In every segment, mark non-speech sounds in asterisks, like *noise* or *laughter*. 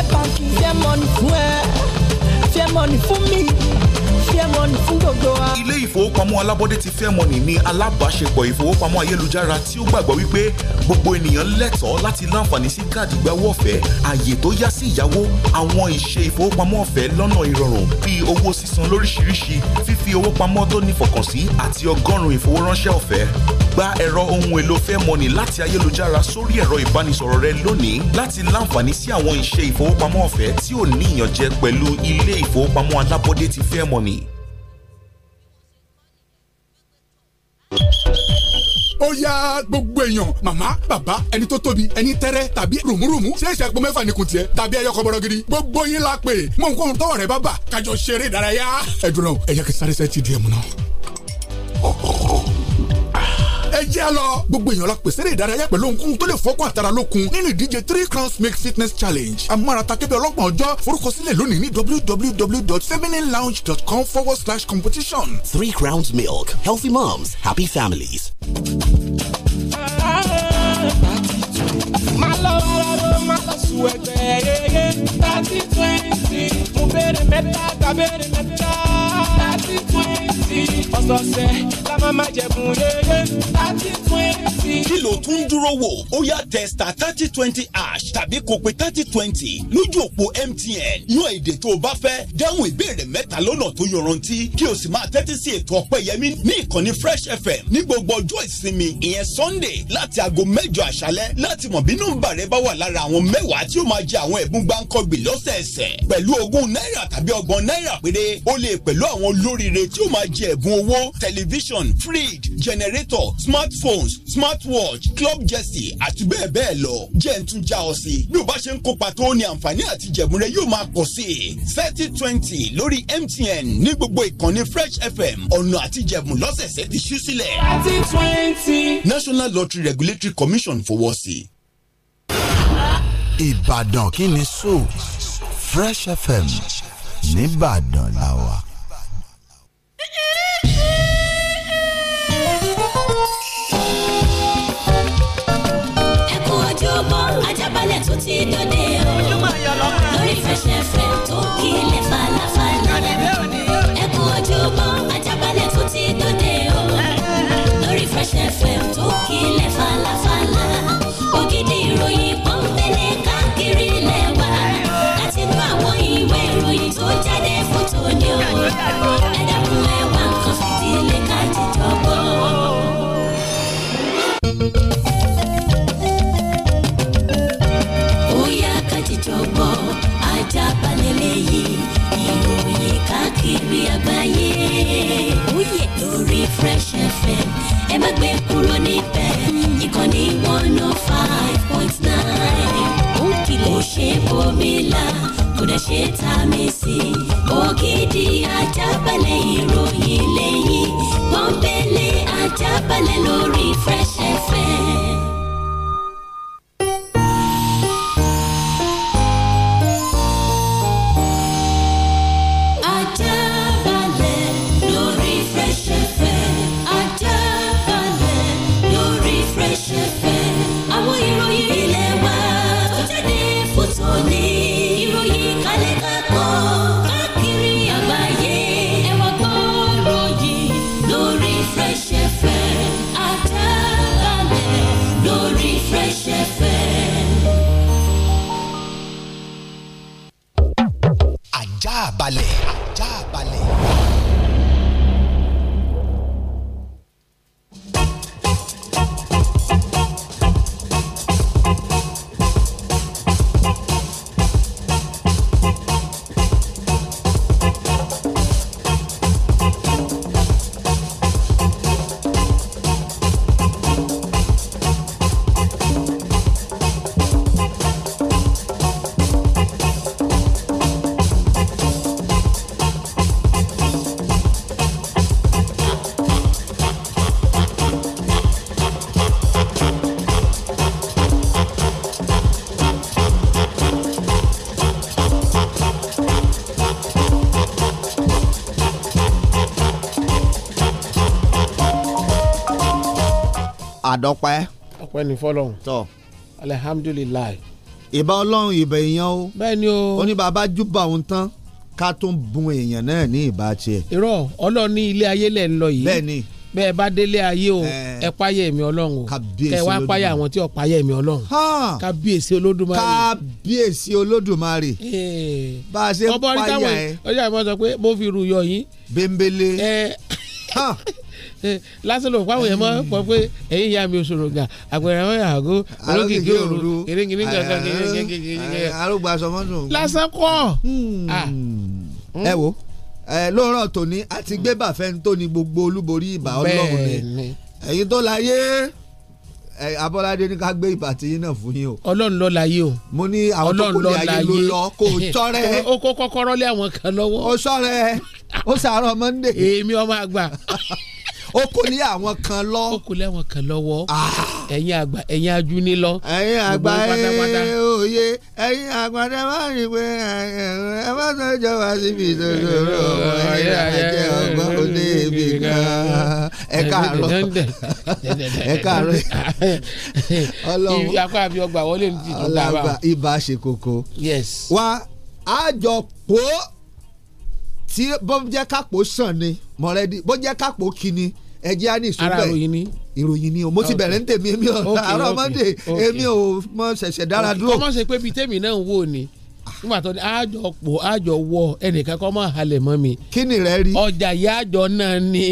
mẹ́fà kì í fẹ́ mọ́ni fún ẹ fẹ́ mọ́ni fún mi fẹ́ mọ́ni fún gbogbo wa. ilé ìfowópamọ́ alábọ́dé ti fẹ́ mọ́ni ní alábàáṣepọ̀ ìfowópamọ́ ayélujára tí ó gbàgbọ́ wípé gbogbo ènìyàn lẹ́tọ̀ọ́ láti láǹfààní sí káàdì ìgbàwọ́ ọ̀fẹ́ ààyè tó yá sí ìyáwó àwọn ìṣe ìfowópamọ́ ọ̀fẹ́ lọ́nà ìrọ̀rùn bíi owó sísan lóríṣiríṣi fífi owó pamọ́ tó nífọkànsí àti ọgọ́rùn-ún ìfowóránṣẹ́ ọ̀fẹ́ gba ẹ̀rọ ohun èlò fairmoney láti ayélujára sórí ẹ̀rọ ìbánisọ̀rọ̀ rẹ lónìí láti láǹfààní sí àwọn iṣẹ́ ìfowópamọ́ ọ̀fẹ́ tí ò ní ìyànjẹ pẹ̀lú ilé ìfowópamọ́ alábọ́dé ti fairmoney. ó yá gbogbo èèyàn màmá bàbá ẹni tó tóbi ẹni tẹ́rẹ́ tàbí rùmùrùmù ṣẹ́ẹ̀ṣẹ̀ àpò mẹ́fà ni kò tiẹ̀ tàbí ẹyọkọ bọ̀rọ̀ gidi gbogbo yín la pè mọ nǹkan tọwọ́ rẹ bá bà kájọ ṣeré ìdárayá. ẹ dùn náà ẹ yẹ kí sáré sẹ́ẹ̀ ti di ẹ̀ mú náà. ẹ jẹ́ a lọ. gbogbo èèyàn la pèsè eré ìdárayá pẹ̀lú ohunkóhun tó lè fọ́kàn àtàrà lókun nínú ìdíje three crowns make fitness challenge amárata kébé ọlọ́gbọ̀n ọjọ́ forúkọsílẹ̀ lónìí ní www.femininelounge.com forward slash competition. three crowns milk healthy moms happy families. thirty twenty mo béèrè mẹ́ta gbà béèrè mẹ́ta thirty twenty. sọ̀sẹ̀ la máa ma jẹ̀bùn rere thirty twenty. kí ló tún ń dúró wò ó yá testa thirty twenty ash tàbí kó pe thirty twenty lójú òpó MTN yan èdè tó o bá fẹ́ dáhùn ìbéèrè mẹ́ta lọ́nà tó yọrantí kí o sì máa tẹ́tí sí ètò ọpẹ́yẹmí ní ìkànnì Fresh FM ní gbogbo ọjọ́ ìsinmi ìyẹn Sunday láti aago mẹ́jọ àṣálẹ́ láti mọ̀ bí nọ́mbà rẹ bá wà lára àwọn mẹ́wàá tí ó máa jẹ àwọn ẹ̀bùn gbáǹkọ́gbì lọ́sẹ̀ẹsẹ̀ pẹ̀lú ogún náírà tàbí ọgbọ̀n náírà péré o lè pẹ̀lú àwọn olóríire tí ó máa jẹ ẹ̀bùn owó owó tẹlifíṣàn fridge generator smartphones smartwatch club jersey àti bẹ́ẹ̀ bẹ́ẹ̀ lọ jẹ́ ń tún já ọ sí bí o bá ṣe ń kópa tó ní àǹfààní àti jẹ̀múrẹ́ yóò máa pọ̀ sí i thirty twenty lórí MTN ní gbogbo ìkànnì Fresh FM ọ̀nà àti jẹ̀mú lọ́sẹ̀ẹ̀sẹ̀ ti ṣú sílẹ̀. thirty twenty. National Lottery Regulatory Commission fọwọ́ sí i. Ìbàdàn kí ni so Fresh FM nìbàdàn làwà ẹkún ojúbọ ajábalẹ̀ tó ti dòde o lórí fẹsẹ̀fẹ̀ tó kílẹ̀ àdọ́pẹ́. ọpẹ́ ní fọ́lọ́run. tọ alihamdulilayi. ìbà ọlọ́run ìbà èèyàn o. bẹ́ẹ̀ni o. ó ní bàbá júbà òun tán ká tó ń bun èèyàn náà ní ìbá tiẹ̀. irọ́ ọlọ́run ní ilé ayé lẹ̀ ń lọ yìí. bẹ́ẹ̀ni. bẹ́ẹ̀ bá délé ayé o ẹ páyà ẹ̀mí ọlọ́run o. kábíyèsí olódùmarè. ẹ páyà àwọn tí ò páyà ẹ̀mí ọlọ́run. kábíyèsí olódùmarè. kábíyèsí olódùmarè. Eh. bá a ṣe ń páyà ẹ. ọjọ́ ìbọn sọ pé mo fi rù yọ yín. bẹ́ńbẹ́lẹ́. Eh. *laughs* Eh, lásán ló pàwọn yẹn mọ hmm. pọ pé ẹyin ya mi òṣòrògà àpẹẹrẹ wọn yàgò olókìkí òru kìrìkìrì kankan kìrìkìrì. arúgbó aṣọ mọ́tò. lásán kọ́. Hmm. Ah. Hmm. ẹ wo lóòrọ̀ tòní àti gbébà fẹ́ni tó ni gbogbo olúborí ìbà ọlọ́run ni ẹ̀yin tó láyé abọ́ládé ní ká gbé ìbà tí yín náà fún yín o. ọlọ́run ló láyé o. mo ní àwọn tó kù ní ayé ló lọ kó o *laughs* tọ́rẹ́. o kó kọ́kọ́rọ́ lé àwọn kan lọ́wọ́. o sọ̀rẹ́ o sàárọ̀ Monday. èmi ọmọ àgbà. *laughs* ó kò ní àwọn kan lọ. ó kò lẹ́wọ̀n kan lọ́wọ́ ẹ̀yin àgbà ẹ̀yin ajú ní lọ. ẹ̀yin àgbà ẹ̀ òye ẹ̀yin àgbà ẹ̀ má rìn pé ẹ̀ má tó jọba síbi ìdòdòdò ọmọ ẹ̀yìn àjẹ ọgbọ́n òde ibì kan. ẹ káàárọ̀ ẹ káàárọ̀ ọlọ́run apá àbí ọgbà wọlé ní ti tó dábàá. ibà ṣe kókó. yes. wá àjọpọ̀ tí bọ́m jẹ́ kápò sàn ni mọ̀rẹ́dì bó jẹ́ kápò kínní ẹjẹ́ á ní ìṣúgbẹ́ ara ìròyìn ìròyìn ni o mo ti bẹ̀rẹ̀ ń tèmi èmi ò àárọ̀ monday èmi ò mọ ṣẹ̀ṣẹ̀ dára dúró. ọmọ ṣe pé bíi tèmi náà ń wò ni nígbà tó ní àjọ pò àjọ wọ ẹnìkan kọ́ máa halẹ̀ mọ́ mi. kí ni rẹ rí. ọjà ìyá àjọ náà ni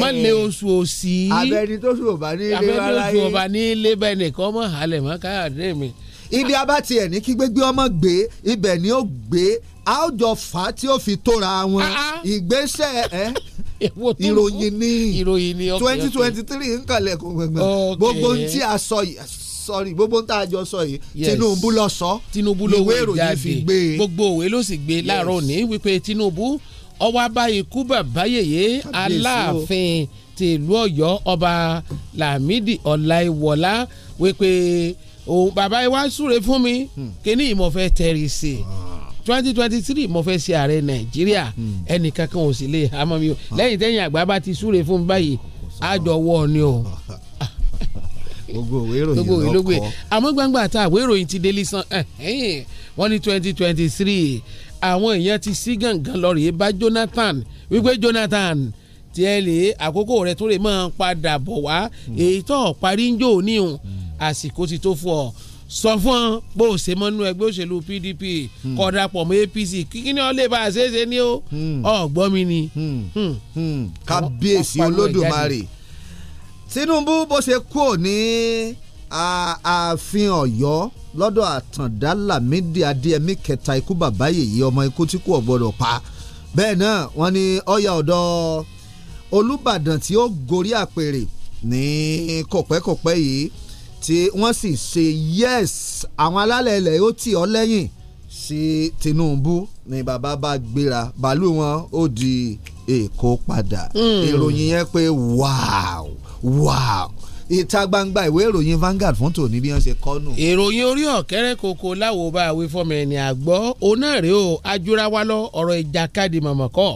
má lé oṣù òsì. abẹni tó sùn ò bá ní ilé wa láyé abẹni tó sùn ò bá ní ilé bẹ́ẹ̀ nìkan máa halẹ̀ mọ́ káyọ̀dé mi ibi abáti ẹ̀ ní kí gbégbé ọmọ gbé ibẹ̀ ni ó gbé àwùjọ fà á tí ó fi tóra wọn ah, ah. ìgbésẹ̀ ẹ *laughs* ìròyìn ní twenty twenty three nkànlẹ̀ kò gbẹ̀gbẹ̀ gbogbo ohun tí a sọ yìí sọrí gbogbo ń tá a jọ sọ yìí Tinubu ló sọ Tinubu ló wé ìròyìn fi gbé e gbogbo òwe ló sì gbé láàárọ̀ òní wípé Tinubu ọwọ́ abá ikú bàbá Aláàfin tìlú Ọ̀yọ́ ọba Lámìdí Ọláìwọlá wípé òun bàbá yìí wá súre fún mi hmm. kíní ìmọ̀fẹ́ tẹ̀rí sí i ah. twenty twenty three mo fẹ́ ṣe ààrẹ nàìjíríà hmm. ẹnìkan kan ò sì lè hamọ́ mi o ah. lẹ́yìn tẹ́yìn àgbà bá ti súre fún mi báyìí àjọwọ́ ni o. *laughs* gbogbo òwe ìròyìn ló kọ àmọ́ gbangba àta àwé ìròyìn ti délé san eh, eh, wọ́n ní twenty twenty three àwọn èèyàn ti sí gàngán lọ́rọ̀ yìí bá Jonathan wípé Jonathan tiẹ̀ lè àkókò rẹ̀ tó lè máa padà bọ̀ wá hmm. èyí tó parí ń jò níhùn àsìkò ti tó fún ọ sọ fún ọ bó o ṣe mọ́nú ẹgbẹ́ òṣèlú PDP hmm. kọ̀dà pọ̀ mọ́ APC kíkí ni wọ́n lè bá a ṣe é ṣe ní o hmm. ọ̀gbọ́n mi ni. Hmm. kábíyèsí olódùmarè Tinubu bó ṣe kúrò ní ààfin Ọ̀yọ́ lọ́dọ̀ àtàndá Lámídì Adéyẹmí kẹta ikú bàbá yèyí ọmọ ikú tí kò gbọdọ̀ pa bẹ́ẹ̀ náà wọ́n ní ọ̀yà ọ̀dọ́ Olúbàdàn tí ó gorí àpèrè ní kọ̀pẹ́kọ̀pẹ́ yìí tí wọ́n sì ṣe yes àwọn alálẹ̀ ilẹ̀ ó tì ọ́ lẹ́yìn sí Tinubu ni bàbá bá gbéra bàálù wọn ó di Èkó padà hmm. ìròyìn yẹn pé wow wow ìta gbangba ìwé ìròyìn Vanguard fún tòní bí wọ́n ṣe kọ nù. ìròyìn orí ọ̀kẹ́rẹ́ koko láwo bá àwí fọmọ ẹni àgbọ́ onáàrẹ́ o ajúrawálọ́ ọ̀rọ̀ ìjàkadì mọ̀mọ́kọ́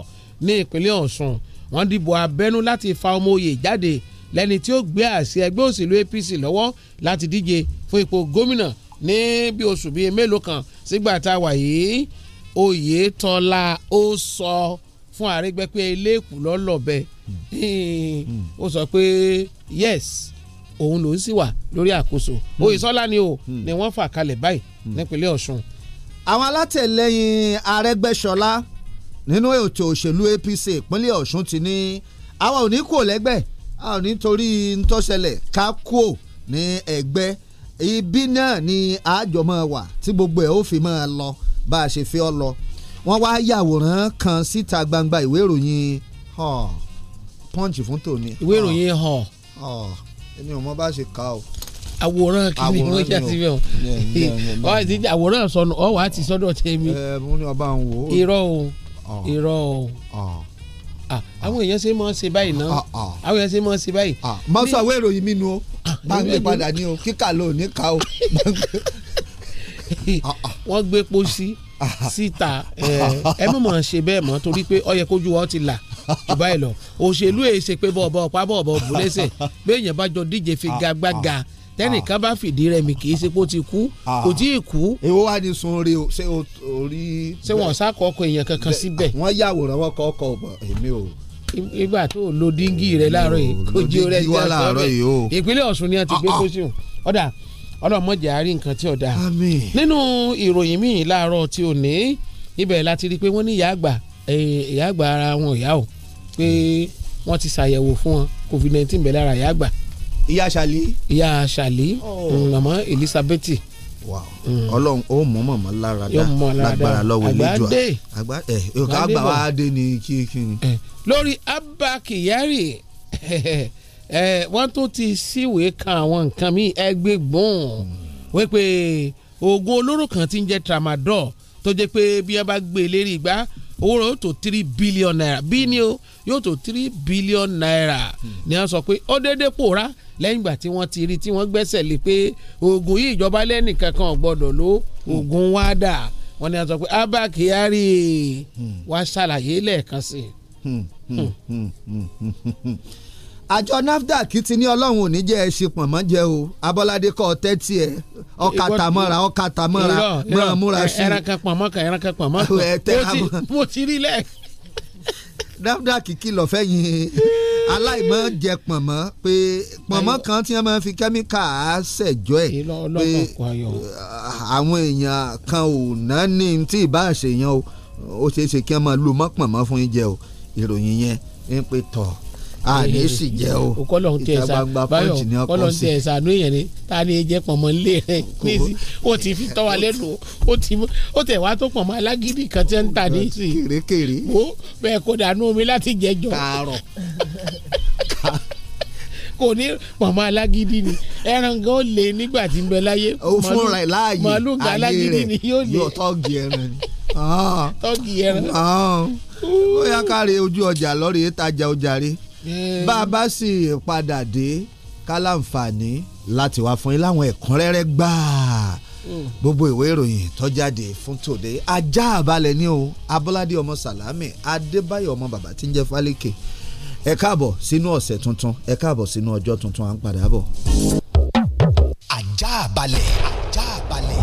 ní ìpínlẹ̀ Ọ̀ṣun wọ́n dìbò abẹ́nú láti fa ọmọ oyè jáde lẹ́ni tí ó gbé àṣẹ ẹgbẹ́ òṣèlú APC lọ́wọ́ láti díje fún ipò gómìnà ní bí oṣù bíi mélòó kan sígbà tá a wà yìí Oyètọ́lá ó sọ fún Àrẹ́gbẹ́ pé eléèkú lọ́lọ́bẹ hmm. ó sọ pé yes òun lòún sì wà lórí àkóso hmm. Oyètọ́lá ni o hmm. ni wọ́n fà kalẹ̀ báyìí nípínlẹ̀ Ọ̀ṣun. àwọn alátẹ̀lẹ́yìn Àrẹ́gbẹ́ṣọlá nínú ètò òṣèlú APC ìpínlẹ̀ Ọ̀ṣun ti ní àwa ò ní kò lẹ́gbẹ̀ẹ́ a ò nítorí ntọ́sẹlẹ̀ ká kúò ní ẹgbẹ́ ibi náà ni àjọmọ́ wà tí gbogbo ẹ̀ ó fi máa lọ bá a ṣe fi ọ́ lọ wọ́n wá yàwòrán kan síta gbangba ìwé ìròyìn punch fún tòní. ìwé ìròyìn hàn. èmi ò mọ bá a ṣe kà o àwòrán kìíní mo ṣe àti bẹ́ẹ̀ o ọ ti àwòrán sọnù ọ wà á ti ẹ mo ní ọba ń wò ó. irọ́ o irọ́ o. Ah, àwọn èèyàn ṣe mọ̀ ṣe báyìí náà ah, ah, àwọn èèyàn ṣe mọ̀ ṣe báyìí. má sọ àwọn ìròyìn mi nu o bá mi padà ní o kíkà ló ní ká o. *laughs* wọ́n gbé pósí síta eh, ẹ mọ̀ mọ̀ ṣe bẹ́ẹ̀ mọ́ torí pé ó yẹ kójú wa ti là jù báyìí lọ òṣèlú èyí ṣe pé bọ́ọ̀bọ̀ ọ̀pá bọ́ọ̀bọ̀ bùlẹ́sẹ̀ bẹ́ẹ̀ yẹn bá jọ díje fi gagbága. Ah, ah tẹ́nìkan bá fìdí rẹ̀ mi kì í ṣe pé ó ti kú ah. kò tí ì kú. èwo wá ní sun orí o ṣé orí. ṣé wọn sá kọkọ èèyàn kankan síbẹ̀. Ah, wọn yàwòrán wọn kọkọ ọbọ èmi o. ìgbà tó lo díngì rẹ láàárọ̀ yìí kò jí o rẹ jẹ sọ̀rọ̀ ìpínlẹ̀ Ọ̀ṣun ni a ti gbé kó ah, sí o ọ̀dà ọlọ́mọdé àárín nǹkan tí ọ̀dà. nínú ìròyìn míì láàárọ̀ tí ò ní ibẹ̀ láti rí i pé wọ́n ní ìyá àgbà ara wọn ìyá o pé wọ́n ti ṣàyẹ̀wò fún ìyá ṣàlí. ìyá ṣàlí oh. mm, màmá Elizabeth. Mm. Ọlọ́run ó mọ mọmọ lára dá lágbára lọ́wọ́ ìlú jù àgbà ẹ àgbà wa dé ni kí kí ni. Eh, lórí Abba Kyari *laughs* eh, wọ́n tún ti síwèé kan àwọn nǹkan míì ẹgbẹ́ gbọ́n hmm. wípé oògùn olóró kan ti ń jẹ́ tramadol tó jẹ́ pé bí wọ́n bá gbé e lérí ìgbà owó rẹ̀ yóò tó three billion naira bí ni o yóò tó three billion naira hmm. ni wọ́n sọ pé ó déédéé pòórá lẹ́yìn ìgbà tí wọ́n ti rí tí wọ́n gbẹ́sẹ̀ lé pé oògùn yìí ìjọba lẹ́nìkan kan gbọ́dọ̀ ló hmm. oògùn wá dà wọ́n ní wọ́n sọ pé Abba Kyari hmm. wá ṣàlàyé lẹ́ẹ̀kan sí i àjọ NAFDAC ti ní ọlọ́run ò ní jẹ́ ẹ ṣe pọ̀nmọ́ jẹ o abọ́ládé kọ́ tẹ́tí ẹ̀ ọ̀kàtàmọ́ra ọ̀kàtàmọ́ra mọ́ra múra sí i. ẹranko pọ̀nmọ́ kan ẹranko pọ̀nmọ́ kan *laughs* mo ti rí lẹ̀. NAFDAC kìlọ̀ fẹ́yìn aláìmọ̀ jẹ pọ̀nmọ́ pé pọ̀nmọ́ kan tí wọ́n máa fi kẹ́míkà á ṣẹ̀jọ́ ẹ̀ pé àwọn èèyàn kan ò ná ní tí ì bá àṣèyàn o ó ṣeé ṣe kí wọ́n máa lu mọ́pọ̀nmọ́ fún yín o ìròyìn yẹn ń pè tọ̀ àní sì jẹ́ o ìta gbangba pọ́ǹtì ni ọkọ̀ sí. kọ́lọ́ntẹ̀ ṣàánú èèyàn ni ta ni jẹ́ pọ̀nmọ́ nílé rẹ̀ *laughs* níìsí ó ti fi tọ́ o lẹ́nu ó tẹ̀ wá tó pọ̀nmọ́ alágídí kan tẹ́ ń ta níìsí. kèrèkèrè. O bẹ́ẹ̀ kó dànù omi láti jẹjọ. kàárọ̀ *laughs* kò ní màmá alágídí ni ẹran gan le nígbà tí ń bẹ láyé. o fúnra ẹ láàyè màálù gan alágídí ni yóò le. yóò tọ́gì ẹran ni. *laughs* Ah. tọ́gì ẹran. Ah. ó yá káre ojú ọjà lọ́rẹ̀ẹ́ tajà ọjà rẹ̀. Eh. bá a bá sì padà dé ká láǹfààní láti wá fún yín láwọn ẹ̀kúnrẹ́rẹ́ gbáà hmm. gbogbo ìwé ìròyìn tó fún tòde ajá àbálẹ̀ ni o abọ́ládé ọmọ sàlámì adébáyọ̀ ọmọ bàbá tí ń jẹ́ fálékè ẹ káàbọ̀ sínú ọ̀sẹ̀ tuntun ẹ káàbọ̀ sínú ọjọ́ tuntun à ń padà bọ̀. ajá àbálẹ̀ ajá àbálẹ̀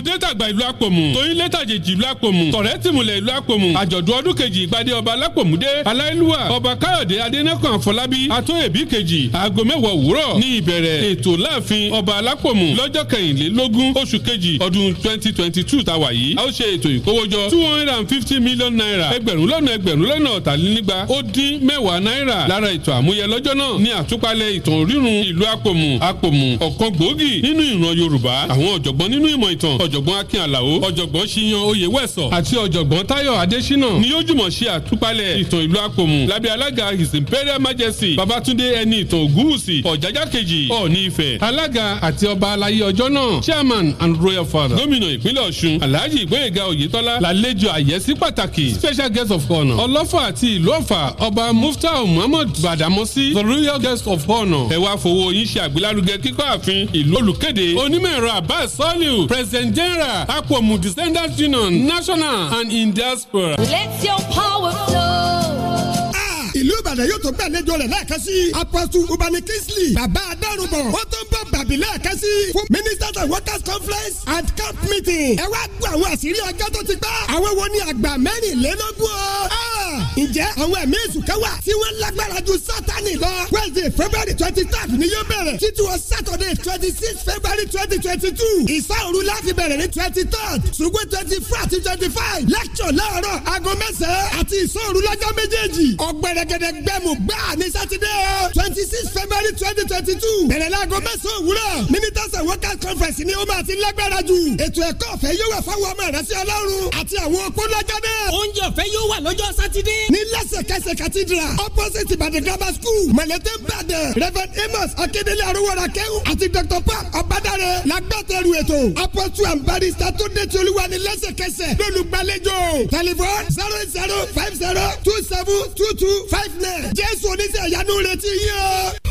tọmọdé tàgbà ìlú àpòmù tóyin létàjèjì ìlú àpòmù tọ̀rẹ́ tìmùlẹ̀ ìlú àpòmù àjọ̀dún ọdún kejì ìgbàdé ọba alápòmùdé aláìlúwà ọba káyọ̀dé adẹ́nẹ́kàn àfọlábí atóyèbí kejì aago mẹ́wàá òwúrọ̀ ní ìbẹ̀rẹ̀ ètò láàfin ọba alápòmù lọ́jọ́ kẹrìnlélógún oṣù kejì ọdún twenty twenty two tàwa yìí a ó ṣe ètò ìkówójọ two hundred and fifty million naira ẹgbẹ̀rún lọ́nà ẹgbẹ̀rún lọ́nà ọ̀tàlénígba ó dín mẹ́wàá náírà lára ètò àmúyẹ lọ́jọ́ náà ní àtúpalẹ̀ ìtàn rírun ìlú àpòmù àpòmù ọ̀kan gbòógì nínú ìran yorùbá àwọn ọ̀jọ̀gbọ́n nínú ìmọ̀ ìtàn ọ̀jọ̀gbọ́n akin alao ọ̀jọ̀gbọ́n ṣiyan oyewẹsọ àti ọ̀jọ̀gbọ́n tayo adesina ni yóò jùmọ̀ ṣe àtúpalẹ̀ ìtàn ìlú àpòmù lábẹ́ alága his imperial majesty babatunde ẹni ìtàn ògúwùsì ọ̀jájá kejì ọ̀ní ifẹ̀ alága àti ọba alayé ọjọ́ náà chairman and royal father gómìnà ìpínlẹ̀ ọ̀ṣun alhaji ìgbóyèga oyetola lálejò àyẹ́sí pàtàkì special guest of honour ọlọ́fà àti ìlú ọ̀fà ọba muftau muhammad badamosi the royal guest of honour ẹ wá fowó yín ṣe àgbélárugẹ kíkọ́ ààfin ìlú olùkéde onímọ̀ ẹ̀rọ abbas soliu president Nigeria, Akpomu Descendants Union, National and in diaspora. Let your power flow. Ah, ìlú Ìbàdàn yóò tó gbàlejò rẹ̀ lẹ́ẹ̀kan sí. Apostle Ubani Kingsley, bàbá Adárúbọ̀, ó tó ń bọ̀ tàbí lẹ́ẹ̀kan sí fún ministers and workers conference and camp meeting. ẹ wá gbọ́ àwọn àṣírí ọjọ́ tó ti pẹ́. àwọn wo ni àgbà mẹ́rìnlélógún o. Ah! ǹjẹ́ àwọn ẹ̀mí èṣù kan wà tí wọ́n lágbára ju sátani lọ. wednesday february twenty third ni yóò bẹ̀rẹ̀ títí wọ saturday twenty six february twenty twenty two. ìsá òru láti bẹ̀rẹ̀ ní twenty third ṣùgbọ́n twenty four àti twenty five lecture láàárọ̀ aago mẹ́sàn-án àti ìsá òru lọ́jọ́ méjèèjì. ọ̀gbẹ̀rẹ̀gẹ̀dẹ̀ gbẹ̀mú gbáà ní sátidé o twenty six february twenty twenty two bẹ̀rẹ̀ láago mẹ́sàn-án òw òwúrọ̀ ministers and workers conference ni ó máa ti lágbára jù ètò ẹ̀kọ́ ọ̀fẹ́ yóò wà fáwọn ọmọ ìránṣẹ́ ọlọ́run àti àwọn opólọ́jọ́ náà. oúnjẹ ọ̀fẹ́ yóò wà lọ́jọ́ sátidé. ní lẹ́sẹ̀kẹsẹ̀ cathedral opposite ìbàdàn grammar school mọ̀lẹ́tẹ̀ ìbàdàn reverend amos akíndélé arúgbóra kẹ́hù àti dr paul ọ̀bádàrẹ lágbàtẹ̀rù ètò apọ́tù and barrister tó dé ti olúwa ní lẹ́sẹ̀kẹsẹ̀ lólùgbàlejò telephone zero zero five zero two seven two two five nine jésù oníṣẹ́ ìyanu retí yìí o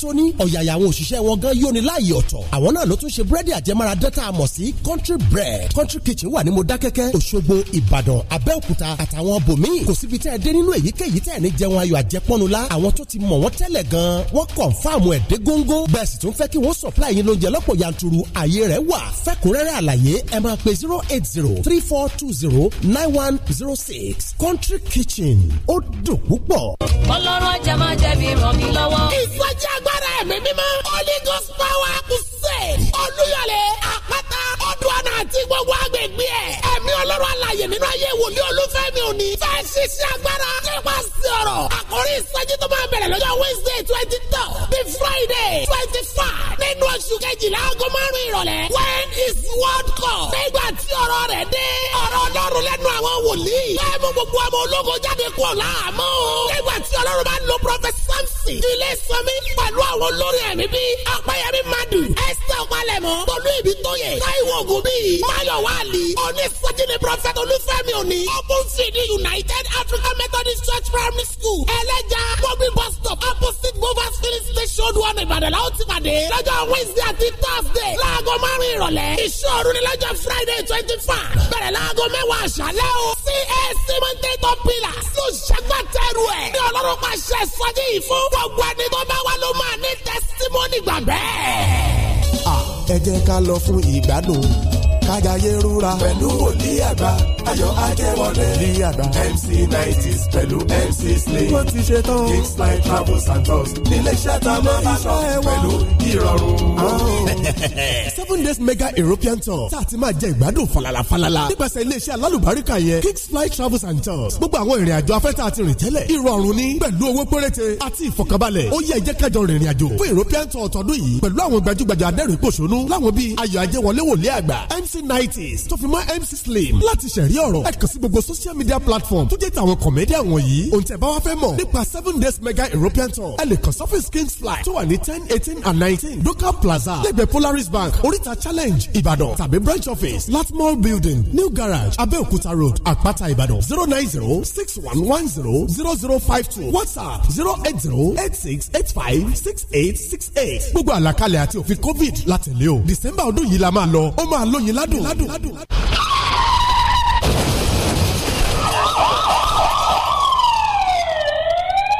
tónítóní ọ̀yàyà àwọn òṣìṣẹ́ wọn gan yóni láàyè ọ̀tọ̀ àwọn náà ló tún ṣe búrẹ́dì àjẹmára dẹ́ta àmọ̀ sí country bread country kitchen wà ní Modákẹ́kẹ́ Òṣogbo Ìbàdàn Abẹ́òkúta àtàwọn bòmíì kò síbi tẹ́ ẹ dé nínú èyíkéyìí tẹ́ ẹ ní jẹun ayọ̀ àjẹpọ́nu la àwọn tó ti mọ̀ wọ́n tẹ́lẹ̀ gan wọ́n kàn fáàmù ẹ̀ dé góńgó bẹ́ẹ̀ sì tún fẹ́ kí wọ́n agbára ẹ̀mí mímọ́ holy ghost power crusade olúyọ̀lé àpáta ọdún ọ̀nà àti gbogbo agbègbè ẹ̀ ẹ̀mí ọlọ́run alàyè nínú ayé wòlíì olúfẹ́mi òní fẹ́ ṣiṣẹ́ agbára nípasẹ̀ sọ̀rọ̀ àkórí ìsọjí tó máa bẹ̀rẹ̀ lọ́jọ́ wednesday twenty two the friday twenty five nínú oṣù kejìlá aago márùn-ún ìrọ̀lẹ́ when is world cup nígbà tí ọ̀rọ̀ rẹ̀ dé ọ̀rọ̀ ọlọ́run lẹ́nu àwọn wòlíì bẹ́ẹ̀ mú gbogbo ọmọ ológo jáde kúrò láàmú nígbà tí ọlọ́run bá lo prophet samson ilé sọmi pẹ̀lú àwọn olórí ẹ̀mí bíi ọ̀pẹ́yẹmí madu esther palẹ̀mọ́ tolú ibi tó yẹ táíwò ogun bíi mayo wali onísọjí ni prophet olúfẹ́mi òní open field united african methodist church primary school ẹlẹ́jà bobby bus stop opposite movers filling station one ìbàdàn làwọn ti pàdé lọ́jọ́ wednesday àti thursday láago márùn-ún ìrọ̀lẹ́ ìṣòro ni lọ́jọ́ friday twenty five bẹ̀rẹ̀ láago mẹ́wàá àṣálẹ́ o csc mọ́tẹ́tọ̀ pílà ló ṣàgbàtẹ́rù ẹ̀ ní ọlọ́run pàṣẹ sọ́jí yìí fún gbogbo ẹni tó bá wà ló máa ní testimony gbà bẹ́ẹ̀. ẹ jẹ́ ká lọ fún ìgbádùn kájàyé rúra. pẹ̀lú òní àgbà ayọ̀ ajẹ́wọlé ní àgbà mc nineties pẹ̀lú mc slay. ó ti ṣe tán. kingsline travels and tours nílé iṣẹ́ tá a máa pẹ̀lú ìrọ̀rùn. Oh. *laughs* seven days mega european tour tá a ti máa jẹ ìgbádùn falala falala nípasẹ̀ iléeṣẹ́ alálùbáríkà yẹn kingsline travels and tours gbogbo àwọn ìrìn àjò afẹ́ tá a ti rìn tẹ́lẹ̀ ìrọ̀rùn ni pẹ̀lú owó péréte àti ìfọ̀kànbalẹ̀ ó yẹ ẹ jẹ́ rìnrìn àjò fún european tour tọdún yìí pẹ̀lú àwọn gbajúgbajà adẹ́rìn-pòṣónú láwọn bíi ayọ̀ ajẹ́wọlé wòlé àgbà mc 1990s. tó fi mọ́ mc slim láti ṣẹ̀rí ọ̀rọ̀ ẹ kàn sí gbogbo social media platform tó jẹ́ tàwọn comedian wọ̀nyí òun tẹ̀ bá wá fẹ́ mọ̀ nípa seven days mega european tour ẹ lè kàn sọ́fíìsì kings fly tó wà ní ten eighteen and nineteen local plaza lẹ́gbẹ̀ẹ́ polaris bank oríta challenge ìbàdàn tàbí branch office latmore building new garage abẹ́òkúta road àpáta ìbàdàn zero nine zero six one one zero zero zero five two whatsapp zero eight zero eight six eight five six eight six eight gbogbo àlàkalẹ̀ àti òfin covid látẹ̀lé o december ọdún yìí la máa lọ ó máa lóyin lá ládùn.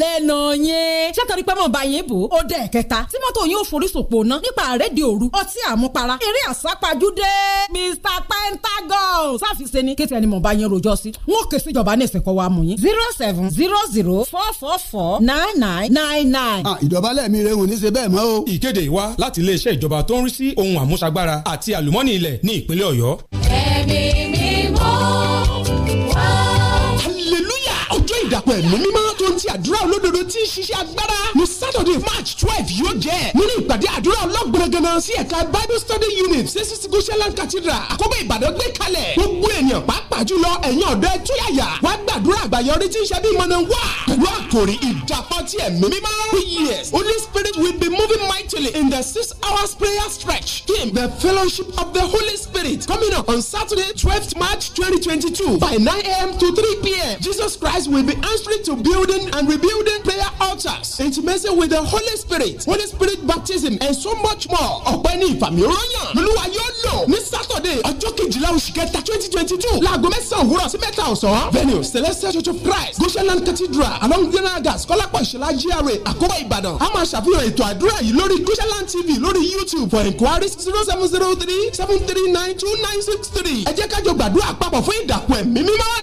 lẹ́nu yẹn ṣètọ́rí pé mọ̀ bá yẹn bò ó dẹ̀ kẹta tí mọ́tò yóò forísòpò ná nípa àrédè òru ọtí àmupara eré àsápajúdé Mr Pentagon sáfìsẹ́ ni kéte ẹni mọ̀ bá yẹn rojọ́ sí wọn kè sí ìjọba ní ìsìnkú wa mú yín zero seven zero zero four four four nine nine nine nine. Ah, ìjọba lẹ́ẹ̀mí rẹ̀ wọ́n ṣe bẹ́ẹ̀ mọ́ o. ìkéde wa láti iléeṣẹ́ ìjọba tó ń rí sí ohun àmúṣagbára àti àlùmọ́nì ilẹ̀ ní ìpínlẹ̀ ọ̀yọ́. ẹ̀mí mímọ́ wá. hallelujah ọjọ́ ìdàpọ̀ ẹ̀mí mímọ́ àdúrà olódodo tí ń ṣiṣẹ́ agbára ní Saturday March twelve yóò jẹ́ nínú ìpàdé àdúrà ọlọ́gbọ̀nrẹ́gànnà sí ẹ̀ka Bible Study Unit CCC Goshenland Cathedral àkọ́bẹ̀ Ìbàdàn gbé kalẹ̀ gbogbo ènìyàn pàápàá jùlọ ẹ̀yin ọ̀dọ́ ẹ̀ túyàyà wá gbàdúrà àgbàyọrí tí ń ṣe bí mọ̀nà wá pẹ̀lú àkòrí ìdàpọ̀tì ẹ̀mí mímọ́. yes Holy Spirit will be moving mightily in the six hours prayer stretch in the fellowship of the Holy Spirit coming up on Saturday twelfth March twenty twenty two by nine a.m. to three p.m. Jesus Christ will be answering to building and rebuilding prayer altars. Ètí with the Holy Spirit, Holy Spirit baptism and so much more. Ọ̀pẹ ní ìfàmì òróyàn. Lolúwa yóò lò ní Sátọ̀dé ọjọ́ kejìlá oṣù kẹta twenty twenty two. Láago mẹ́sàn-án òwúrọ̀ sí mẹ́ta ọ̀sán. Venue Celestial Church of Christ, Goshenland Cathedral, along Gbenagas, Kọ́lápọ̀ Ìṣẹ̀lá GRA, Àkóbọ̀ Ìbàdàn. A máa ṣàfihàn ètò àdúrà yìí lórí Goshenland TV lórí YouTube for inquiries zero seven zero three seven three nine two nine six three. Ẹ jẹ́ kájọ gbàdúrà papọ̀ fún ìdàpọ̀ ẹ̀mí mímọ́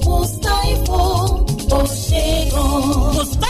kò ṣe é gan. kò ṣe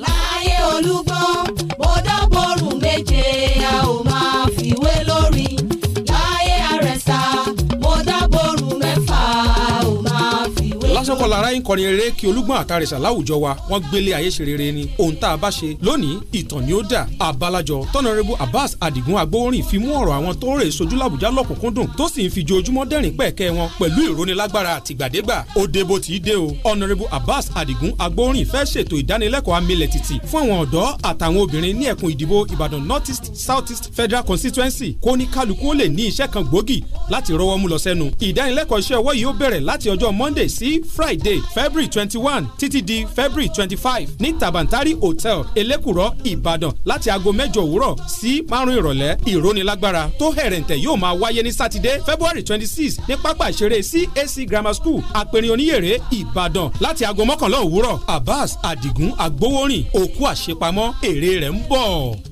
láyé olúgbọ́n bó dọ́gbọ́rùn méje a ò máa fìwé lórí. sọ́kọlá ara ń kọrin rere kí olúgbọ́n àtàrẹ̀sà láwùjọ wa wọ́n gbélé ayé ṣe rere ni ohun tá a bá ṣe lónìí ìtàn ni ó dà àbálàjọ tọ́nàrẹ́bù Abbas Adigun agbóhórìn fi mú ọ̀rọ̀ àwọn tó ń rè sojú làbújá lọ́kùnkúndùn tó sì ń fi joojúmọ́ dẹ́rìn pẹ̀kẹ́ wọn pẹ̀lú ìrónilágbára àtìgbàdégbà ó dé bó ti dé o ọ̀nàrẹ́bù Abbas Adigun agbóhórìn fẹ́ ṣètò ìdánilẹ́kọ̀ọ́ Federal Constituency kó ní kálukú ó lè ní iṣẹ́ kan gbòógì láti rọ́wọ́ mú lọ Monday sí friday february twenty one títí di february twenty five ní tabantari hotel Elekuro, Ibadan. láti aago mẹ́jọ òwúrọ̀ sí márùn ìrọ̀lẹ́ ìrónilágbára tó hẹ̀rẹ̀ǹtẹ̀ yóò máa wáyé ní sátidé february twenty six ní pápá ìṣeré cac grammar school àpẹ̀rìn oníyèrè ìbàdàn láti aago mọ́kànlá òwúrọ̀ abbas adigun agbowórin òkú àṣepamọ́ èrè rẹ̀ ń bọ̀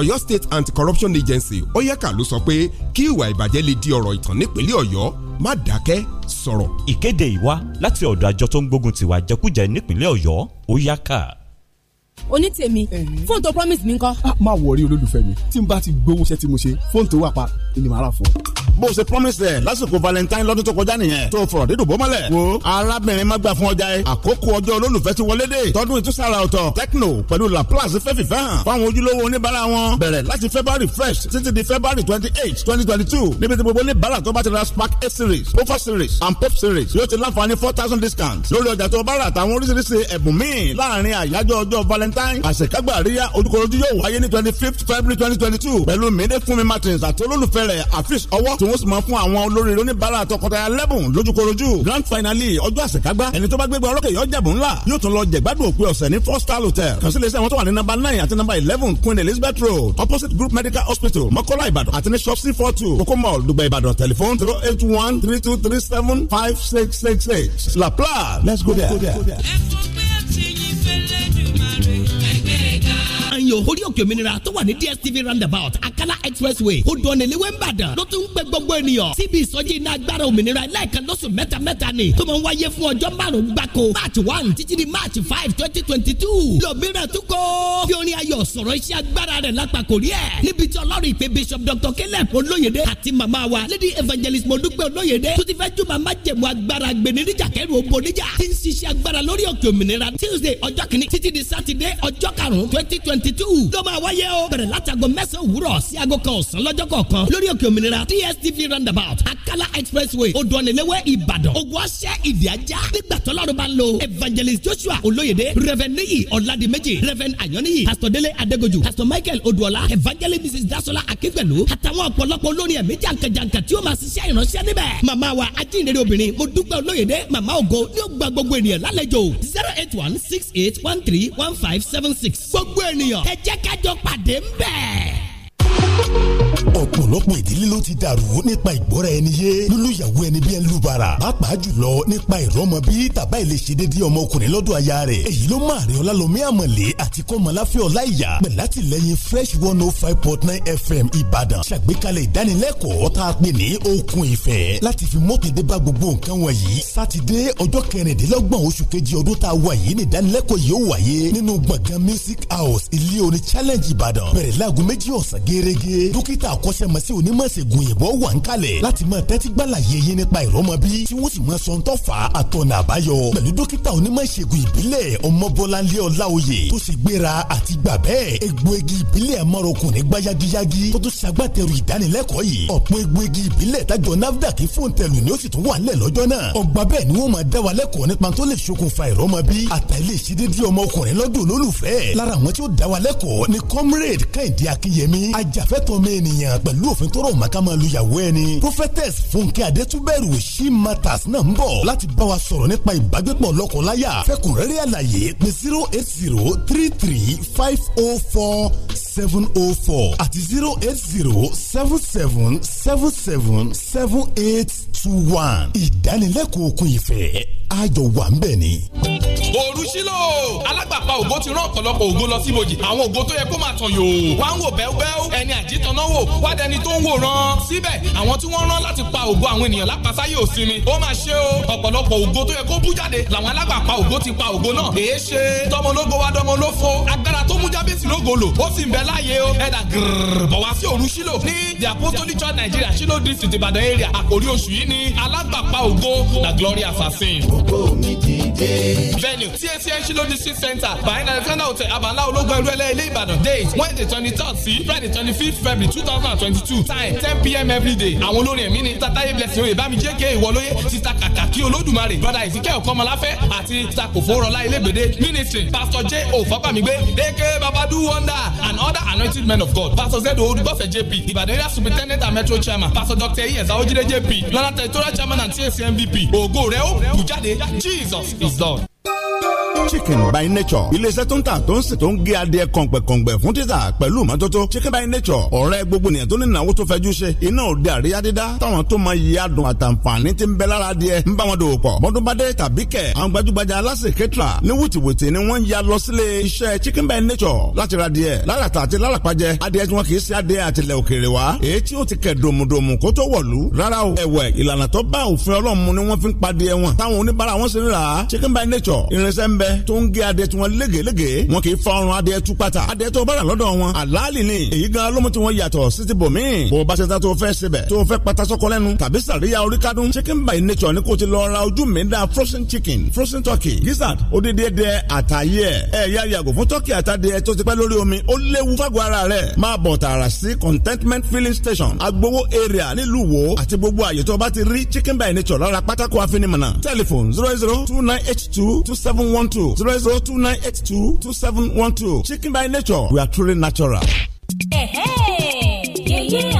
Ọ̀yọ́ State Anti-Corruption Agency oyeka ló sọ pé kí ìwà ìbàjẹ́ lè di ọ̀rọ̀ ìtàn nípínlẹ̀ Ọ̀yọ́ má dákẹ́ sọ̀rọ̀. Ìkéde ìwá láti ọ̀dọ̀ àjọ tó ń gbógun tiwa jẹkújẹ nípínlẹ̀ Ọ̀yọ́ oyeka onítèmi fóònù tó promise mi ńkọ́. Ah, má wọrí olólùfẹ́ mi tí n bá ti gbowó iṣẹ́ tí mo ṣe fóònù tó wà pa ni màá rà fún un. bó o ṣe promise ẹ lásìkò valentine lọ́dún tó kọjá nìyẹn tó fọ̀rọ̀ dídùn bó mọ́lẹ̀. wo arábìnrin má gbà fún ọjà ẹ àkókò ọjọ́ olólùfẹ́ ti wọlé dé tọdún ìtúsára ọ̀tọ̀ tecno pẹ̀lú laplace fẹ́fìfẹ́ hàn fáwọn ojúlówó oníbàárà wọn bẹ̀rẹ̀ láti february fresh títí di february twenty eight twenty twenty two níbi tí gbogbo oníbàárà tó bá ti ra spark eight series pofa series and pop series yóò ti láǹfààní four thousand discount lórí ọjà tó bá rà àtàwọn oríṣiríṣi ẹ̀bùn míì láàárín àyájọ́ ọjọ́ valentine valentine àṣekágbà àríyá olùkọ́rọ́jú yóò wáyé ní twenty fifth february twenty twenty two pẹ̀lú mèdè fúnmi martins àti olólùfẹ́ rẹ̀ afis ọwọ́ tí wọ́n sì máa fún àwọn olóríire oníbàárà tọkọtaya lẹ́bùn lójúkọ́rọ́jú grand finale ọjọ́ àṣekágbà ẹni tó bá gbégbá ọlọ́kẹ́ yọ jẹ̀bù ńlá yóò tún lọ jẹ̀gbádùn òpin ọ̀sẹ̀ ní four star hotel kàn sí iléeṣẹ́ wọn tó wà ní number nine àti number eleven queen elizabeth road opposite group medical hospital mọ́kọ́lá ìbàdàn àti ní shop c four two kókó dùgbà ìbàdàn telephone zero eight one three two three seven five six six six la plan let's go there. ẹ tún bẹ́ẹ̀ tí fẹ́lẹ́ jù kan yìí orí òkè òmìnira tó wà ní DSTV roundabout Akala expressway odò ọ̀nẹ̀lẹ́wẹ̀ ń bàdàn ló tún ń pẹ́ gbogbo ènìyàn síbi ìsọjí iná agbára òmìnira ẹlẹ́ẹ̀kan lóṣù mẹ́ta mẹ́ta ni tó máa ń wáyé fún ọjọ́ márùn-ún gbáko March one títí di March five twenty twenty two lòmìnira tún kó fi orin ayọ̀ sọ̀rọ̀ iṣẹ́ agbára rẹ̀ lápapọ̀ rí ẹ̀ níbi tí ọlọ́run ìpè Bishop Dr. Caleb Olóyèdè àti màmá wa Lady Evangelist Modúpẹ́ Olóyèdè tó ti fẹ́ jù màmá jẹ̀mú agbára gbẹ̀nìríjà kẹ́rù òbò níjà ti ń ṣiṣẹ́ agbára lórí òkè òmìnira Tuesday ọjọ́ kìíní títí di Saturday ọjọ́ karùn-ún twenty twenty 22. two ló máa wáyé o bẹ̀rẹ̀ látago mẹ́sàn-án òwúrọ̀ sí aago kan ọ̀sán lọ́jọ́ kọ̀ọ̀kan lórí òkè òmìnira DSTV roundabout Akala expressway odòanilẹ́wẹ́ Ìbàdàn ogun ọ̀sẹ̀ ìdíyàjá nígbà tó lọ́rùn bá ń lo evangelist Joshua Olóyèdè Reveniyi Ọ̀làdìmẹ́jì Reven Ayọ́níyì Pastor Délé Adégojù Pastor Michael Odùọlá evangelist Mrs Dasola Akínpẹ̀lú àtàwọn ọ̀pọ̀lọpọ̀ olórin ẹ̀mí jàǹkàjàǹkà tí ó máa ṣiṣẹ́ ìránṣẹ́ níbẹ̀ màmá wa ajínrere obìnrin mo dúpẹ́ Olóyèdè mama ògo ni ó gba gbogbo ènìyàn lálejò zero eight one six eight one three one five seven six gbogbo ènìyàn ayọ̀ ẹ jẹ́ ká jọ pàdé ńbẹ̀ ọ̀pọ̀lọpọ̀ ìdílé ló ti dàrú nípa ìgbọ́ra ẹni yé lólùyàwó ẹni bí ẹni lùbàrà pàápàá jùlọ nípa ìrọmọ bí tàbá ilé ṣe déédéé ọmọkùnrin lọ́dọ̀ aya rẹ̀ èyí ló máa rí ọlálọ́mí àmọ̀lé àti kọ́mọláfẹ́ ọláìyá pẹ̀látìlẹ́yìn fresh one oh five point nine fm ìbàdàn ṣàgbékalẹ̀ ìdánilẹ́kọ̀ọ́ tá a pè ní okun ìfẹ́ láti fi mọ́tòdé bá gbogbo nǹkan wọ̀nyí sátidé ọjọ́ kẹrìndínlọ́gbọ̀n oṣù kejì ọdún tá a wà yìí ní ìdánilẹ́kọ̀ọ́ yìí music house ilé orin challenge ìbàdàn bẹ̀rẹ̀ láago méjì ọ̀sán géere pérégedé dókítà akọ́ṣẹ́mọṣẹ́ onímọ̀ ìṣègùn òyìnbó wà ń kalẹ̀ láti máa tẹ́tí gbàlàyé yín nípa ìrọmọbí tí wọ́n sì máa sọ ń tọ́fà àtọ̀nà àbáyọ pẹ̀lú dókítà onímọ̀ ìṣègùn ìbílẹ̀ ọmọbọ́láńlé ọláoyè tó sì gbéra àti gbà bẹ́ẹ̀ egbòogi ìbílẹ̀ amárokùn ní gbáyagíyágí tó tún ṣagbátẹrù ìdánilẹ́kọ̀ọ́ yìí ọ̀pọ̀ egbòogi ìbílẹ̀ tájọ nafdac fún tẹlù ni ó sì tún wà nílẹ̀ lọ́jọ́ náà ọgbà bẹ́ẹ̀ ni wọ́n máa dá wa lẹ́kọ̀ọ́ nípa tó ajàfẹ́tọ̀ọ́ mi ènìyàn pẹ̀lú òfin tó rọ̀ màkà máa lu ìyàwó ẹni. prophetess fúnkẹ́ adétúbẹ̀rù she matters náà ń bọ̀ láti bá wa sọ̀rọ̀ nípa ìbágbépọ̀ lọ́kọ̀ọ́láyà fẹ́kùnrẹ́rẹ́ àlàyé pé zero eight zero three three five oh four seven oh four àti zero eight zero seven seven seven seven seven eight two one ìdánilẹ́kọ̀ọ́ òkun ìfẹ́ ayọ̀ wà ń bẹ̀ ni. Òrùsílò alágbàpá ògo ti rán ọ̀pọ̀lọpọ̀ ògo lọ síbojì àwọn ògo tó yẹ kó máa tàn yòó wá ń wò bẹ́ẹ̀ ẹni àjítọ̀nà wò wádẹni tó ń wòran síbẹ̀ àwọn tí wọ́n rán láti pa ògo àwọn ènìyàn lápasáyé òsinmi ó máa ṣe o ọ̀pọ̀lọpọ̀ ògo tó yẹ kó bú jáde làwọn alágbàpá ògo ti pa ògo náà èé ṣe tọmọ ológo wa dọmọ olófo agbára tó mú jábèsì lógo lò ó sì ń bẹ láàyè o ẹ̀dà gírrrr bọ̀ wá sí òru sílò ní the apostolic church nigeria sílò district ìbàdàn area àkórí oṣù yìí ni alágbàpá ògo na glory assassin. ògo mi dìde. venue tsn sílò district center behind alexander hotel abanla ológun ẹrú ẹlẹ́ ilé ìbàdàn date wednesday twenty third sí friday twenty fifth february two thousand and twenty-two time ten pm every day àwọn olórin ẹ̀mí ni tataye blessing oyè bámi jẹ́kẹ́ ìwọlóye sista kàkàkí olódùmarè brother ezekiel kọ́mọláfẹ́ àti sakoforola elébèdé ministry pastor j ofapamigbe aka babadu wonder and other anointed men of god pastor zedo olùgbọ́fẹ̀ jp ìbàdàn area superintendent and metro chairman pastor dr iyes awojide jp lọ́nà territorial chairman and tsc mvp ògo rẹ̀ ó bù jáde jesus is Lord chicken by nature iléeṣẹ́ tó ń tà tó ń sè tó ń gé adìẹ kọ̀ǹpẹ̀kọ̀ǹpẹ̀ fún títà pẹ̀lú mọ́tótó chicken by nature ọ̀rẹ́ gbogbo nìyẹn tó ní ìnáwó tó fẹ́jú ṣe iná òde àríyá dídá táwọn tó mọ iye adùn àtàǹfààní tí ń bẹ lára adìẹ ń bá wọn dòwò pọ̀ mọ́dúnbádé tàbí kẹ̀ àwọn gbajúgbajà aláṣẹ kẹtìrà ní wùtìwùtì ni wọ́n ya lọ sílé iṣẹ́ chicken by nature láti ra adìẹ lálàtà àti lálàpàjẹ adìẹ tí wọn kì í ṣe adìẹ àtìlẹ̀ òkèèrè wá èyí tí ó ti kẹ̀ dòmùdòmù kó tó wọ̀lú rárá o ẹ̀wẹ̀ ìlànà tó bá òfin chicken by nature irinṣẹ́ ń tó ń gé adìẹ tí wọ́n légelége wọn kì í fa ọrùn adìẹ tú pata adìẹ tó bára lọ́dọ̀ wọn àlàálì ni èyí gan ló mú tí wọ́n yàtọ̀ síti bò bó bá ṣe ta tó fẹ́ sebẹ̀ tó fẹ́ pata sọ́kọ tàbí sàríya orí kádùn chicken by nature ni kò ti lọ ra ojú mi da frozen chicken frozen turkey gizzard odidi ẹdẹ àtàyè ẹ ẹ yá yàgò fún turkey àtàdìẹ tó ti pẹ́ lórí omi ó léwu fágọ̀ ara rẹ̀ máa bọ̀ tààrà sí contentment filling station agbowó area nílùú wo àti gbogbo àyè tó bá ti rí chicken by nature lára pátákó àfinimọ̀nà telephone zero zero two nine eight two two seven one two zero zero two nine eight two two seven one two chicken by nature we are truly natural. yeye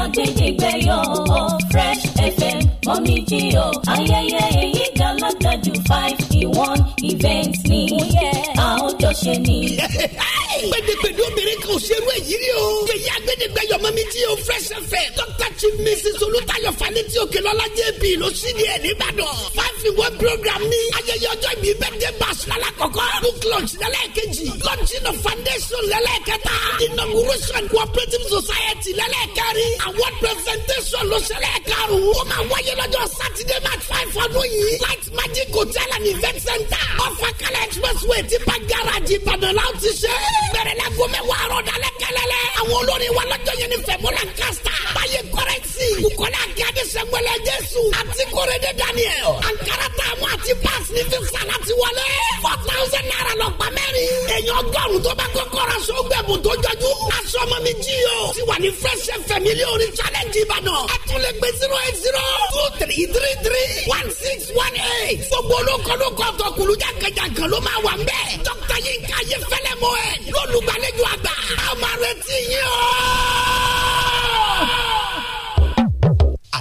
agbẹ́dẹ́gbẹ́yọ̀ fresh fm mọ́mídì o ayẹyẹ èyí gàlágàjù five in one events, ni àwọn jọ ṣe ni. *laughs* gbẹdẹgbẹdẹ obìnrin kan ò ṣerú èyí rí o. yèyí agbẹdẹgbẹ yọmọ mi tí o fresh fẹ. dr chief mrs olutayo fani tí o kele ọlajẹ bi ló sì ní ẹ nìbàdàn. five in one program ní. ayẹyẹ ọjọ́ ìbí birthday bash lálẹ́ kọ̀kọ́. book launch lálẹ́ kejì. launching of foundation lálẹ́ kẹta. inauguration cooperative society lálẹ́ kẹrin. award presentation ló ṣẹlẹ̀ karùn-ún. ó máa wáyé lọ́jọ́ saturday march five ọdún yìí. light magic hotel and event center. ọ̀fà kala expressway ti bá garaji ìbàdàn láti ṣe bẹ̀rẹ̀ la gomẹ wɔɔrɔ dalẹ kɛlɛlɛ. àwọn olórí wa lọ́jọ́ yẹn ni fẹmú la kásá. báyé kọrẹsì. u kọlẹ agadi sẹgbẹlẹ jésù. a ti kore de daniel. ankara taamu a ti paasi ni fi sara ti wọlé. four thousand naira lọ gbamẹ́rin. èèyàn gbọ́rù tó bá kọ́kọ́rọ́ so gbẹ̀bù tó jọjú. asọ́mọ mi jí o. ti wà ní fresh fm mílíọ̀nù challenge ìbàdàn. a tún lè gbé zero eight zero two three three three one six one eight. gbogbo olókòlókò tó kulujà kẹjà kan ló máa wà ń bẹ́ẹ̀. dókítà yín ká yé fẹ́lẹ́ mọ́ olùgbàlejò àgbà a máa retí yín o.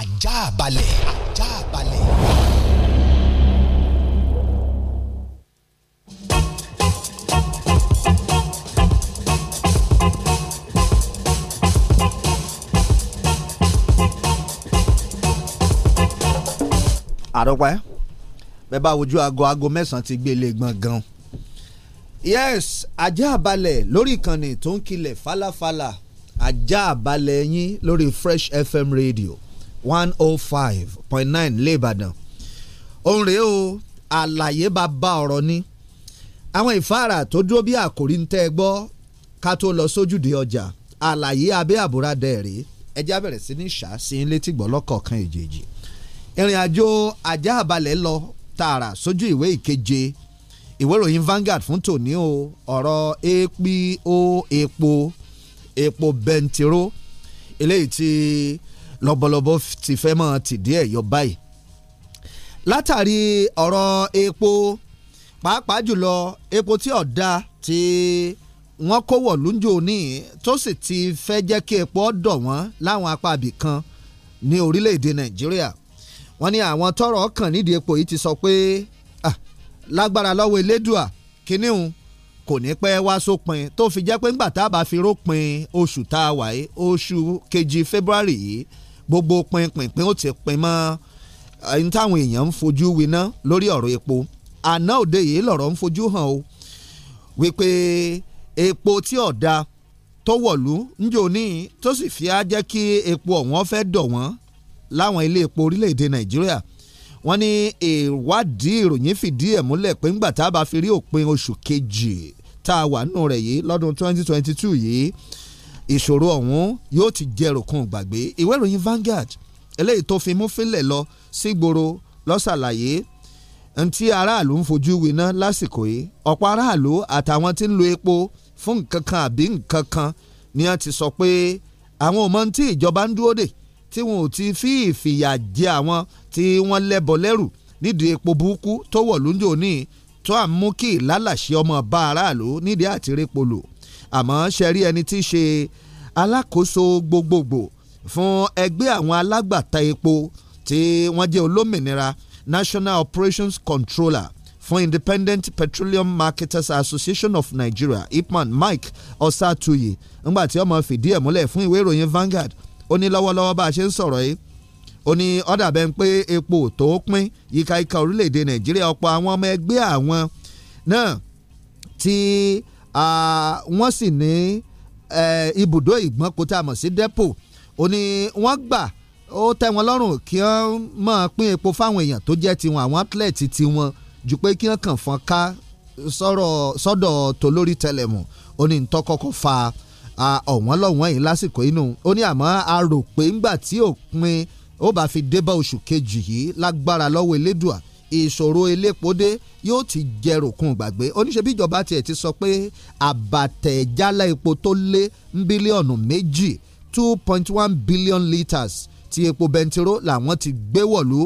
ajá balẹ̀ ajá balẹ̀. àròpẹ́ bẹ́ẹ̀ bá wojú aago aago mẹ́sàn-án ti gbélé gbọ̀ngàn yes ajá balẹ̀ lórí ìkànnì tó ń kilẹ̀ falafala ajá balẹ̀ yín lórí Fresh FM radio one oh five point nine lẹ́ẹ̀bàdàn òun rèé o àlàyé bàbá ọ̀rọ̀ ni àwọn ìfáàrà tó dúró bí àkòrí ń tẹ́ ẹ gbọ́ ká tó lọ sójúde ọjà àlàyé abẹ́ àbúradẹ rèé ẹjá bẹ̀rẹ̀ sí ní ṣá sí ilé tí gbọ́ lọ́kọ̀ọ̀kan èjèèjì ìrìn àjò ajá balẹ̀ lọ tààrà sójú ìwé ìkeje ìwé ìròyìn Vanguard fún tòní o ọ̀rọ̀ epo epo epo bẹntiró eléyìí tí lọ́bọ̀lọ́bọ̀ ti fẹ́ mọ́ ti díẹ̀ yọ báyìí látàrí ọ̀rọ̀ epo pàápàá jùlọ epo tí ọ̀dà tí wọ́n kó wọ̀ lóúnjò ní tó sì ti fẹ́ jẹ́ kí epo ọ̀dọ̀ wọ́n láwọn apá ibì kan ní orílẹ̀-èdè Nàìjíríà wọ́n ní àwọn tọ́rọ̀ kàn nídìí epo yìí ti sọ pé lágbára lọ́wọ́ elédùà kínní òun kò ní pẹ́ wá sópin tó fi jẹ́ pé ńgbà tá a bá fi rópin oṣù tá a wà oṣù kejì February yìí gbogbo pinpinpin ó ti pin mọ́ ẹni eh, táwọn èèyàn ń fojú winá lórí ọ̀rọ̀ epo àná òde yìí lọ̀rọ̀ ń fojú hàn o wípé epo tí ọ̀dà tó wọ̀lú ńjò ní tó sì fi á jẹ́ kí epo ọ̀wọ́n fẹ́ dọ̀ wọ́n láwọn ilé epo orílẹ̀-èdè Nàìjíríà wọ́n ní ìwádìí ìròyìn fìdí ẹ̀ múlẹ̀ pé ńgbà tá a bá fi rí òpin oṣù kejì tá a wà nù rẹ̀ yìí lọ́dún 2022 yìí ìṣòro ọ̀hún yóò ti jẹrùkún gbàgbé ìwé ìròyìn Vanguard eléyìí tó fi mú fílẹ̀ lọ sígboro lọ́sàlàyé ntí aráàlú ń fojú winá lásìkò yìí ọ̀pọ̀ aráàlú àtàwọn tí ń lo epo fún nǹkan àbí nǹkan ni wọ́n ti sọ pé àwọn ò mọ ohun ìjọba ń dúró dè tí wọn ò ti fi ìfìyà jẹ àwọn tí wọ́n lẹ́bọ lẹ́rù nídìí epo burúkú tó wọ̀ lóúnjẹ òní tó à ń mú kí ìlálàṣẹ ọmọ bá aráàlú nídìí àtìrẹ́polò àmọ́ ṣẹ́rí ẹni tí í ṣe alákòóso gbogbogbò fún ẹgbẹ́ àwọn alágbàtà epo tí wọ́n jẹ́ olómìnira National Operations Controller fún Independent Petroleum Marketers Association of Nigeria IPMAN Mike Osatuyi ńgbà tí ọmọ fìdí ẹ̀ múlẹ̀ fún ìwé ìròyìn Vanguard ó ní lọ́wọ́lọ́wọ́ bá a ṣe ń sọ̀rọ̀ yìí ó ní ọ̀dà bẹ́ẹ̀ ń pé epo tó pín yíká ika orílẹ̀-èdè nàìjíríà ọ̀pọ̀ àwọn ọmọ ẹgbẹ́ àwọn náà tí wọ́n sì ní ibùdó ìgbọ́n kó tá a mọ̀ sí depo ó ní wọ́n gbà ó tẹ́ wọn lọ́rùn kí wọ́n máa pín epo fáwọn èèyàn tó jẹ́ tiwọn àwọn outlet tiwọn ju pé kí wọ́n kàn fọ́n ká sọ́dọ̀ tolórí tẹlẹ̀mù ó ní ń fa ọ̀wọ́n lọ́wọ́n yìí lásìkò inú ó ní àmọ́ a rò pé ńgbà tí òpin ó bá fi dé bá oṣù kejì yìí lágbára lọ́wọ́ elédùà ìṣòro elépodé yóò ti jẹrùkún gbàgbé oníṣẹ́ bí ìjọba tiẹ̀ ti sọ pé àbàtẹ̀jálá epo tó lé bílíọ̀nù méjì two point one billion litres ti epo bẹntiró làwọn ti gbé wọ̀lú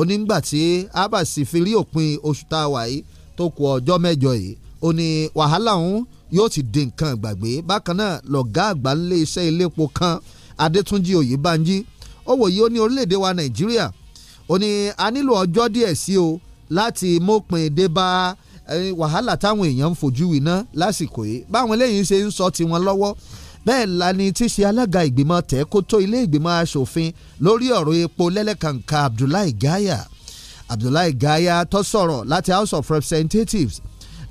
onígbà tí abba sì fi rí òpin oṣù tá a wà yìí tó kù ọjọ́ mẹ́jọ yìí ó ní wàhálà ọ̀hún yóò ti di nǹkan ìgbàgbé bákan náà lọ̀gá àgbà ńlé iṣẹ́ iléepo kan Adétúnjì Oyèbánjí ó ó ní orílẹ̀-èdè wa Nàìjíríà ó ní a nílò ọjọ́ díẹ̀ sí o láti mópin dé bá wàhálà táwọn èèyàn ń fojú winá lásìkò yìí báwọn eléyìí ṣe ń sọ tiwọn lọ́wọ́ bẹ́ẹ̀ la ni tí ṣe alága ìgbìmọ̀ tẹ́kótó ilé ìgbìmọ̀ asòfin lórí ọ̀rọ̀ epo lẹ́lẹ́kàǹkà Abdullahi Gaya Abdullahi Gaya tó sọ̀rọ̀ láti House of Representatives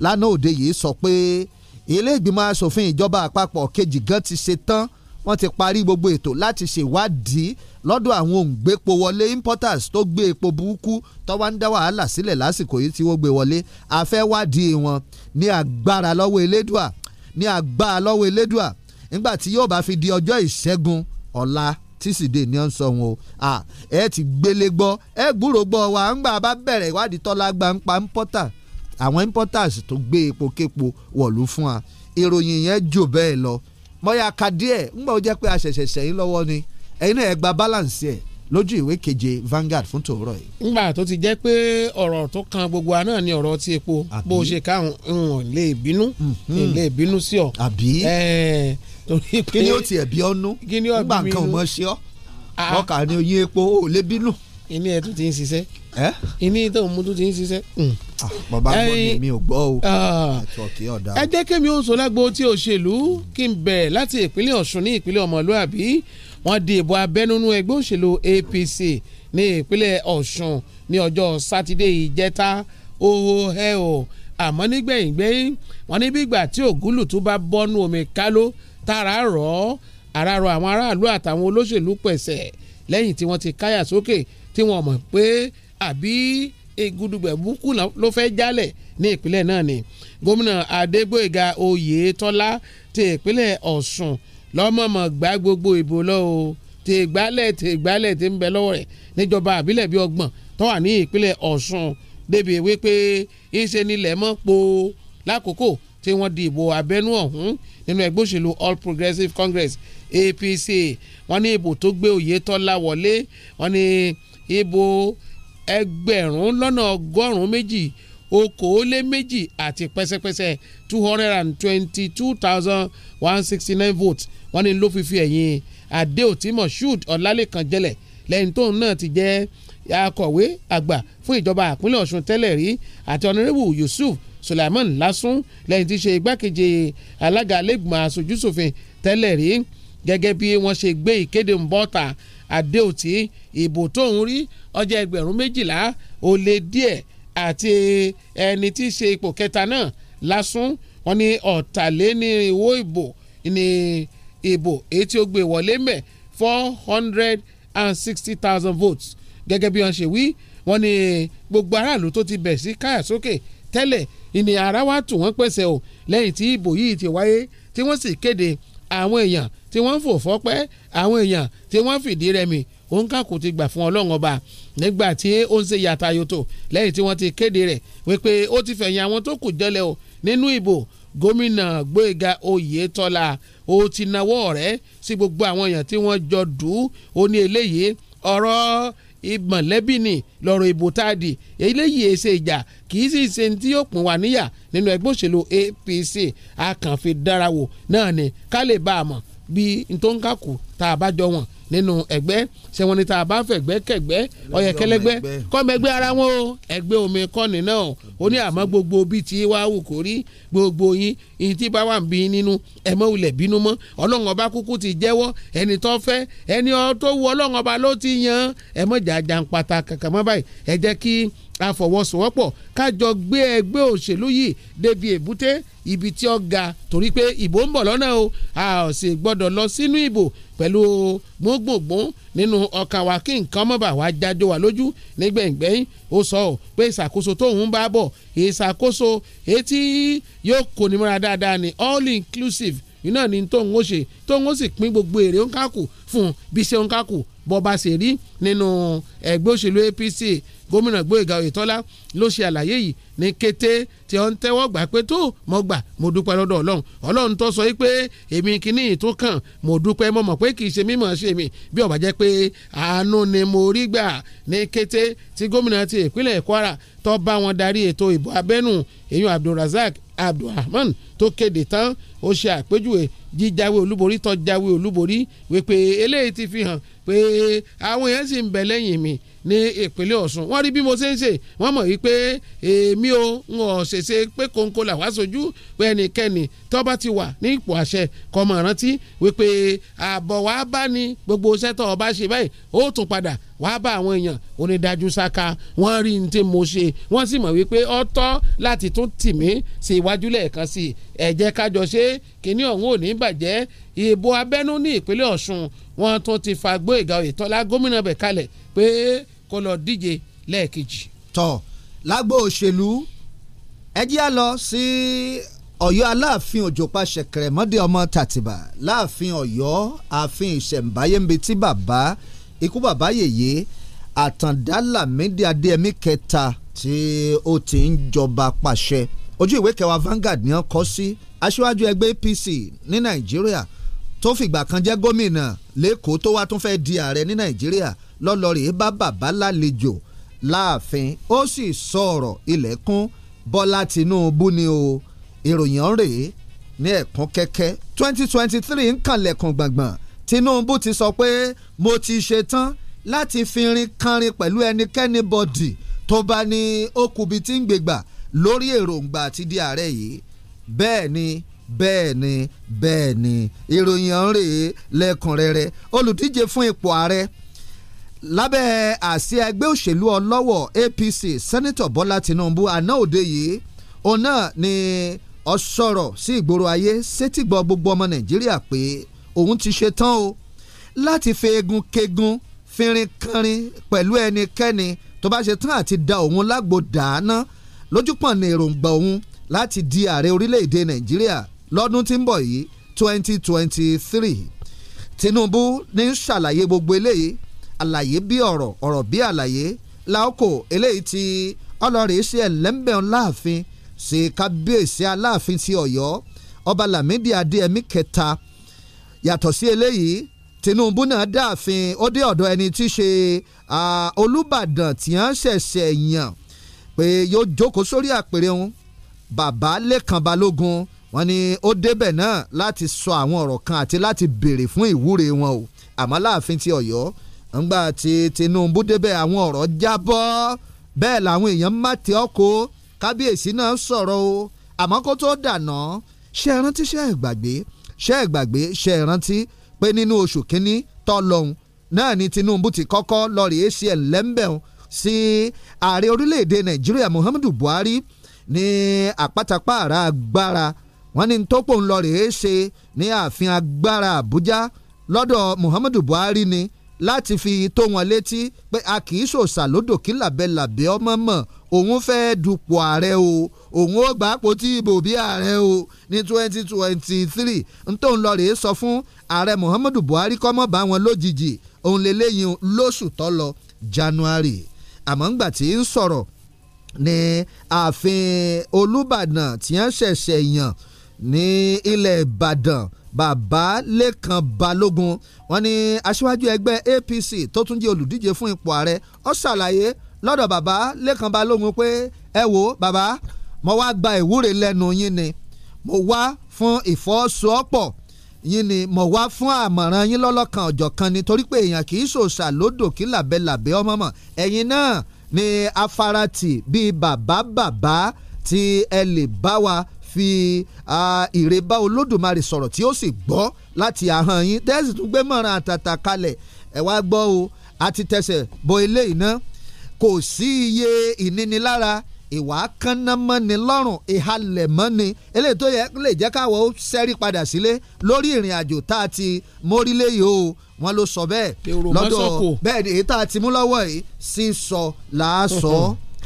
lánàá òde yìí sọ pé ilé ìgbìmọ̀ asòfin ìjọba àpapọ̀ kejì gan ti ṣe tán wọ́n ti parí gbogbo ètò láti ṣèwádìí lọ́dọ̀ àwọn òǹgbépo wọlé importers tó gbé epo burúkú tó wá ń dá wàhálà sílẹ̀ lásìkò yìí tí wọ́n gbé wọlé àfẹ́wádìí wọn ní agbára lọ́wọ́ elédùà ní agbára lọ́wọ́ elédùà nígbà tí yóò bá fi di ọjọ́ ìṣẹ́gun ọ̀la tísídẹ̀ẹ́ ni ó ń sọ wọn o ẹ ti gbélé gbọ́ ẹ gbúrò gbọ́ wa ń gbà bá bẹ̀rẹ̀ ìwádìí tọ́lá gba ń pa importers àwọn importers tó gbé epo képo wọ̀lú fún wa ìròyìn yẹn jò bẹ́ẹ̀ lọ mọ́yà ka díẹ̀ ńgbà ó jẹ́ pé a ṣẹ̀ṣẹ̀ lọ́wọ́ ni ẹ̀yin náà ẹ gba balance ẹ̀ lójú ìwé keje Vanguard fún tòórọ̀ yìí. ńgbà tó ti jẹ́ pé ọ̀rọ̀ tó kan gbogbo wa náà ni ọ̀rọ̀ ti epo bó ṣe káwọn ń lè bínú mhm. lè bínú sí ọ. àbí torí pé kí ni ó tiẹ̀ bí ọ́nú nígbà nǹkan ò mọ̀ ṣe ọ́ ah. ọkà ni oyin epo ò lè bínú. ilé ẹ̀ tún ti ń ṣiṣẹ́ ìní tó ń mutú ti ń ṣiṣẹ́. Hmm. Ah, bàbá gbọ́ mi mi ò gbọ́ o ah. ẹ̀tọ́kì ọ̀dà. ẹ jẹ́ kémi ó sọ lágbo tí òṣèlú kí n bẹ̀ láti ìpínlẹ̀ Ọ̀ṣun ní ìpínlẹ̀ ọmọlúàbí wọ́n di ìbò abẹ́núnú ẹgbẹ́ òṣèlú APC ní ìpínlẹ̀ Ọ̀ṣun ní ọjọ́ sátidé ìjẹta owó ẹ o àmọ́ nígbẹ̀yìngbẹ̀yìn wọ́n ní bígbà tí ògúlùtú bá bọ́nú omi káló tààrà rọ̀ ọ́ àràrọ̀ àwọn aráàlú àtàwọn olóṣèlú pẹ̀sẹ̀ lẹ́yìn tí wọ́n ti káyà sókè tí wọ́n mọ̀ pé àbí gudugbẹ̀bùkù ló fẹ́ jálẹ̀ ní ìpínlẹ̀ náà ni gómìnà Adégbóyèga Oyètọ́lá ti ìpínlẹ̀ Ọ̀ṣun lọ́mọ̀mọ̀ gbá gbogbo ìbò lọ́wọ́ ti gbálẹ̀ ti gbálẹ̀ ti ń bẹ lọ́wọ́ rẹ̀ níjọba àbílẹ̀ bíi ọgbọ̀n tó wà ní ìpínlẹ̀ Ọ̀ṣun débi wípé ìṣe nílẹ̀ mọ́ po lákòókò tí wọ́n di ìbò abẹ́nú ọ̀hún nínú ẹgbẹ́ òṣèlú All Progressives Congress APC wọ́n ní ìbò tó gbé Oyètọ́lá wọlé wọ́n ní ìbò ẹgbẹ̀rún lọ́nà ọgọ́rùn-ún méjì okòólé méjì àti pẹ́sẹ́pẹ́sẹ́ two hundred and twenty two thousand one sixty nine votes wọ́n ní ló fi fi ẹ̀yìn Adéòtí Moshood Ọlálékan jẹ́lẹ̀ lẹ́yìn tóun náà ti jẹ́ akọ̀wé àgbà fún ìjọba àpínlẹ̀ Ọ̀ṣun tẹ́lẹ̀ rí àti ọ̀nàrẹ́bù Yusuf Sulaiman Lasun lẹ́yìn tí í ṣe igbákejì alága lẹ́gbọ̀n aṣojúṣòfin tẹ́lẹ̀ rí gẹ́gẹ́ bí wọ́n ṣe gbé ìkéde ń Adeoti ìbò tóun rí ọjọ́ ẹgbẹ̀rún méjìlá ó lé díẹ̀ àti ẹni tí í ṣe ipò kẹta náà lásún wọn ni ọ̀tàlénírínwó ìbò ní ìbò èyí tí ó gbé wọlé mẹ́ four hundred and sixty thousand votes gẹ́gẹ́ bí wọ́n ṣe wí wọ́n ní gbogbo aráàlú tó ti bẹ̀ sí káyà sókè tẹ́lẹ̀ ìní ara wa tù wọ́n pẹ̀sẹ̀ o lẹ́yìn tí ìbò yìí ti wáyé tí wọ́n sì kéde àwọn èèyàn tí wọ́n ń fò fọ́pẹ́ àwọn èèyàn tí wọ́n fìdí rẹmi òun kà kò ti gbà fún ọlọ́run ọba nígbà tí ó ń ṣe yàtàyòtò lẹ́yìn tí wọ́n ti kéde rẹ̀ wípé ó ti fẹ̀yìn àwọn tó kù jẹ́lẹ̀ o nínú ìbò gómìnà gbóyèga oyètọ́lá ó ti nawọ́ rẹ̀ sí gbogbo àwọn èèyàn tí wọ́n jọ dù ó ní eléyìí ọ̀rọ̀ ìmọ̀lẹ́bí ni lọ́rọ̀ ìbò táàdì eléyìí èsè e ìjà kì sì ṣe tí yóò pín wa níyà nínú ẹgbẹ́ òṣèlú APC akànfi dárawò náà ni ká lè bá a mọ̀ bí ntọ́nkàkù tá a bá jọ wọn nínú ẹgbẹ́ ṣé wọn ni tá a bá fẹ̀gbẹ́ kẹ̀gbẹ́ ọ̀yẹ̀kẹ́lẹ́gbẹ́ kọ́mẹgbẹ́ ara wọn o ẹgbẹ́ omi kọ́ni náà ó ní àmọ́ gbogbo bíi ti wá wù kó rí gbogbo yín ìyìn tí bá wà ń bí nínú ẹ̀mọ́ ilẹ̀ bínú mọ́ ọlọ́run ọba kúkú ti jẹ́wọ́ ẹni tó fẹ́ ẹni tó wù ọlọ́run ọba ló ti yan ẹ̀mọ́ jàjà ń pata kàkà mọ́ báyìí ẹ jẹ́ kí afọwọ́sowọ́pọ̀ kájọ gbé ẹgbẹ́ òṣèlú yìí débi èbúté ibi tí ó ga torí pé ìbò ń bọ̀ lọ́nà o a ò sì gbọ́dọ̀ lọ sínú ìbò pẹ̀lú gbóngbóngbóng nínú ọkàn wa kí nǹkan mọ́bà wá jájọ wà lójú nígbẹ̀ngbẹ̀yìn ó sọ ọ́ pé ìṣàkóso tóun bá bọ̀ ìṣàkóso etí yóò kò ní mọ́ra dáadáa ní all inclusive iná ni tóun ó ṣe tóun ó sì pín gbogbo èrè òǹkàkù fún bí ṣe òǹkàkù bọ́ bá ṣe rí nínú ẹgbẹ́ òṣèlú APC gómìnà Gbóyèga Oyètọ́lá ló ṣe àlàyé yìí ní kété tí ó ń tẹ́wọ́ gbà pé tó mo gbà mo dúpẹ́ lọ́dọ̀ ọlọ́run ọlọ́run tó sọ yìí pé èmi kìíní tó kàn mo dúpẹ́ mo mọ̀ pé kì í ṣe mímọ̀ ṣe mi bí ó bá jẹ́ pé àánú ni mo rí gbà ní kété tí gómìnà ti ìpínlẹ̀ Kwara tó bá wọn darí ètò ìbò abẹ́nú èyí Abdulrasaq Abdulrahman tó kéde tán ó ṣe àpèjúwe jíjáwé olúborí tó jáwé olúborí wípé eléyìí ti fi hàn pé àwọn èèyàn sì ń bẹ lẹ́yìn mi ní ìpínlẹ̀ Ọ̀ṣun wọ́n rí bí mo ṣe ń ṣe wọ́n mọ̀ wípé èmi ò ń ṣèṣe pé kòńkò là wá sójú pé ẹnikẹ́ni tó bá ti wà ní ipò àṣẹ kó máa rántí wípé àbọ̀ wàá bá ní gbogbo iṣẹ́ tó o bá ṣe báyìí ó tún padà wàá bá àwọn èèyàn onídàájú ṣáká wọ́n rí ní tí mo ṣe wọ́n sì mọ̀ wípé ó tọ́ láti tún tì mí sí iwájú lẹ́ẹ̀kan sí ẹ jẹ́ ká jọ ṣe kínní ọ̀hún ò ní bàjẹ́ ìbò abẹ́nú ní ìpínlẹ̀ Ọ̀ṣun wọn tún ti fa Gbóyèga Oyètọ́lá gómìnà bẹ̀ kalẹ̀ pé kó lọ díje lẹ́ẹ̀kejì. tọ́ lágbo òṣèlú ẹ jẹ́ à lọ sí Ọ̀yọ́ Aláàfin òjòpá ṣẹ̀kẹ̀rẹ̀ mọ́dé ọmọ Tàtìbà láàfin Ọ̀yọ́ ààfin ìṣẹ̀ǹbáyé ń bi tí bàbá ikú bàbá yèyé Àtàndá Lámídì Adéyẹmí kẹta tí ó ti ń jọba pàṣẹ ojú ìwé kẹwàá Vanguard ni wọ́n kọ sí aṣíwájú ẹgbẹ́ APC ní Nàìjíríà tó fìgbà kan jẹ́ gómìnà lẹ́kọ̀ọ́ tó wá tún fẹ́ di ààrẹ ní Nàìjíríà lọ́lọ́rìí bá bàbá lálejò láàfin ó sì sọ̀rọ̀ ilẹ̀kùn Bọ́lá Tinubu ni o ìròyìn ọ̀rẹ́ ní ẹ̀kún kẹ́kẹ́ twenty twenty three ń kànlẹ̀kùn gbàngbàn Tinubu ti sọ pé mo ti ṣetán láti fi rin kanrin pẹ̀lú ẹnikẹ́ni bọ́dì tó bá ní okùnbi tí ń gbègbà lórí èròǹgbà àti di ààrẹ yìí bẹ́ẹ̀ ni bẹ́ẹ̀ ni bẹ́ẹ̀ ni ìròyìn ọ̀hún rèé lẹ́kùnrẹ́rẹ́ olùdíje fún ipò ààrẹ lábẹ́ àsíá ẹgbẹ́ òṣèlú ọlọ́wọ̀ APC senator Bọ́lá Tinubu àná òde yìí òun náà ni ó sọ̀rọ̀ sí ìgboro ayé sétígbọ́ gbogbo ọmọ Nàìjíríà pé òun ti ṣe tán o láti fi egun kegun fínrin pẹ̀lú ẹnikẹ́ni tó bá ṣe tán àti da òun lágbo dàáná lójúpọ̀n ní èròǹgbà òun láti di ààrẹ orílẹ̀-èdè nàìjíríà lọ́dún tí ń bọ̀ yìí twenty twenty three tinubu ní ṣàlàyé gbogbo eléyìí àlàyé bí ọ̀rọ̀ ọ̀rọ̀ bí àlàyé láòkò eléyìí tí ọlọ́rin ṣe ẹlẹ́mbẹ̀ láàfin ṣe kábíyèsí aláàfin ti ọ̀yọ́ ọba lámìdí adéyẹmí kẹta yàtọ̀ sí eléyìí tinubu náà dáàfin ó dé ọ̀dọ̀ ẹni tí í ṣe olùbàdàn tí wọ́n ṣẹ̀ṣẹ̀ yàn pé yóò jókòó sórí àpèrè òun bàbá Lékan Balógun wọ́n ní ó débẹ̀ náà láti sọ àwọn ọ̀rọ̀ kan àti láti béèrè fún ìwúre wọn o àmọ́ láàfin ti Ọ̀yọ́ ńgbà tí Tinubu débẹ̀ àwọn ọ̀rọ̀ jábọ́ bẹ́ẹ̀ làwọn èèyàn má ti ọkọ kábíyèsí náà sọ̀rọ̀ o àmọ́ kó tó dànà ṣe é rántí ṣe é gbàgbé ṣe é gbàgbé ṣe é rántí pé nínú oṣù kínní tọ́ náà ni Tinubu ti kọ́kọ́ lọ́ọ̀rì ACN lẹ́ńbẹ̀hùn sí ààrẹ orílẹ̀-èdè nàìjíríà muhammadu buhari ní àpátápàrà agbára wọ́n ní tópò ńlọ rèé ṣe ní ààfin agbára àbújá lọ́dọ̀ muhammadu buhari ni láti fi tó wọn létí pé a kì í ṣòṣà lódò kí làbẹ́làbẹ́ ọmọ mọ̀ òun fẹ́ẹ́ dupò ààrẹ o òun ó gbà pò tí ìbò bí ààrẹ o ní twenty twenty three ntòun lọ rèé sọ fún ààrẹ muhammadu buhari kọ́mọ́ bá wọn lójijì òun lè léyìn lóṣù tó lọ january àmọ́ ńgbà tí ń sọ̀rọ̀ ní ààfin Olúbàdàn tí wọ́n ṣẹ̀ṣẹ̀ yàn ní ilẹ̀ Ìbàdàn bàbá Lẹ́kàn Balógun wọ́n ní aṣíwájú ẹgbẹ́ APC tó tún jẹ́ olùdíje fún ipò ààrẹ ó ṣàlàyé lọ́dọ̀ bàbá Lẹ́kàn Balógun pé ẹ wo bàbá mo wá gba ìwúre lẹ́nu yín ni mo wá fún ìfọ́sọ́pọ̀ e yín ni mọ̀ wá fún àmọ̀ràn yín lọ́lọ́kan ọ̀jọ̀ kan ni torí pé èèyàn kì í ṣòṣà lódò kí làbẹ́làbẹ́ ọmọ mọ̀ ẹ̀yin náà ni afaratì bíi bàbá bàbá tí ẹ lè bá wa fi ìre bá olódùmarè sọ̀rọ̀ tí ó sì gbọ́ láti ahọ́n yín tẹ́sí tún gbé mọ̀ràn àtàtà kalẹ̀ ẹ wá gbọ́ o àti tẹsẹ̀ bọ eléyìí ná kò sí iye ìnínilára ìwà kánámọ́ni lọ́rùn ìhalẹ̀ mọ́ni eléyìí tó yẹ lè jẹ́ káwọ́ ó ṣẹ́rí padà sílé lórí ìrìn àjò tá a ti mórílẹ̀ yìí o wọ́n ló sọ bẹ́ẹ̀ lọ́dọ̀ bẹ́ẹ̀ ni èyí tá a ti mú lọ́wọ́ yìí sísọ làásọ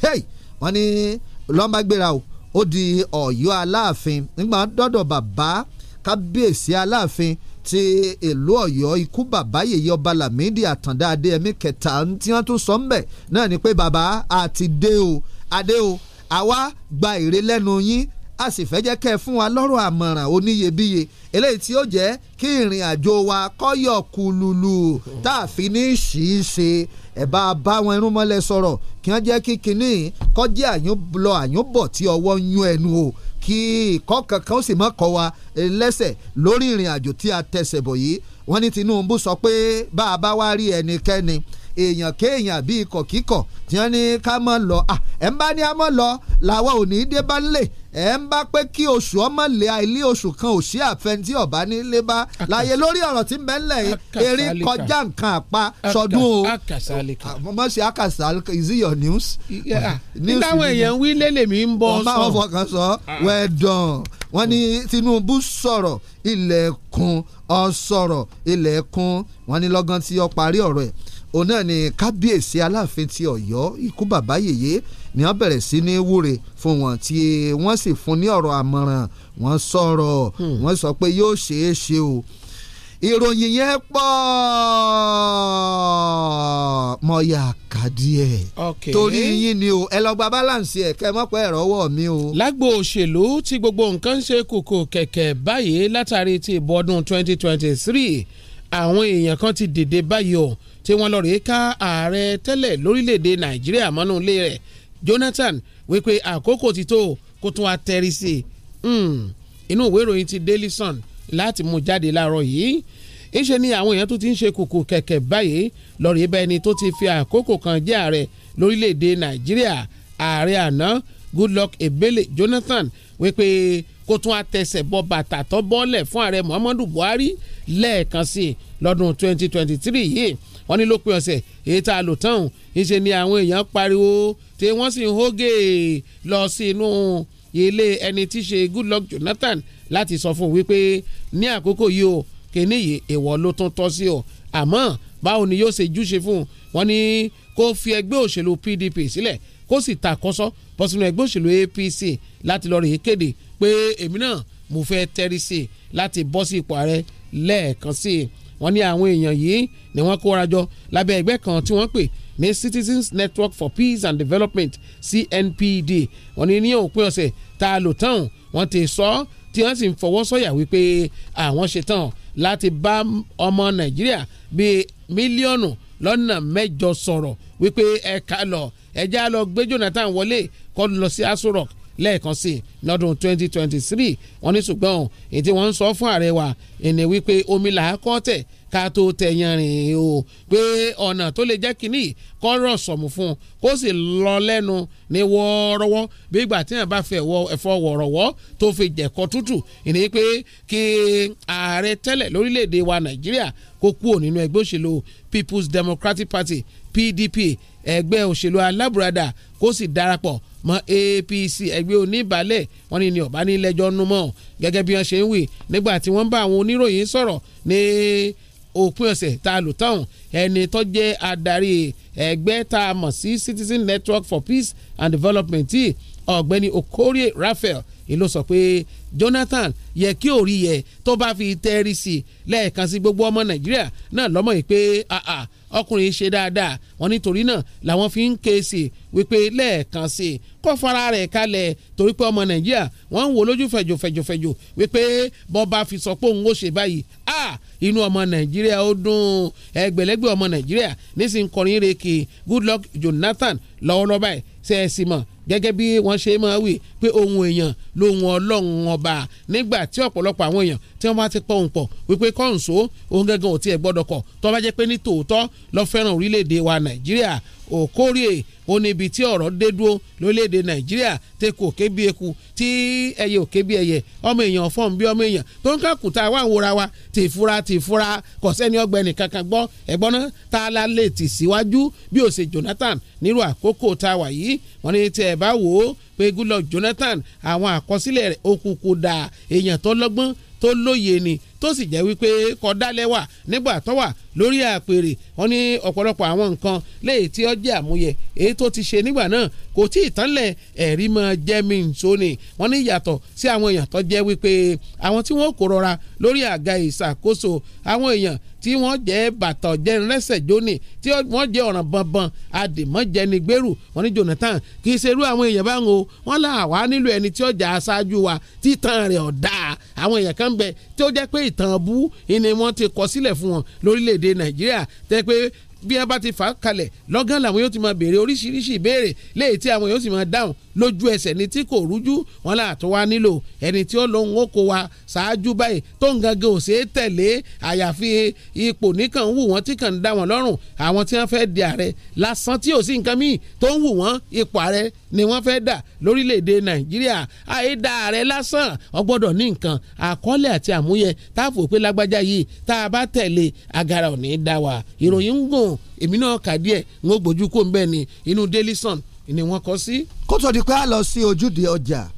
*laughs* wọ́n ní lọ́mọgbéra o ó di ọ̀yọ́ aláàfin nígbà dọ́dọ̀ bàbá kábíyèsí aláàfin ti ìlú Ọ̀yọ́ ikú bàbá yèyé ọba Lámìdí Àtàndá Adéyẹmí kẹta tí wọ́n tún sọ ń bẹ̀ náà ni pé bàbá àti dé o adé o àwa gba èrè lẹ́nu yín a sì fẹ́ jẹ́ kẹ́ ẹ fún wa lọ́rọ̀ àmọ̀ràn oníyebíye eléyìí tí ó jẹ́ kí ìrìn àjò wa kọ́yọ̀ kululu tá a fi ní sí ṣe ẹ̀ bá a bá wọn irun mọ́lẹ̀ sọ̀rọ̀ kí wọ́n jẹ́ kí kinní kọjá àyúnlọ àyúnbọ̀ tí ọwọ́ ń yún ẹnu o kí ìkọ́ kankan sì mọ́ kọ́ wa lẹ́sẹ̀ lórí ìrìn àjò tí a tẹsẹ̀ bọ̀ yìí wọ́n ní Tinubu sọ pé bá a bá wá rí ẹnikẹ́ni èèyàn kéèyàn bíi ikọ̀ kíkọ̀ tí wọ́n ní ká mọ̀ lọ ẹ̀ ń bá ní a mọ̀ lọ làwa ò ní í dé bá ńlẹ̀ ẹ̀ ń bá pé kí oṣù ọmọ lè àìlé oṣù kan ò sí àfẹnjí ọ̀bá nílé bá láàyè lórí ọ̀rọ̀ tí mbẹ́ ńlẹ̀ yìí eré kọjá nǹkan àpá sọdún o mo ṣe akasa is it your news. nítawọn èèyàn wí lélẹ̀ mi ń bọ́ sọ. ọba wọn fọkàn sọ wẹ́ẹ̀dàn wọn ní Tinubu sọ̀rọ̀ ilẹ̀kùn ọ̀sọ̀rọ̀ ilẹ̀kùn wọn ní lọ́gán tí ó parí ọ̀rọ̀ ẹ̀ òun náà ni kábíyèsí aláàfin ti ọ̀yọ́ ikú bàbá yèyé ni wọ́n bẹ̀rẹ̀ sí ní wúre fún wọn tí wọ́n sì fún ní ọ̀rọ̀ àmọ̀ràn wọ́n sọ̀rọ̀ hmm. wọ́n sọ pé yóò ṣeé ṣe o ìròyìn yẹn pọ̀ mọ̀yà kàdíẹ̀ torí yín ni o ẹ lọ gba balance ẹ̀ kẹ́ mọ́pẹ́ ẹ̀rọ wọ̀ mi o. lágbo òṣèlú tí gbogbo nǹkan ń ṣe kòkò kẹ̀kẹ́ báyìí látàrí ti ìbò ọdún 2023 àwọn èèyàn kan ti dìde báyìí o tí wọ́n lọ rèé ká ààrẹ tẹ́lẹ̀ lórílẹ̀‐èdè nàìjíríà mọ́nú ilé rẹ̀ Jonathan wípé àkókò ti tó kó tún atẹ́rí sí i hmm. inú ìwé ìròyìn ti Daily Sun láti mú jáde láàárọ̀ yìí ńṣe ni àwọn èèyàn tó ti ń ṣe kùkù kẹ̀kẹ́ báyìí lọ́rọ̀ ibà ẹni tó ti fi àkókò kan jẹ́ ààrẹ lórílẹ̀‐èdè nàìjíríà ààrẹ àná Goodluck Ebele Jonathan wípé kó tún àtẹsẹ̀ bọ bàtà tó bọ́lẹ̀ fún ààrẹ Muhammadu Buhari lẹ́ẹ̀kan sí lọ́dún 2023 yìí wọ́n ní lópin ọ̀sẹ̀ èyí tá a lò tán ìṣe ni àwọn èèyàn pariwo tí wọ́n sì ń hógè lọ sí inú ilé ẹni tí ṣe Goodluck Jonathan láti sọ fún un wípé ní àkókò yìí o kìíní yìí èèwọ̀ ló tún tọ́ sí o àmọ́ báwo ni yóò ṣe júṣe fún un wọ́n ní kó fi ẹgbẹ́ òṣèlú PDP sílẹ̀ kó sì ta bọ́ sínú ẹgbẹ́ òṣèlú APC láti lọ rèé kéde pé èmi náà mo fẹ́ tẹ́rí sí i láti bọ́ sí ipò ààrẹ lẹ́ẹ̀kan sí i wọ́n ní àwọn èèyàn yìí ni wọ́n kóra jọ lábẹ́ ẹgbẹ́ kan tí wọ́n pè ní Citizens Network for Peace and Development CNPD wọ́n ní ní òpin ọ̀sẹ̀ tá a lò tán wọ́n ti sọ ọ́ tí wọ́n sì ń fọwọ́ sọ̀yà wípé àwọn ṣetán láti bá ọmọ Nàìjíríà bíi mílíọ̀nù lọ́nà mẹ́jọ sọ̀rọ̀ wípé ẹ̀ka lọ ẹ̀já lọ gbé Jonathan wọlé kó lọ sí Aso Rock lẹ́ẹ̀kan sí lọ́dún 2023 wọ́n ní ṣùgbọ́n èyí tí wọ́n ń sọ fún ààrẹ wa ẹni wípé omi là á kọ́ tẹ̀ ká tó tẹ̀yàn rìn o pé ọ̀nà tó lè jẹ́ kínní kọ́ rọ̀ sọ̀mù fún un kó sì lọ lẹ́nu ní wọ́ọ́rọ́wọ́ bí ìgbà tí yàn bá fẹ́ wọ ẹ̀fọ́ wọ̀rọ̀wọ́ tó fi jẹ̀kọ́ tútù ìní pé kí ààrẹ tẹ́lẹ̀ lórílẹ̀‐èdè wa Nàìjíríà kó kúrò nínú ẹgbẹ́ òṣèlú People's Democratic Party PDP ẹgbẹ́ òṣèlú alábùradà kó sì darapọ̀ mọ́ APC ẹgbẹ́ oníbàálẹ̀ wọ́n ní ní ọ̀bá nílẹ̀jọ́ nu mọ́ gẹ́gẹ́ bí wọ́n ṣe ń wí nígbà tí wọ́n bá àwọn oníròyìn sọ̀rọ̀ ní òpin ọ̀sẹ̀ tá a lò táwọn ẹni tó jẹ́ adarí ẹgbẹ́ tá a mọ̀ sí Citizen Network for Peace and Development tí ọ̀gbẹ́ni okorie raphael ìlú sọ pé jonathan yẹ kí òrí yẹ tó bá fi tẹ́rí sí i lẹ́ẹ̀kan sí gbogbo ọmọ nàìjíríà náà lọ́mọ yìí pé ọkùnrin ṣe dáadáa wọn nítorí náà làwọn fi ń ké sí i wípé lẹ́ẹ̀kan sí i kó fara rẹ̀ kalẹ̀ torí pé ọmọ nàìjíríà wọ́n ń wo lójú fẹ̀jò fẹ̀jò fẹ̀jò wípé bó bá fi sọ pé òun ó ṣe báyìí inú ọmọ nàìjíríà ó dùn ẹgbẹ̀lẹ́gbẹ̀ ọmọ nàìjíríà nísìnyí kọrin rèké goodluck jonathan lọ́wọ́lọ́wọ́ báyìí tẹ́ ẹ sì mọ̀ gẹ́gẹ́ bí wọ́n ṣe máa wí pé ohun èèyàn lohun ọlọ́run ọba nígbà tí ọ̀pọ̀lọpọ̀ àwọn èèyàn tí wọ́n bá ti pọ̀ òun pọ̀ wípé kọ́ǹso ohun gángan ò tiẹ̀ gbọ́dọ̀ kọ̀ tó bá jẹ́ pé ní tòótọ́ lọ fẹ́ràn orílẹ̀-èdè wa nàìjíríà òkórè ó níbi tí ọ̀rọ̀ dé dúró lórílẹ̀‐èdè nàìjíríà tẹ́kù òkè bí eku tí ẹyẹ òkè bí ẹyẹ ọmọ èèyàn fọ́ọ̀n bí ọmọ èèyàn tó ń kàkùn tá a wà ń wòra wa tì fura tì fura kò sẹ́ni ọgbẹ́ni kankan gbọ́ ẹ̀gbọ́n náà tá a la lè tì síwájú bí ó Jonathan nírú àkókò tá a wà yìí wọ́n ní tí ẹ bá wò ó pé Goodluck Jonathan àwọn àkọsílẹ̀ òkùnkùn dà èèyàn tó lọ́gbọ́n tó lóye ni tó sì jẹ́ wípé kọ́dálẹ́wà nígbà tó wà lórí àpèrè wọn ní ọ̀pọ̀lọpọ̀ àwọn nǹkan léyìí tí ó jẹ́ àmúyẹ èyí tó ti ṣe nígbà náà kò tí ì tánlẹ̀ ẹ̀rí mọ jẹ́mi nsóni wọn ní yàtọ̀ sí àwọn èèyàn tó jẹ́ wípé àwọn tí wọ́n kò rọra lórí àga ìṣàkóso àwọn èèyàn tí wọ́n jẹ́ bàtà ọ̀jẹ́ ńlẹ́sẹ̀ jóni tí wọ́n jẹ́ ọ̀ràn bọ̀nbọ̀n àdèmọ́jẹnigbèrú wọn ní Jonathan kì í ṣerú àwọn èèyàn báwọn o wọ́n là wá nílò ẹni tí ọjà aṣáájú wa tí ìtàn rẹ̀ ọ̀dà àwọn èèyàn kan bẹ tí ó jẹ́ pé ìtàn bú ni wọ́n ti kọ sílẹ̀ fún wọn lórílẹ̀‐èdè Nàìjíríà tẹ́ pé bí wọ́n bá ti fà kalẹ̀ lọ́gán làwọn yóò ti máa béèrè oríṣiríṣi ìbéèrè léyìí tí àwọn yóò sì máa dáhùn lójú ẹsẹ̀ ní tí kò rújú wọn là tó wá nílò ẹni tí ó lóun ó kó wa ṣáájú báyìí tó ń gangan ò ṣeé tẹ̀lé àyàfi ipò nìkan ń wù wọ́n tí kàn ń dá wọn lọ́rùn àwọn tí wọ́n fẹ́ di ààrẹ lásán tí ò sí nǹkan míì tó ń wù wọ́n ipò ààrẹ ni wọ́n fẹ́ dà lórílẹ̀‐èdè nàìjíríà àìdá ààrẹ lásán ó ní nǹkan àkọọ́lẹ̀ àti àmúyẹ táàfò pé lágbájá yìí tá a bá tẹ̀lé agara ò ní í dá wa ìròyìn ń gùn èmi náà ń gbójú kó ń bẹ́ẹ̀ ni inú daily ni wọ́n kọ sí. kó tó di pé a lọ sí ojúde ọjà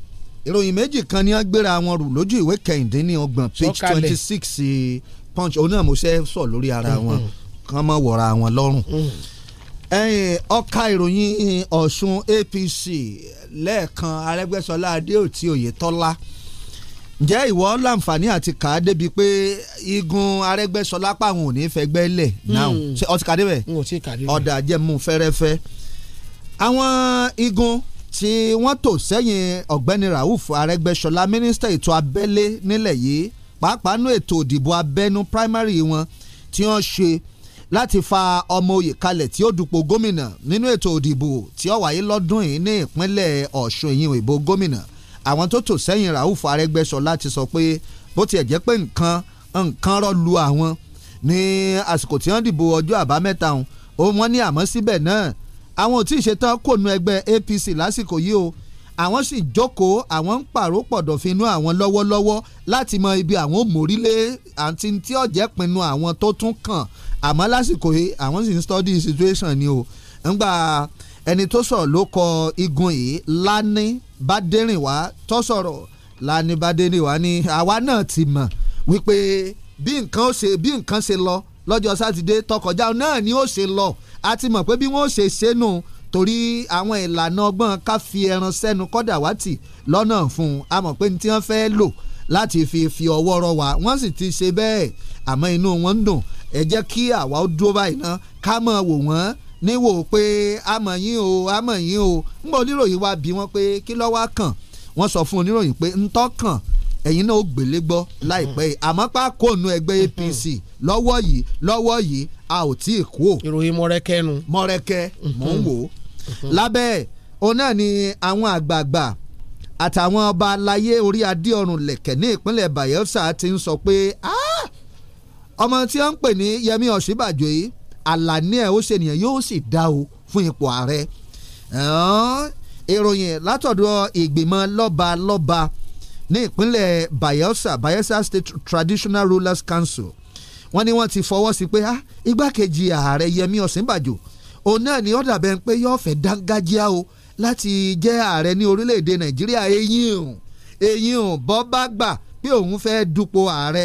ìròyìn méjì kan ni wọ́n gbéra wọn rù lójú ìwé kẹ̀hìndínlọ́gbọ̀n page twenty six eh, punch òun náà mo ṣe sọ lórí ara wọn mm-hmm. kàn mọ́ wọ̀ra wọn lọ́rùn. Mm-hmm. ọ̀ka ìròyìn ọ̀ṣun APC lẹ́ẹ̀kan arẹ́gbẹ́sọlá adéòtí oyètọ́lá ǹjẹ́ ìwọ láǹfààní àti kà á débi pé igun arẹ́gbẹ́sọlá pàwọn ò ní fẹgbẹ́ lẹ̀ náà ọtí kàdé bẹ̀ ọ̀dà jẹ́ mú fẹ́rẹ́fẹ́. Mm àwọn igun tí wọ́n tò sẹ́yìn ọ̀gbẹ́ni Rauf Arẹ́gbẹ́ṣọlá mínísítà ètò abẹ́lé nílẹ̀ yìí pàápàá nú ètò òdìbò abẹ́nú primary wọn tí wọ́n ṣe láti fa ọmọ oyè kalẹ̀ tí ó dupò gómìnà nínú ètò òdìbò tí ó wáyé lọ́dún yìí ní ìpínlẹ̀ Ọ̀ṣun ìyìn ìbò gómìnà àwọn tó tò sẹ́yìn Rauf Arẹ́gbẹ́ṣọlá ti sọ pé bó tiẹ̀ jẹ́ pé nǹkan nǹkan rọ̀ lu àwọn ní àsìkò tí wọ́n dìbò ọjọ́ àbámẹ́ta òun wọ́n ní àmọ́ síbẹ̀ náà àwọn ò tí ì ṣetán kò nu ẹgbẹ́ APC lásìkò yìí o àwọn sì jókòó àwọn ń pàrọ̀ pọ̀dọ̀ finú àwọn lọ́wọ́lọ́wọ́ láti mọ ibi àwọn ò mórílé àti tí ọ̀jẹ̀ pinnu àwọn tó tún kàn àmọ́ lásìkò yìí àwọn sì ń study situation ni o ńgbà ẹni tó sọ̀rọ̀ ló kọ igun yìí Lani Baderinwa tó sọ̀rọ̀ Lani Baderinwa ni àwa náà ti mọ̀ wípé bí nǹkan ṣe bí nǹkan ṣe lọ lọ́jọ́ sátidé tó náà ni ó ṣe lọ a ti mọ̀ pé bí wọ́n ṣe ṣẹ́nu torí àwọn ìlànà ọgbọ́n ká fi ẹran sẹ́nu kọ́dà wá tì lọ́nà fún un a mọ̀ pé ní tí wọ́n fẹ́ lò láti fi fi ọwọ́ rọ wá wọ́n sì ti ṣe bẹ́ẹ̀ àmọ́ inú wọn ń dùn ẹ jẹ́ kí àwa ó dúró báyìí ná ká mọ̀ wò wọ́n níwò pé àmọ̀ yín o àmọ̀ yín o ń bọ̀ oníròyìn wa bí wọ́n pé kí ló kàn wọ́n sọ fún oníròyìn pé ń tọ́ kàn ẹ̀yin náà ó gbélé gbọ́ láìpẹ́ yìí àmọ́ pákóònù ẹgbẹ́ APC lọ́wọ́ yìí lọ́wọ́ yìí a ò tí ì kú o. ìròyìn mọ̀rẹ́kẹ́ nu. mọ̀rẹ́kẹ́ mò ń wò ó. Mhm. lábẹ́ ẹ̀ òun náà ni àwọn àgbààgbà àtàwọn ọba aláyé orí adé ọrùn lẹ̀kẹ̀ ní ìpínlẹ̀ Bayelsa ti ń sọ pé ọmọ tí wọ́n ń pè ní Yẹmí Ọ̀ṣínbàjò yìí àlàní ẹ̀ ó ṣènìyàn yóò sì dá o fún ipò ààrẹ ìròyìn látọ̀dọ̀ ìgbìmọ̀ lọ́ba lọ́ba ní ìpínlẹ̀ Bayelsa Bayelsa State Traditional Rulers Council wọ́n ní wọ́n ti fọwọ́ sí pé ah igbákejì ààrẹ Yẹmí Ọ̀sínbàjò òun náà ni ọ̀dà bẹ́ẹ̀ pé yóò fẹ́ dángájíá o láti jẹ́ ààrẹ ní orílẹ̀-èdè Nàìjíríà eyín o eyín o bọ́ bá gbà pé òun fẹ́ dupò ààrẹ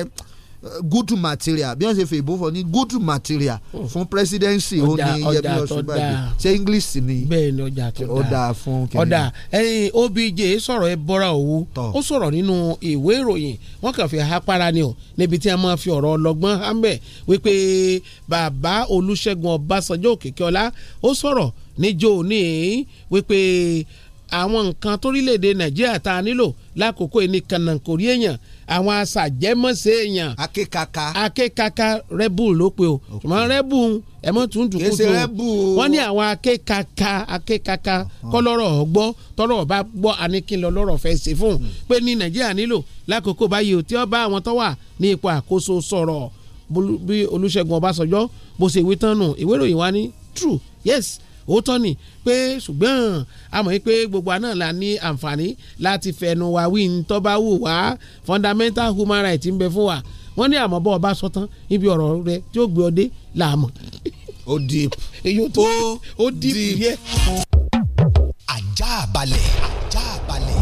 good material bí wọ́n ṣe fèèbó fọ ní good material fún presidency ó ní yẹbi ọ̀ṣunbàjẹ́ ṣé english ni bẹ́ẹ̀ni ọjà tó dáa ọ̀dà fún kìnìún. ọ̀dà ẹyin obj sọ̀rọ̀ ẹ bọ́ra òwú ó sọ̀rọ̀ nínú ìwé ìròyìn wọ́n kàn fi hapara ni o níbi tí a máa fi ọ̀rọ̀ ọlọ́gbọ́n hàmbẹ̀ wípé bàbá Olúṣẹ́gun Ọbásanjọ́ Òkìkíọlá ó sọ̀rọ̀ níjó ní wípé àwọn nǹkan torílẹ̀-èdè nàìjíríà tá a nílò lákòókò ẹni kànáńkórí èèyàn àwọn aṣàjẹmọ́sẹ̀ èèyàn. akékaka akékaka rẹ́bù ló pe o ṣùgbọ́n rẹ́bù ẹ mọ̀ tún dùn kúndùn wọ́n ní àwọn akékaka akékaka kọ́lọ́rọ̀ ọ̀gbọ́ tọ́lọ́rọ̀ bá gbọ́ àníkínlọ lọ́rọ̀ fẹ́ ṣe fún un hmm. pé ní nàìjíríà nílò lákòókò báyìí ò tí wọ́n bá àwọn tó wà ní ipò àkóso sọ̀rọ̀ bí olúṣẹ̀gun ọbásanjọ́ bó ṣe wí tán nù ìwé wa ní true yes ó tọ́ ni pé ṣùgbọ́n àmọ́ pé gbogbo àná la ní àǹfààní láti fẹnu wa wí ní tọ́ bá wù wá fundamental human rights ń bẹ fún wa wọ́n ní àmọ́ bọ́ ọba sọ́tán ibi ọ̀rọ̀ rẹ tí ó gbé ọ dé làámọ̀. ó deep èyí tó ó deep yẹ. ajá balẹ̀ ajá balẹ̀.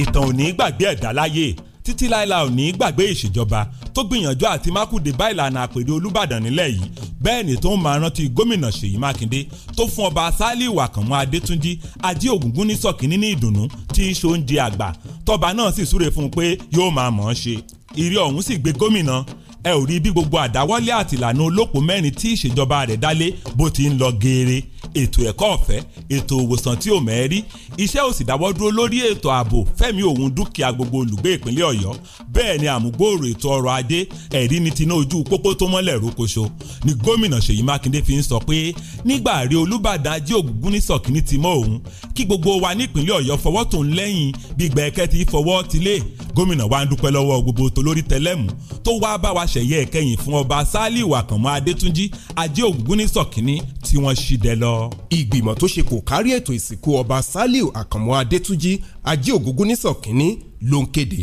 ìtàn ò ní gbàgbé ẹ̀dá láyé títí láìla ò ní gbàgbé ìṣèjọba tó gbìyànjú àti mákùdé bá ìlànà àpèrè olùbàdàn nílẹ̀ yìí bẹ́ẹ̀ ni tó ń máa rántí gómìnà ṣèyí mákindé tó fún ọba sálíù àkànmọ́ adétúnjì ajé ògúngún ní sọ̀kínní ní ìdùnnú tí í ṣe oúnjẹ àgbà tọba náà sì súre fún un pé yóò máa mọ̀ ọ́n ṣe ìrì ọ̀hún sì gbé gómìnà ẹ ò rí bí gbogbo àdáwọ́lé àtìlànà olóko mẹ́rin tí ìṣèjọba rẹ̀ dálé bó ti ń lọ geere ètò ẹ̀kọ́ ọ̀fẹ́ ètò òwòsàn tí ò mẹ́rí iṣẹ́ ò sì dáwọ́ dúró lórí ètò ààbò fẹ́mi òun dúkìá gbogbo olùgbé ìpínlẹ̀ ọ̀yọ́ bẹ́ẹ̀ ni àmúgbòòrò ètò ọrọ̀ ajé ẹ̀rí ni tiná ojú pópó tó mọ́lẹ̀ rókoṣo ni gómìnà ṣèyí mákindé fi ń sọ pé nígbà rí olúbàdàn ajé ògúngún ní sọ̀kíní ti mọ́ òun kí gbogbo wa nípínlẹ̀ ọ̀yọ́ fọwọ́ tó ń lẹ́yìn bí gbẹ̀kẹ́ ti fọwọ́ ti lé gómìnà wa ń dúpẹ́ lọ́wọ́ gbogbo tolórí tẹlẹ́mù tó wá bá wa ṣẹ̀yẹ ìkẹyìn fún ọba sálíù adétúnjì ajé ògúngún ní sọ̀kíní tí wọ́n ṣì dẹ lọ lọ. ìgbìmọ̀ tó ṣe kò kárí ètò ìsìnkú ọba Sàlíù Àkànmú Adétúnjì Ajé Ògúngúnnísọ̀ kínní ló ń kéde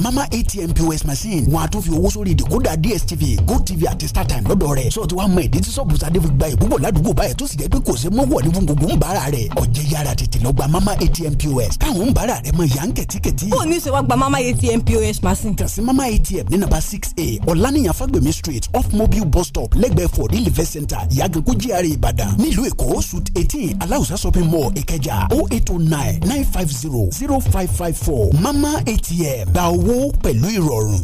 mama atm pos machine wọn a tún fi owó sórí ìdìkúdà dstv gotv àti startime lọ́dọ̀ rẹ̀ sọ ti wá mọ ìdí tí sọ́ọ̀bù sadé fi gba ìbúbọ̀ ládùúgbò báyìí tó sì jẹ́ pé kò sí mọ́wọ́ ní gbogbo ń bára rẹ̀ ọ̀jẹ̀ yára tètè lọ gba mama atm pos káwọn ń bára rẹ̀ mọ yà ń kẹ̀tíkẹ̀tí. ó ní sèwá gba mama atm pos machine. kàn sí mama atm ní nàbà six a ọ̀lànìyàn fagbemi street off mobile bus stop lẹ́gbẹ̀ẹ́ for real event center ìyàgànkú gr ìbàdàn nílùú èkó suit eighteen aláùsá shopping mall ìkẹjà o oh eight o oh nine nine five zero zero five five four mama atm gba owó owó pẹ̀lú ìrọ̀rùn.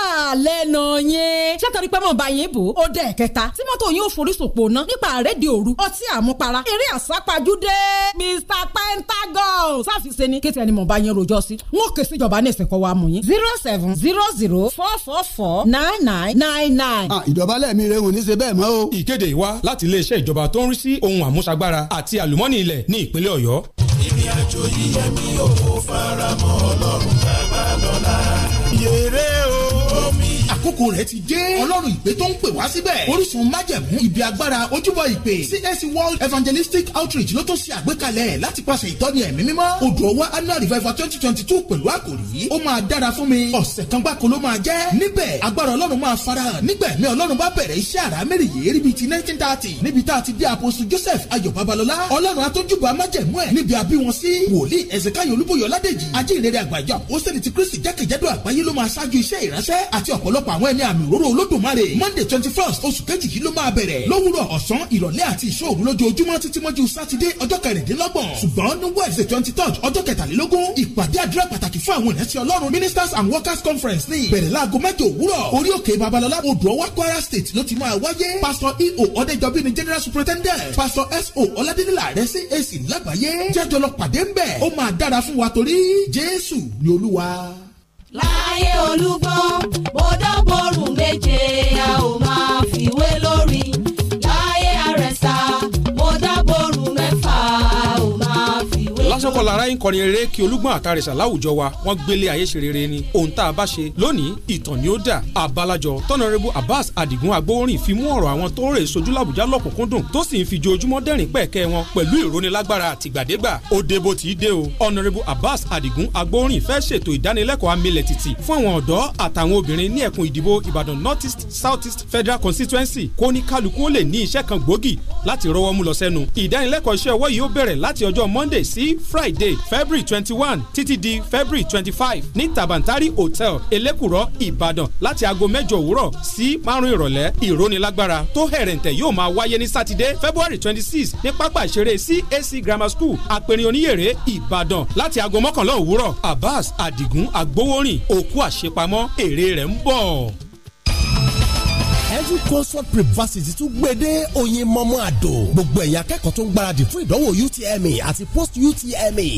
lẹ́nu yẹn ṣètọ́rí pé mọ̀ bá yẹn bò ó dẹ̀ kẹta tí mọ́tò yóò forísòpò ná nípa àrédè òru ọtí àmupara eré àsápajúdé Mr Pentagon sáfìsẹ́ ni kéte ẹni mọ̀ bá yẹn rojọ́ sí wọn kè sí ìjọba ní ìsìnkọ́ wa mú yín zero seven zero zero four four four nine nine nine nine. Ah, ìjọba lẹ́ẹ̀mí rẹ̀ wò ní ṣe bẹ́ẹ̀ mọ́ o. ìkéde wa láti iléeṣẹ́ ìjọba tó ń rí sí ohun àmúṣagbára àti àlùmọ́nì ilẹ̀ ní ìpínlẹ̀ Ọ̀yọ́. ìrìn àjò yíyẹ mi ò fara Ọlọ́run bàbá lọ́la. yèrè àkókò rẹ̀ ti dé ọlọ́run ìpè tó ń pè wá síbẹ̀ orísun májẹ̀mú ibi agbára ojúbọ ìpè CAC World Evangelistic Outreach ló tó ṣe àgbékalẹ̀ láti pàṣẹ ìtọ́ni ẹ̀mí mímọ́ odò ọwá annual revival twenty twenty two pẹ̀lú àkòrí ó máa dára fún mi ọ̀sẹ̀ kan gbáko ló máa jẹ́ níbẹ̀ agbára ọlọ́run máa farahàn nígbẹ̀mí ọlọ́run bá bẹ̀rẹ̀ iṣẹ́ àrà mẹ́rìyé nineteen thirty níbi tá Joseph Ayọ̀ Babalọ́lá ọlọ́run atójúbọ amájẹ̀mú ẹ̀ níbi àbí wọn sí wòlíì Ezekiel Olúbóyọ̀ Ládèjì ajínrere àgbàjọ àpòsílẹ̀ ti Kristi jákèjádò àgbáyé ló máa ṣáájú iṣẹ́ ìránṣẹ́ àti àpapọ̀ àwọn ẹni àmì òróró olódùmarè monday twenty first oṣù kejì yìí ló máa bẹ̀rẹ̀ lówùrọ̀ ọ̀sán ìrọ̀lẹ́ àti ìṣòro lójoojúmọ́ títí mọ́jú sátidé ọjọ́ kẹrìndínlọ́gbọ̀n ṣùgbọ́n ní wednesday twenty third ọjọ́ kẹtàlélógún ìpàdé àdúrà pàtàkì fún àwọn ẹ̀sìn ọlọ́run ministers and workers conference ní ìbẹ̀rẹ̀ láago mẹ́jọ òwúrọ̀ orí òkè babalọlá odò ọwá kwara state ló ti máa wáyé pastor eo ọ̀dẹ́jọ́bí ni general superintendent pastor so ọládélélà rẹ̀ cac lágbàáyé jẹ́jọ́ lọ pàdé ńbẹ̀ ó máa dára fún wa torí láyé olúgbọ́n mo dán borùn méje a ò kọlára ń kọrin eré kí olúgbọ́n àtàrẹ̀sà láwùjọ wa wọ́n gbélé ayé ṣe rere ni ohun tá a bá ṣe lónìí ìtàn ni ó dà àbálàjọ tọ́nàrẹ́bù Abbas Adigun Agbowórin fi mú ọ̀rọ̀ àwọn tó rè sojú làbújá lọ́kùnkúndùn tó sì ń fi joojúmọ́ dẹ́rìn pẹ̀kẹ́ wọn pẹ̀lú ìrónilágbára àtìgbàdégbà ó dé bó ti dé o ọ̀nàrẹ́bù Abbas Adigun Agbowórin fẹ́ ṣètò ìdánilẹ́kọ̀ọ́ amílẹ̀ títì fún àwọn ọ̀dọ́ àtàwọn obìnrin ní ẹkùn ìdìbò Ìbàdàn North Federal Constituency kó ní kálukú ó lè ní iṣẹ́ kan gbòógì láti rọ́wọ́ mú lọ sẹ́nu ìdánilẹ́kọ̀ọ́ iṣẹ́ Monday sí Friday friday february twenty one títí di february twenty five ní tabantari hotel Elekuro Ibadan. láti aago mẹ́jọ òwúrọ̀ sí márùn-ún ìrọ̀lẹ́ ìrónilágbára tó hẹ̀rẹ̀ǹtẹ̀ yóò máa wáyé ní sátidé february twenty six ní pápá ìṣeré cac grammar school apẹ̀rin oníyèrè ìbàdàn láti aago mọ́kànlá òwúrọ̀ abbas adigun agbowórin òkú àṣepamọ́ èrè rẹ̀ ń bọ̀ heaven consult privacy tún gbédé oyin mọ́mọ́ àdó gbogbo ẹ̀yin akẹ́kọ̀ọ́ tó ń gbáradì fún ìdánwò utme àti post utme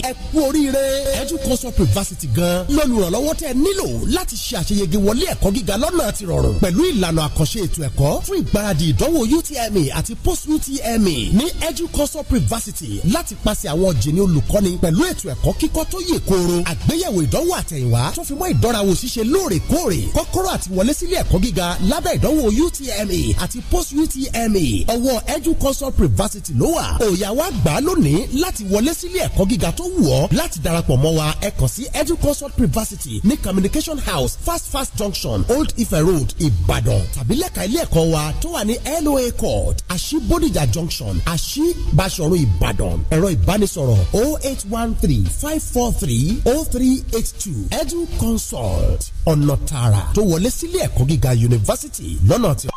ẹ kú oríire heaven consult privacy gan lọ́lùrànlọ́wọ́ tẹ́ nílò láti ṣe àṣeyege wọlé ẹ̀kọ́ gíga lọ́nà àti rọrùn pẹ̀lú ìlànà àkànṣe ètò ẹ̀kọ́ fún ìgbáradì ìdánwò utme àti post utme ní heaven consult privacy láti pàṣẹ àwọn jìnnì olùkọ́ni pẹ̀lú ètò ẹ̀kọ́ kíkọ́ tó yè kooro àgbéyẹ̀wò ìdánwò àtẹ̀yìnwá tó fi mọ́ ìdánrawò ṣíṣe lóòrèkóòrè kọ́kọ́rọ́ àtiwọlé sílé ẹ̀kọ́ gíga lábẹ́ ìdánwò UTME àti post UTMA. ọwọ́ educonsult privacity ló wà òòyà wa gbà á lónìí láti wọlé sílé ẹ̀kọ́ gíga tó wù ọ́ láti darapọ̀ mọ́ wa ẹ sí educonsult privacity ní communication house fast fast junction old ife road Ìbàdàn tàbí lẹ́ka ilé ẹ̀kọ́ wa tó wà ní LOA court àṣì Bodija junction àṣì Bàṣọ̀run Ìbàdàn ẹ̀rọ ìbánisọ̀rọ̀ o oh eight one three five four three o oh three eight two educonsult ọ̀nà tààrà tó wọlé sílé ẹ̀kọ́ gíga yunifásitì lọ́nà Robots.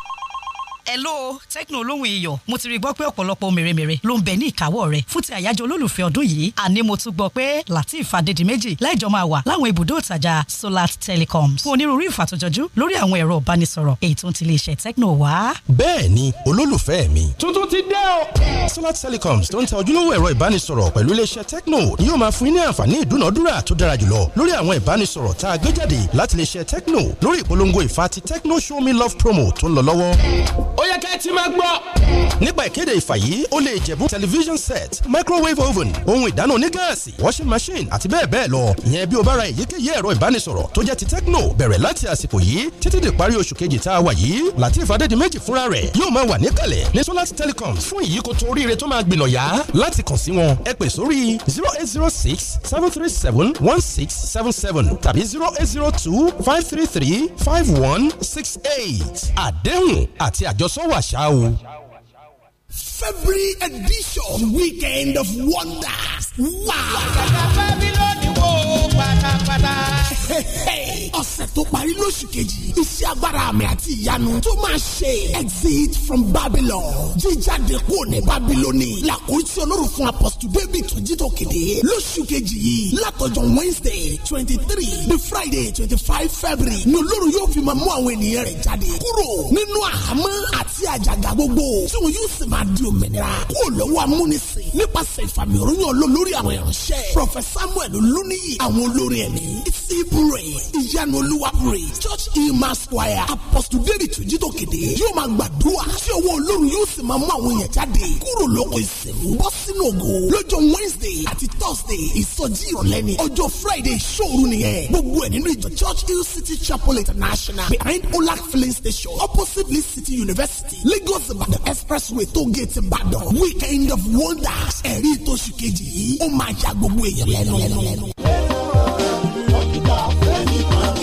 hello Tekno olóhùn iyọ̀ mo ti rí gbọ́ pé ọ̀pọ̀lọpọ̀ mèremère ló ń bẹ ní ìkáwọ́ rẹ̀ fún ti àyájọ́ olólùfẹ́ ọdún yìí àní mo tún gbọ́ pé Lateef Adédìméjì láìjọ máa wà láwọn ibùdó ìtajà Solar Telecoms fún onírúurú ìfàtójọjú lórí àwọn ẹ̀rọ ìbánisọ̀rọ̀ èyí tó ń ti iléeṣẹ́ Tekno wá. bẹ́ẹ̀ni olólùfẹ́ mi. tuntun ti dé o. Solar Telecoms tó ń ta ojúlówó ẹ̀rọ ìbánisọ̀rọ̀ pẹ̀lú iléeṣẹ́ Tekno ni yóò máa fún yín ní àǹfààní ìdúnàdúrà tó dára jùlọ lórí àwọn ìbánisọ̀rọ̀ tá a gbé jáde láti iléeṣẹ́ Tekno lórí ìpolongo ìfà ti Show Me Love promo tó ń lọ ó yẹ kẹ́ ẹ ti máa gbọ́. nípa ìkéde ìfà yìí ó lè jẹ̀bú television set microwave oven ohun ìdáná onígáàsì washing machine àti bẹ́ẹ̀ bẹ́ẹ̀ lọ ìyẹn bí o bá ra èyíkéyìí ẹ̀rọ ìbánisọ̀rọ̀ tó jẹ́ ti tecno bẹ̀rẹ̀ láti àsìkò yìí títí di parí oṣù kejì tá a wà yìí latif adédìméjì fúnra rẹ̀ yóò máa wà níkàlẹ̀ ní solar telecom fún ìyíkoto oríire tó máa gbìnà yá láti kàn sí wọn ẹ pè sórí zero eight zero six seven three seven one six seven seven tàbí zero eight zero two five three three five one six eight àdéhùn àti àjọ àjọsọ wàṣà o. February edition weekend of wonders. Wow! Àjàgbá bábílọ́ọ̀nì wo pátápátá ọ̀sẹ̀ tó parí lóṣù kejì iṣẹ́ agbára àmì àti ìyanu tó máa ṣe exit from babylon jíjáde kúrò ní babiloni làkúrú tí olórí fún apọ́sítù david tó jí tó kéde lóṣù kejì yìí látọjọ́ wednesday twenty three the friday twenty five february ni olórí yóò fi máa mú àwọn ènìyàn rẹ̀ jáde kúrò nínú àhámọ́ àti àjàgà gbogbo tí wọn yóò sì máa di òmìnira kúrò lọ́wọ́ amúnisìn nípasẹ̀ ìfàmì òróyìn olólórí àwọn ìránṣẹ́ prọfẹsà samuel olúniyì àwọn olórin ẹ̀mí ìsìnkú Pray, ìyanu olúwa pray. church emmaus choir apostle david tuji tó kéde yóò máa gbàdúrà tí ọwọ́ olórun yóò sì máa mú àwọn èèyàn jáde kúrò lóko ìsìn bọ́ sínú ògo lọ́jọ́ wednesday àti thursday ìsọjí ìrọ̀lẹ́ ni ọjọ́ friday ìṣòru nìyẹn gbogbo ẹ̀ nínú ìjọ church hill city chapel international behind olak filling station opposite lee city university lagos ibadan expressway tó gate ibadan weekend of wonders ẹ̀rí ìtòsù kejì yìí ó máa ya gbogbo èèyàn lẹ́nu lẹ́nu lẹ́nu. love.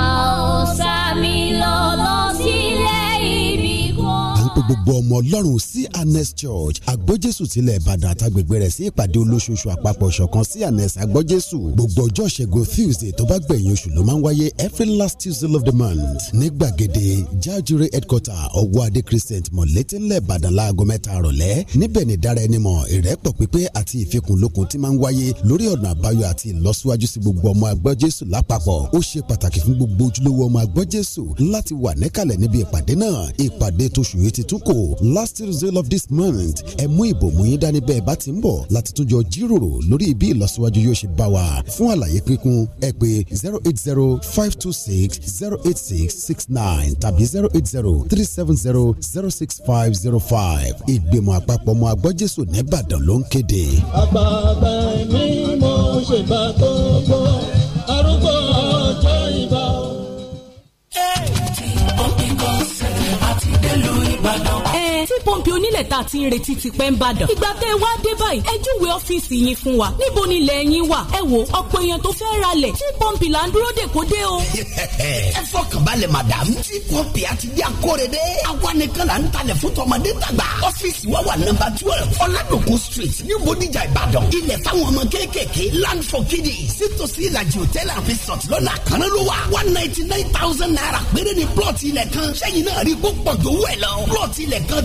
A osa mi lodo pe gbogbo ọmọ ọlọ́run sí anes church agbójésù tilẹ̀ ìbàdàn àtàgbègbè rẹ̀ sí ìpàdé olóṣooṣù àpapọ̀ ṣọ̀kan sí anes agbójésù gbogbo ọjọ́ ṣẹ́gun tuesday tó bá gbẹ̀yìn oṣù ló máa ń wáyé every last tuesday of the month ní gbàgede jajure headquarter ọwọ́ adé christian mọ̀lẹ́tẹ̀lẹ̀ ìbàdàn láago mẹ́ta àrọ̀lẹ́ níbẹ̀ ni dára ẹni mọ̀ ìrẹ́pọ̀ pípé àti ìfikùnlukùn ti máa ń wáyé lórí ọ̀nà àbáyọ àti ìlọsíwájú sí gbogbo ọmọ agbọ́jésù lápapọ̀ ó ṣe pàtàkì fún gbogbo ojúlówó ọmọ agbọ́jésù láti wà níkàlẹ̀ níbi ìpàdé náà ìpàdé tóṣù yìí ti tún last Tuesday of this month ẹ mú ìbòmú yín dání bẹ́ẹ̀ bá ti ń bọ̀ láti tún jọ jíròrò lórí bí ìlọsíwájú yóò ṣe bá wa fún àlàyé kíkún ẹ pè zero eight zero five two six zero eight six six nine tàbí zero eight zero three seven zero zero six five zero five ìgbìmọ̀ àpapọ̀ ọmọ agbọ́jésù nìbàdàn ló ń kéde. àgbààgbà mi mo ṣe bá tó gbọ́ arúgbó ọjọ́ ìbá. ọ̀pẹ̀ kan ṣẹlẹ̀ àti délùú know. yẹn tí pọ́ǹpì onílẹ̀ tá a ti ń retí ti pẹ́ ń bàdàn. ìgbà tẹ́ ẹ wá dé báyìí ẹ júwe ọ́fíìsì yín fún wa níbo ni ilẹ̀ yín wà ẹ wo ọ̀pọ̀ èèyàn tó fẹ́ ra lẹ̀ tí pọ́ǹpì là ń dúró dè kó dé o. ẹ fọkàn balẹ̀ madam tí pọ́ǹpì àti bí akóredé awa nìkan là ń talẹ̀ fún tọmọdé tàgbà ọ́fíìsì wa wà nọ́mbà twelve ọ̀làdòkun street ní bodijà ìbàdàn ilẹ̀ fáwọn ọmọ land for kiddies sítòsí ìlàjì hòtẹ́ẹ̀lì resort lọ́nà àkànná ló wà one ninety nine thousand naira péré ni plọ̀tì ilẹ̀ kan sẹ́yìn náà rí gbogbo gbowó ẹ̀ lọ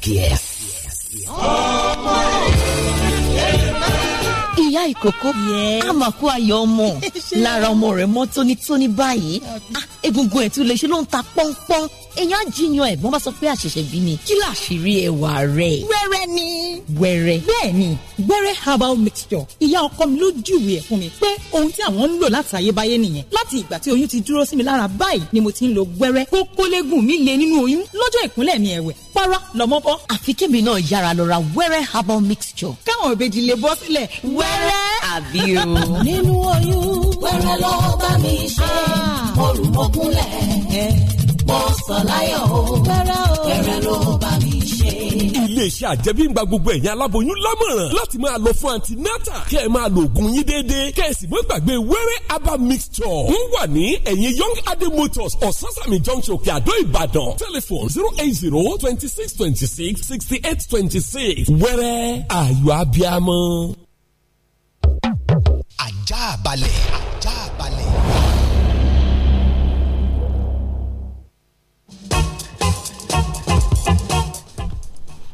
Podcast. ìyá ìkókó àmàkù ayọ̀ ọmọ *laughs* lára ọmọ rẹ̀ mọ́ tónítóní báyìí ah, egungun ẹ̀ tún lè ṣe ló ń ta pọ́npọ́n èèyàn ajínigbọ̀n ẹ̀gbọ́n bá sọ pé àṣẹ̀ṣẹ̀ bí ni kí láṣìírí ẹwà rẹ̀. wẹ́rẹ́ ni. wẹ́rẹ́. bẹ́ẹ̀ ni wẹ́rẹ́ herbal mixture ìyá ọkọ mi ló júwèé ẹ̀ fún mi pé ohun tí àwọn ń lò láti àyébáyé nìyẹn láti ìgbà tí oyún ti dúró sí mi lára báyìí ni mo ti ń lo wẹ́rẹ́ kókólégùn mi lè nínú oyún lọ́jọ́ ìkúnlẹ̀ mi ẹ̀wẹ̀ para lọ́mọ bọ́. àfi kébì náà yára lọ ra wẹ́rẹ́ herbal mixture. káwọn òbejì lè bọ́ sílẹ̀ w wẹ́rẹ́ àbí o. nínú oyún wẹ́rẹ́ lọ bá mi ṣe ah. mo rù mo kúnlẹ̀ eh. mo sọ láyọ̀ o wẹ́rẹ́ ló bá mi ṣe iléeṣẹ́ àjẹmíngba gbogbo ẹ̀yin aláboyún lámọ̀ràn láti máa lọ fún antinata kẹ́ ẹ̀ máa lo oògùn yín déédéé kẹ́ ẹ̀ sì mọ́ gbàgbé wẹ́rẹ́ herbal mixture ń wà ní ẹ̀yìn young adé motors ososani junction kíadó ìbàdàn telephone zero eight zero twenty six twenty six sixty eight twenty six wẹ́rẹ́ ayọ̀ abiamọ. Ajabale, balẹ̀ ajá balẹ̀.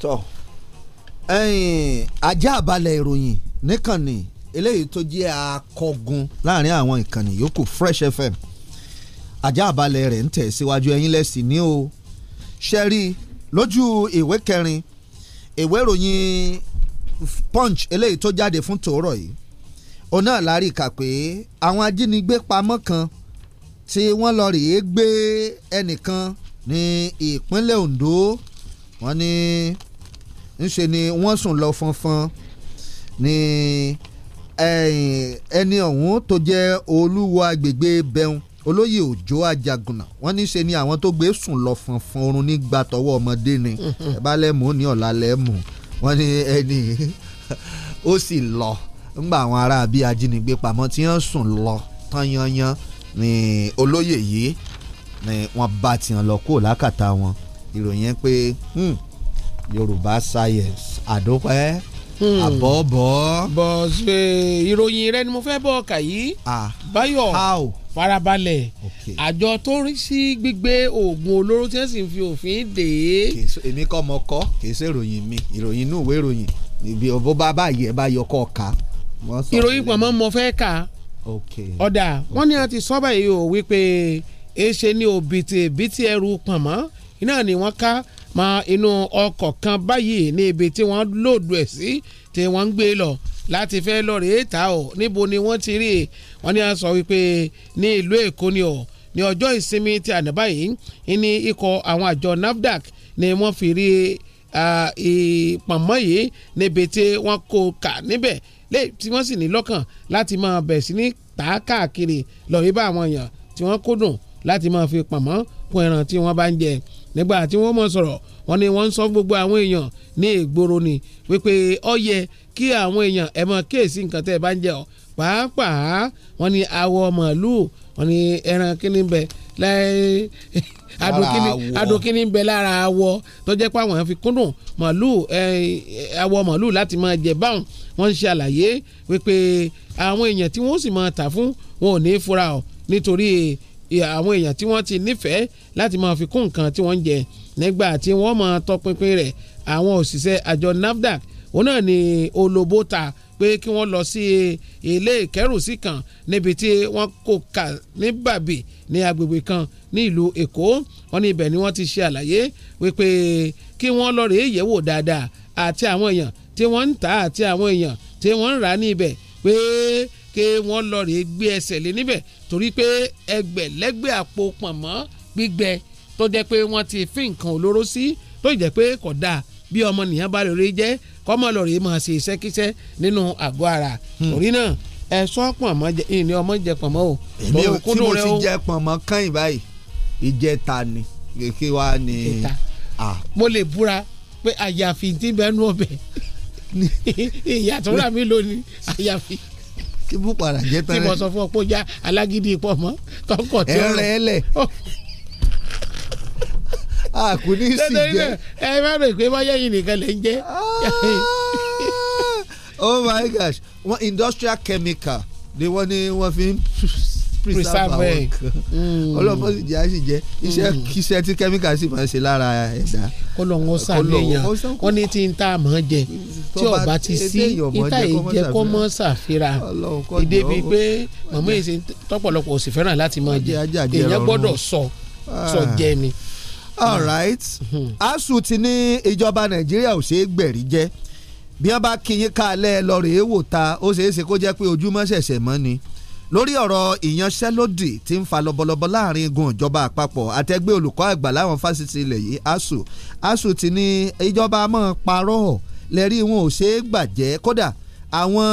tọ́ ajá balẹ̀ ìròyìn níkànnì eléyìí tó jẹ́ akọgun láàrin àwọn ìkànnì yòókù Fresh FM Ajabale balẹ̀ rẹ̀ ń tẹ̀ síwájú ẹ̀yin lẹ́sìn ní o ṣe rí lójú ìwé kẹrin ìwé ìròyìn Punch eléyìí tó jáde fún tòórọ̀ yìí òun náà lárí kà pé àwọn ajínigbé pamọ́ kan tí wọ́n lọ rèé gbé ẹnìkan ní ìpínlẹ̀ Ondo wọ́n ní ńṣe ni wọ́n sùn lọ fọnfọn ní ẹni ọ̀hún tó jẹ́ olúwo agbègbè bẹ́hùn olóyè òjò àjàgùnà wọ́n ní ṣe ni àwọn tó gbé sùn lọ fọnfọn oorun nígbà tọwọ́ ọmọdé ni *laughs* ẹ bá lẹ́mú ní ọ̀la lẹ́mú wọ́n ní ẹni ó sì lọ ńgbà àwọn ará bíi ajínigbé pamọ́ tí wọ́n sùn lọ tán yanyan ní olóyè yìí ni wọ́n bá tiẹ̀ lọ kúrò lákàtà wọn ìròyìn pé hmm, Yorùbá science àdópẹ́ hmm. àbọ̀bọ̀. bọ̀sẹ̀ ìròyìn rẹ ni mo fẹ́ bọ̀ ọkà yìí Báyọ̀ farabalẹ̀ àjọ tó ń rí sí gbígbé oògùn olóró tí wọ́n sì ń fi òfin dè é. èmi kọ́ mọ kọ́ kì ṣe ìròyìn mi ìròyìn inú ìwé ìròyìn ibi ọ̀bọ̀ bá báyìí ẹ bá yọ kọ́ ọ̀ka ìròyìn pọ̀nmọ́ mo fẹ́ kà ọ̀dà wọ́n ní a ti sọ báyìí o wípé èṣe ni òbítì bítì ẹrù pọ̀nmọ́ iná ni wọ́n ká mọ inú ọkọ̀ kan báyìí ní ibi tí wọ́n lòdù ẹ̀ sí tí wọ́n ń gbé lọ láti fẹ́ lọ́ọ̀rẹ́ ètà ọ̀ níbo ni wọ́n ti rí wọ́n ní a sọ wípé ní ìlú Èkó ni ọ̀ ní ọjọ́ ìsinmi ti ànábà yìí ní ikọ̀ àwọn àjọ NAFDAC ni wọ́n fi rí pọ̀nmọ́ yìí níbi tí wọ́n kó kà níbẹ̀ lè tí wọ́n sì ní lọ́kàn láti máa bẹ̀ sí ní tà á káàkiri lọ yí bá àwọn èèyàn tí wọ́n kó dùn láti máa fi pàmọ́ kun ẹran tí wọ́n bá ń jẹ nígbà tí wọ́n mọ̀ sọ̀rọ̀ wọ́n ní wọ́n ń sọ gbogbo àwọn èèyàn ní ìgboro ni wípé ó yẹ kí àwọn èèyàn ẹ mọ̀ kíyèsí nǹkan tẹ́ ẹ bá ń jẹ ọ pàápàá wọ́n ní awọ màálù wọ́n ní ẹran kíní bẹ́ẹ̀ adokini ń bẹ lára awọ tó jẹ́ pé àwọn èèyàn fi kúndùn màálù awọ màálù láti máa jẹ báwọn wọ́n ń ṣàlàyé wípé àwọn èèyàn tí wọ́n sì máa tà fún wọn ò ní fura ọ̀ nítorí àwọn èèyàn tí wọ́n ti nífẹ̀ẹ́ láti máa fi kún nǹkan tí wọ́n ń jẹ nígbà tí wọ́n máa tọpinpin rẹ̀ àwọn òṣìṣẹ́ àjọ NAFDAC òun náà ni olóbó ta pé kí wọ́n lọ sí ilé ìkẹ́rùsí kan níbi tí wọ́n kò kà ní bàbí ní agbègbè kan ní ìlú Èkó wọn ní ibẹ̀ ni wọ́n ti ṣe àlàyé wípé kí wọ́n lọ rèé yẹ̀wò dáadáa àti àwọn èèyàn tí wọ́n ń tà àti àwọn èèyàn tí wọ́n ń rà ní ibẹ̀ pé kí wọ́n lọ rèé gbé ẹsẹ̀ lé níbẹ̀ torí pé ẹgbẹ̀lẹ́gbẹ̀ àpò pọ̀nmọ́ gbígbẹ tó jẹ́ pé wọ́n ti fi nǹkan olóró sí tó jẹ́ pé kò dáa bí ọmọ nìyẹn bá lóore jẹ́ kọ́mọ lọ́ọ̀rẹ́ máa ṣe iṣẹ́kíṣẹ́ nínú àgọ́ ara hmm. torí náà ẹ sọ pọ̀nmọ́ ìní ọmọ jẹ pọ̀nmọ́ o. èmi ò tí mo ti jẹ pọ̀nmọ́ kẹ́yìn báyìí ìjẹta ni kí wàá ni. mo lè búra pé àyàfi tí bẹ́ẹ̀ nú ọbẹ̀ ìyàtọ̀ rà mí lónìí àyàfi kí bú padà jẹ tẹrẹ tí mo sọ fún ọ pé ó já alágídí pọ̀ mọ́ tọkọ tí ó rẹ ẹ lẹ a kò ní sí jẹ. ẹ má rò pé báyọ̀ yìí nìkan lè ń jẹ́. Ah! oh my gosh wọn industrial chemical ni wọ́n ní wọ́n fi ń preserve àwọn nǹkan hmm. ọlọ́pàá sì jẹ́ àṣì jẹ́ iṣẹ́ hmm. iṣẹ́ tí chemical sì máa ń ṣe lára ẹ̀dá. kó lọ wọn sàléyàn wọn ní tí n tá a mọ̀ jẹ tí ọba ti sí ìta ìjẹ kó mọ̀ ṣàfihàn ìdébi pé màmá èsì tọ́pọ̀lọpọ̀ òsì fẹ́ràn láti máa jẹ èèyàn gbọ́dọ̀ sọ sọ ah. jẹ ni all right asu ti ní ìjọba nàìjíríà ò ṣeé gbẹ̀rí jẹ́ bí wọ́n bá kíyín kálẹ̀ lọ rèé wò ta ó ṣeé ṣe kó jẹ́ pé ojúmọ́ ṣẹ̀ṣẹ̀ mọ́ ni lórí ọ̀rọ̀ ìyanṣẹ́lódì tí ń fa lọ́bọ̀lọ́bọ̀ láàrin igun ìjọba àpapọ̀ àtẹgbẹ́ olùkọ́ àgbà láwọn fásitì ilẹ̀ yìí asu asu ti ní ìjọba mọ́ parọ́ lẹ́rí wọn ò ṣeé gbàjẹ́ kódà àwọn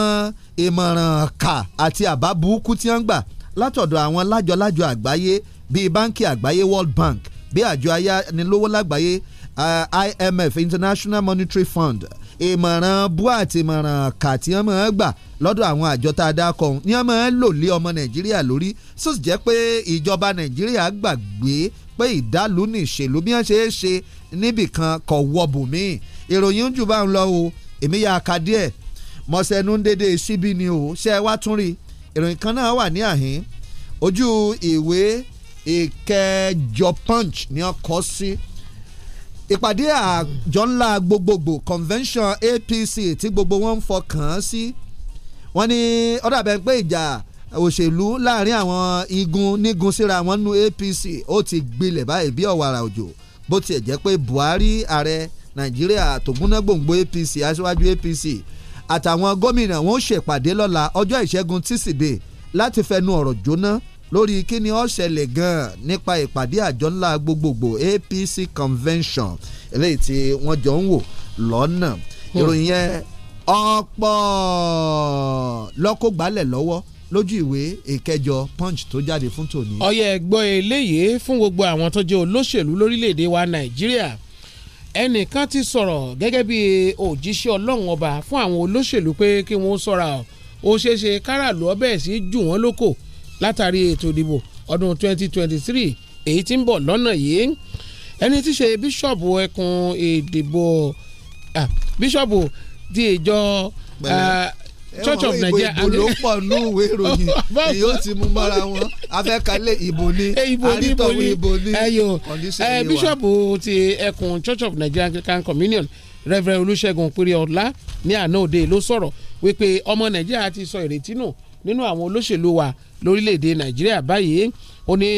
ìmọ̀ràn kà àti àbá burúkú tí wọ́n ń gbà látọ̀dọ̀ àwọn lájọlájọ àgbáyé bíi báńkì àgbáyé World Bank bí àjọ ayánilówó lágbàáyé uh, IMF International Monetary Fund ìmọ̀ràn bua àti ìmọ̀ràn kà tí wọ́n máa gbà lọ́dọ̀ àwọn àjọ tá a dá kọ́ ni wọ́n máa lò lé ọmọ Nàìjíríà lórí sọ sì jẹ́ pé ìjọba Nàìjíríà gbàgbé pé ìdálù ní ìṣèlú bí wọ́n ṣe é ṣe níbìkan kọ̀ wọ́bù míì ìròyìn jù bá ń lọ o èmi yà á ka díẹ̀ mọ̀sẹ̀nu ń dédé síbí ni o ṣé ẹ wá tún rí ìròyìn kan náà wà ní àhín ojú ìwé ìkẹjọ punch ni wọ́n kọ sí ìpàdé àjọ ńlá gbogbogbò convention APC tí gbogbo wọn ń fọkàn sí si. wọ́n ní ọ̀dà bẹ́ẹ̀ pé ìjà òṣèlú láàrin àwọn igun nígun síra wọn nu APC ó ti gbilẹ̀ báyìí bí ọ̀wàrà òjò bó tiẹ̀ jẹ́ pé Buhari ààrẹ Nàìjíríà tó gúnná gbòǹgbò APC aṣáájú APC àtàwọn gómìnà wọn ó ṣèpàdé lọ́la ọjọ́ ìṣẹ́gun tísídẹ̀ẹ́ láti fẹnu ọ̀rọ̀ jóná lórí kíni ó ṣẹlẹ̀ gan-an nípa ìpàdé àjọ ńlá gbogbogbò APC convention eléyìí tí wọ́n jọ ń wò lọ́nà hmm. ìròyìn yẹn ọ̀pọ̀ lọ́kọ̀gbálẹ̀ lọ́wọ́ lójú ìwé ìkẹjọ punch tó jáde fún tòní. ọyẹ ẹgbọ́ eléyìí fún gbogbo àwọn tó jẹ́ olóṣèlú lórílẹ̀ wa nàìjíríà ẹnìkan ti sọ̀rọ̀ gẹ́gẹ́ bí òjíṣẹ́ ọlọ́run ọba fún àwọn olóṣèlú pé kí wọ́n ṣọ́ra ó ṣeéṣe káràlú ọbẹ̀ sí jù wọ́n lóko látàrí ètò ìdìbò ọdún 2023 èyí tí ń bọ̀ lọ́nà yìí ẹni tí ṣe bíṣọ̀bù ẹkùn ìdìbò bíṣọ̀bù Di ìjọ Church of Nigeria ìbò ló pọ̀ ní ìwé ìròyìn *laughs* èyí ó ti mú mọ́ra wọn afẹ́kalẹ̀ ìbò ni àrítọ̀wé ìbò ni condition yìí wà. bíṣọ̀bù ti ẹkùn Church of Nigeria Anglican Communion Rev. Olúṣẹ́gun Pérèọlá ní àná òde ló sọ̀rọ̀ wípé ọmọ Nàìjíríà ti sọ ìrètí nù nínú àwọn olóṣèlú wa lórílẹ̀‐èdè nàìjíríà báyìí ó ní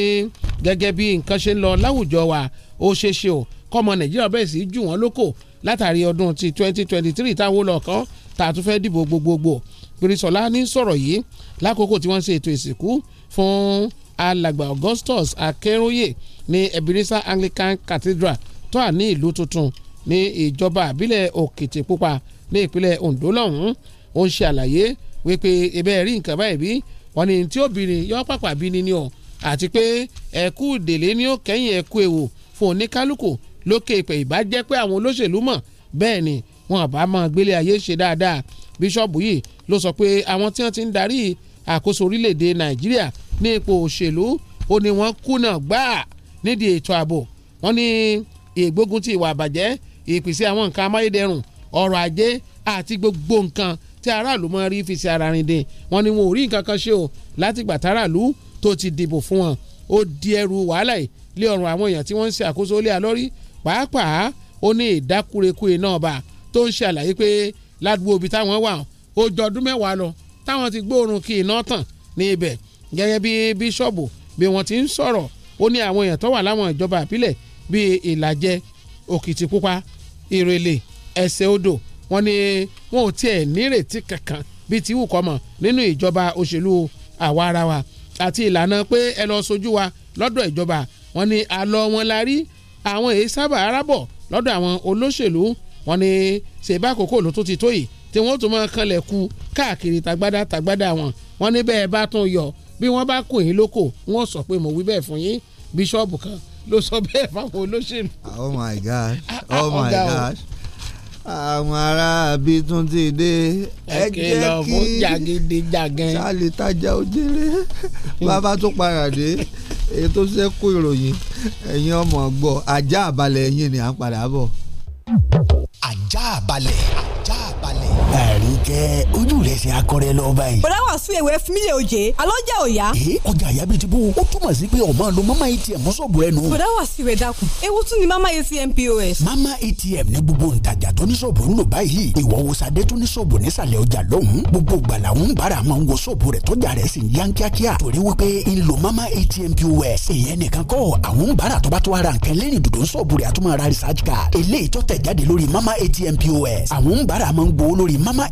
gẹ́gẹ́ bí nǹkan ṣe ń lọ láwùjọ wa ó ṣeé ṣe o kọ́mọ nàìjíríà bẹ́ẹ̀ sì jù wọ́n lóko látàrí ọdún ti twenty twenty three táwọn olùkọ́ tá a tún fẹ́ dìbò gbogbogbò pírísọ̀lá ní sọ̀rọ̀ yìí lákòókò tí wọ́n ṣe ètò ìsìnkú fún alàgbà augustus akéròyè ní ebirisa anglican cathedral tó à ní ìlú tuntun ní ìjọba àbílẹ̀ òkìtìpupa ní ìpínlẹ̀ ondo lọ́hùn-ún ó ń ṣe àlàyé wípé ebe rí nǹkan báyìí bí wọ́n ní tí obìnrin yọ pàpà bí ni ni o àti pé ẹ̀kú ìdèlé ni ó kẹ́yìn ẹ̀kú èwò fún oníkálukú lókè ìpẹ́ ìbàjẹ́ pé àwọn olóṣèlú mọ̀ bẹ́ẹ̀ ni wọn àbá máa gbélé ayé ṣe dáadáa bíṣọ́ọ̀bù yìí ló sọ pé àwọn tí wọ́n ti ń darí àkóso orílẹ̀-èdè nàìjíríà ní ipò òṣèlú ó ní wọ́n kùnà gbáà nídìí ètò ààbò wọ́n ní ìgbógun ti ìwà àbàjẹ́ ìpèsè àwọn nǹkan amáyédẹrùn ọrọ̀ ajé àti gbogbo nǹkan tí aráàlú mọ rí fi ṣe ara rìn dé wọn ni wọn ò rí nǹkan kan ṣe o látìgbà táràlú tó ti dìbò fún wọn ó di ẹrù wàhálà yìí lé ọrùn àwọn èèyàn tí wọ́n ń ṣe àkóso lé alọ́rí pàápàá ó ní ìdákúrekúe náà bá tó ń ṣàlàyé pé ládùúgbò ibi táwọn wà ó jọ ọdún mẹ́wàá lọ táwọn ti gbóòórùn kí iná tàn ní ibẹ̀ gẹ́gẹ́ bí bíṣọ̀bù bí wọ́n ti ń sọ̀rọ̀ ó ní àwọn èèyàn tó wà láwọn ìjọba àpilẹ̀ bíi ìlàjẹ òkìtìpupa ìrèlè ẹsẹ̀ odò wọ́n ní wọn ò tiẹ̀ nírètí kankan bíi ti wùkọ́ mọ̀ nínú ìjọba òṣèlú àwa ara wa àti ìlànà pé ẹ lọ sojú wa lọ́dọ̀ ìjọba wọn ní àlọ́ wọn la rí àwọn èyí sábà arábọ̀ lọ́dọ̀ àwọn olóṣèlú wọn ní ṣèbá àkókò ló tún ti tó yìí tí wọ́n tún máa kanlẹ̀ ku káàkiri tàgbádá tàgbádá wọn wọn ní bẹ́ẹ̀ bá tún yọ bí wọ́n bá kò yín lóko wọ́n sọ pé mo wí bẹ́ẹ̀ fún yín bíṣọ́ọ̀bù kan ló sọ bẹ́ẹ̀ fáwọn olóṣèlú. oh my god ah, ah, oh my god àwọn ará àbí tún ti dé ẹ jẹ́ kí jàgídíjàgan ṣáàlì tajà ó jèrè bàbá tó padà dé ètò ṣẹ́kù ìròyìn ẹ̀yin ọmọ gbọ́ ajá àbálẹ̀ ẹ̀yin ni à ń padà bọ̀. ajá àbálẹ̀ ajá àbálẹ̀ ní jẹ́ ojú rẹ̀ ṣe akọrẹ lọ báyìí. bọ̀dá wà sún ewé fún oje alọ́jà òya. ee ọjà àyà bíi ti bó o túmọ̀ sí pé ọmọ lo mama atm mọ́sọ̀bù rẹ nù. bọ̀dá wà sí ìwé dákun ewu tún ni mama atm pos. mama atm ní gbogbo ntajà tó ní sọ̀bù ń lò báyìí ìwọ wo sadé tó ní sọ̀bù nísàlẹ̀ ọjà lọ́hùn gbogbo gbala ń bára máa ń wo sọ̀bù rẹ̀ tọ́jà rẹ̀ sì ń yan kíákíá torí wípé mama atm pos èèyàn nìkan kọ́ àwọn ń bára tó bá tó ara nǹkan lẹ́yìn dòdò ń sọ̀bù rẹ̀ àtúmọ̀ ara mama atm pos àwọn ń bára máa mama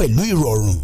pẹ̀lú ìrọ̀rùn.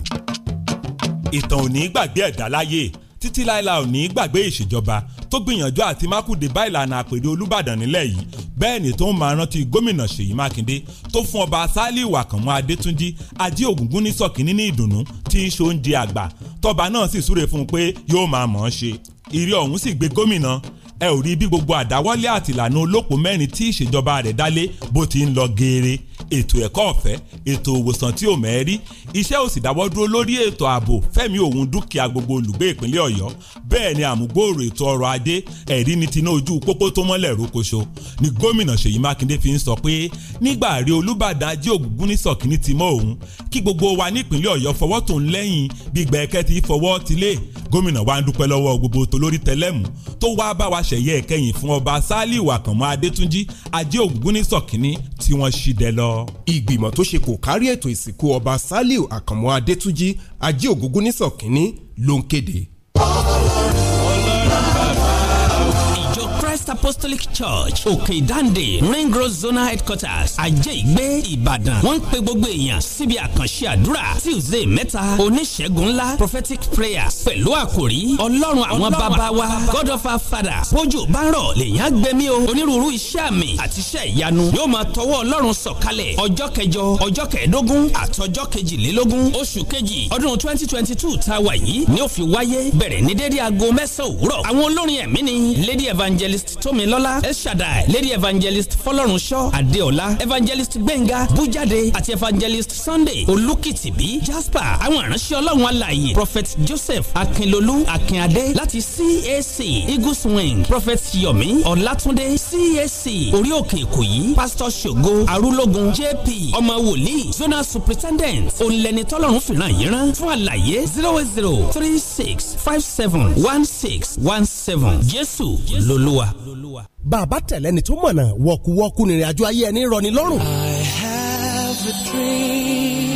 ìtàn ò ní gbàgbé ẹ̀dá láyé títí láìla ò ní gbàgbé ìṣèjọba tó gbìyànjú àti mákùdé bá ìlànà àpèrè olùbàdàn nílẹ̀ yìí bẹ́ẹ̀ ni tó ń máa rántí gómìnà ṣèyí mákindé tó fún ọba sálíù àkànmú adétúnjì ajé ògúngún ní sọ̀kínní ní ìdùnnú tí í ṣoúnjẹ àgbà tọba náà sì súre fún un pé yóò máa mọ̀ ọ́n ṣe ìrí ọ̀hún sì gbé gómìnà ẹ ò rí bí gbogbo àdáwọ́lé àtìlànà olóko mẹ́rin tí ìṣèjọba rẹ̀ dálé bó ti ń lọ geere ètò ẹ̀kọ́ ọ̀fẹ́ ètò òwòsàn tí ò mẹ́rí iṣẹ́ ò sì dáwọ́ dúró lórí ètò ààbò fẹ́mi òun dúkìá gbogbo olùgbé ìpínlẹ̀ ọ̀yọ́ bẹ́ẹ̀ ni àmúgbòòrò ètò ọrọ̀ ajé ẹ̀rí ni tinú ojú pópó tó mọ́lẹ̀ rókoṣo ni gómìnà ṣèyí mákindé fi ń sọ pé nígbà rí olúbàdàn ajé ògúngún ní sọ̀kíní ti mọ́ òun kí gbogbo wa nípínlẹ̀ ọ̀yọ́ fọwọ́ tó ń lẹ́yìn bí gbẹ̀kẹ́ ti fọwọ́ tilé gómìnà wa ń dúpẹ́ lọ́wọ́ gbogbo tolórí tẹlẹ́mù tó wá bá wa àṣeyẹ ìkẹyìn fún ọba ṣálíù àkànmọ́ adétúnjì ajé ògúngúnnísọ̀ kínní tí wọ́n ṣì dẹ lọ. ìgbìmọ̀ tó ṣe kò kárí ètò ìsìnkú ọba ṣálíù àkànmọ́ adétúnjì ajé ògúngúnnísọ̀ ló ń kéde apostolic church òkè ìdáǹdè ring road zonal headquarters ajé ìgbé ìbàdàn wọ́n ń pe gbogbo èèyàn síbi àkànṣe àdúrà tuesday mẹ́ta oníṣègùn ńlá prophetic prayers pẹ̀lú àkòrí ọlọ́run àwọn bàbá wa god of our father bójú bárọ̀ lèèyàn gbẹmí o onírúurú iṣẹ́ àmì àti iṣẹ́ ìyanu yóò máa tọwọ́ ọlọ́run sọ̀kalẹ̀ ọjọ́ kẹjọ ọjọ́ kẹẹ̀ẹ́dógún àtọjọ́ kejìlélógún oṣù kejì ọdún twenty twenty two tá a wà yìí ni ó fi wáyé bẹ̀rẹ̀ ní dédé aago mẹ́sàn-án òwúrọ̀ àwọn olórin ẹ̀mí ni lady evangelist tómilọ́lá ẹ̀ṣadà lady evangelist fọlọ́runṣọ́ adéọlá evangelist gbẹ̀ngà bújáde àti evangelist sunday olùkìtìbí jasper àwọn ìránṣẹ́ ọlọ́run alààyè prophet joseph akínlolú akínadé láti cac eagles wing prophet yomi ọlátúndé cac orí òkè ìkòyí pastor ṣògo arúlógún jp ọmọ wòlíì zonal superintendent òǹlẹ̀ni tọ́lọ́run fìràn yìí rán fún àlàyé zero eight zero three six five seven one six one seven jésù lolúwa olúwa. bàbá tẹ̀lẹ́ ni tó mọ̀nà wọ̀kúwọ́kú nírìn àjò ayé ẹni rọ̀ ní lọ́rùn. I have a dream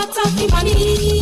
pàtàkì mà ní.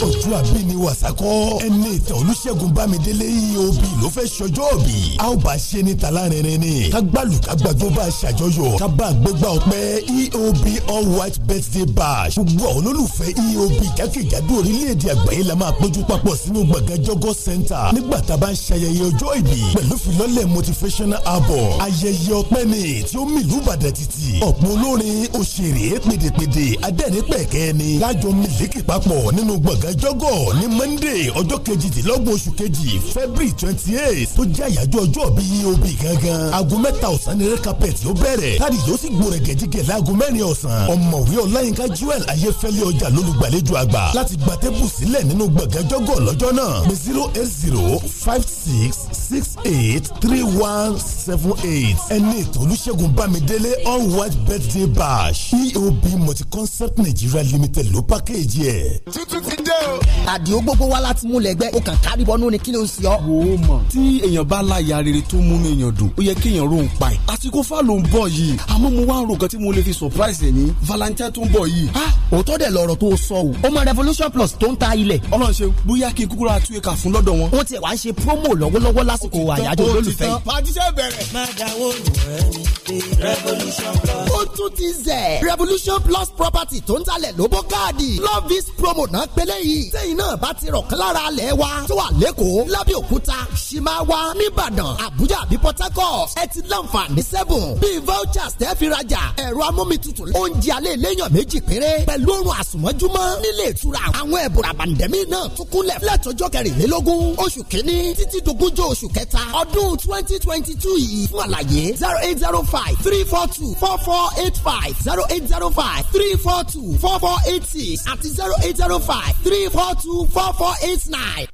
ojú àbí ni wàsákọ́ ẹni ìtàn olùṣègùn bámidélé eob ló fẹ́ ṣọjọ́ bí. a ó bá ṣe ní talárinrin ni ká gbàlù ká gbàgbó bá ṣàjọyọ̀ ká bá a gbégbá ọpẹ́ eob all white birthday bash. gbogbo àwọn olólùfẹ́ eob jákèjádò orílẹ̀-èdè àgbáyé la máa péjú papọ̀ sínú gbọ̀ngàn jọgọ́ center nígbà tá a bá ń ṣayẹyẹ ọjọ́ ìbí pẹ̀lú filọ́lẹ̀ motivational album ayẹyẹ ọpẹ́ ni tí ó mìlú Ìbàdàn títì ọ̀pọ̀ olórin òṣèré pèdèpèdè adẹ́rìn pẹ̀kẹ́ ni lájọ mìlí kìkì papọ̀ nínú gbọ̀ngàn jọ́gọ̀ ní Monday ọjọ́ kejìdínlọ́gbọ̀n oṣù kejì February twenty eight tó jẹ́ àyájọ́ ọjọ́ bí ob gangan aago mẹ́ta ọ̀sán ni rẹ́kápẹ́ẹ̀tì ó bẹ̀rẹ̀ táàdì yóò sì gbòòrè gẹ̀dígẹ̀ láago mẹ́rin ọ̀sán ọ̀mọ̀wé ọláyínká jewel ayéfẹ́lẹ́ ọjà lólùgbàlejò àgbà láti gba tẹ́bù sílẹ̀ nínú gbọ̀ngàn jọ́gọ̀ lọ́jọ́ náà pé zero eight zero five six six eight three one seven eight ẹni ètò olùṣègùn bámidélé all white birthday bash eob multi concept nigeria limited ló pàkéjì díẹ̀. tuntun ti dé o. àdìo gbogbo wa láti mú lẹ́gbẹ́ o kàn kárí bọ́nú ni kí ló ń sọ. wò ó mọ̀ tí èèyàn bá láya rere tó múnú èèyàn dùn ó yẹ kéèyàn rò ń pa ẹ̀. àsìkò fà ló ń bọ̀ yìí àmọ́ mo wá ń ro nǹkan tí mo lè fi surprise ẹ̀ ní valentine tó ń bọ̀ yìí. a ah, òótọ́ dẹ̀ lọ̀rọ̀ tó sọ o ọmọ revolution plus tó ń ta ilẹ̀. ọlọ́run ṣe bóyá kí kúkúrú àti promo lọ́wọ́lọ́wọ́ lásìkò àyájọ́ olólùfẹ́ yìí. revolution revolution plus property tó ń talẹ̀ love harvest promo náà pélé yìí sẹ́yìn náà bá ti rọ̀ kálára alẹ̀ wa tó wà lẹ́kọ̀ọ́ lábẹ́òkúta ṣìmáwá nìbàdàn àbújá àbí port harcourt ẹ ti láǹfààní sẹ́bùn bíi vouchers tẹ́ fi rajà ẹ̀rọ amómitutù oúnjẹ alẹ́ lẹ́yàn méjì péré pẹ̀lú oorun àsùnmọ́júmọ́ nílé ìtura àwọn ẹ̀bùn ràbàǹdẹ̀mí náà tún kúnlẹ̀ fúlẹ̀tọ́jọ́ kẹrìnlélógún oṣù kínní títí dogúnjọ́ oṣù kẹta ọdún twenty twenty two yìí fún àlàyé zero eight zero five three four two four four eight five zero eight zero five three four two four four eight six àti zero eight zero five three four two four four eight nine.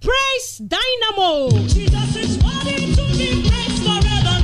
Praise Dynamo. Jesus is worthy to be praised forever.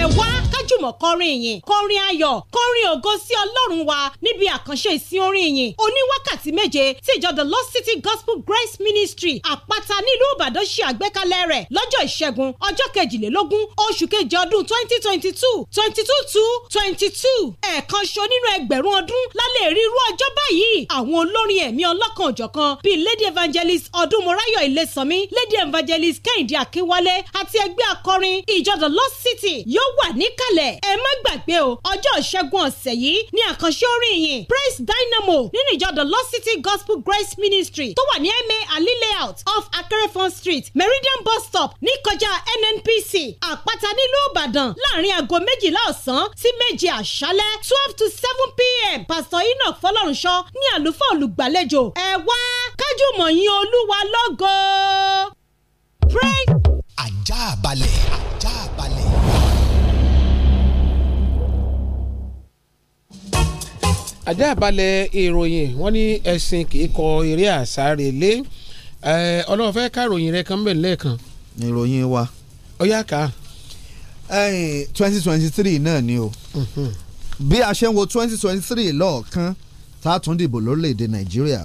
Ẹ wá kájùmọ̀ kọrin ìyìn kọrin ayọ̀ kọrin ògo sí ọlọ́run wa níbi àkànṣe ìsìn orin ìyìn oníwákàtí méje tí ìjọ the lost city gospel grace ministry àpáta nílùú ìbàdàn ṣe àgbékalẹ̀ rẹ̀ lọ́jọ́ ìṣẹ́gun ọjọ́ kejìlélógún oṣù kejì ọdún twenty twenty two twenty two two twenty two ẹ̀ẹ̀kan ṣo nínú ẹgbẹ̀rún ọdún lálẹ́ rí irú ọjọ́ báyìí àwọn olórin ẹ̀mí ọlọ́kan òjọ̀kan bíi lady evangelist ọdúnmọ́ráyọ̀ ilésànmí lady evangelist kẹ́hìndé akínwálé àti ẹgbẹ́ akọrin ìjọ the lost city yóò wà níkà kalẹ̀ ẹ má gbàgbé o ọjọ́ ìṣẹ́gun ọ̀sẹ̀ yìí ní àkànṣe orin ìyìn praise dynamo nínú ìjọ the lost city gospel grace ministry tó wà ní ma ali layout off akérèfọ́n street meridian bus stop ní kọjá nnpc àpáta nílùú ìbàdàn láàrin aago méjìlá ọ̀sán sí méje àṣálẹ́ twelve to seven pm pastor enoch fọlọ́runṣọ ní àlùfáà olùgbàlejò ẹ wá kájú mọ̀ yín olúwa lógo praise. ajá balẹ̀ ajá balẹ̀. àjàbalẹ̀ ìròyìn wọn ní ẹ̀sìn kì í kọ eré lé ọlọ́run fẹ́ ká ìròyìn rẹ kan bẹ̀ lẹ́ẹ̀kan. ìròyìn wa. ó yá ká. twenty twenty three náà ni o mhm. bí a ṣe ń wo twenty twenty three lọ́ọ̀kan tá a tún dìbò lórílẹ̀‐èdè nàìjíríà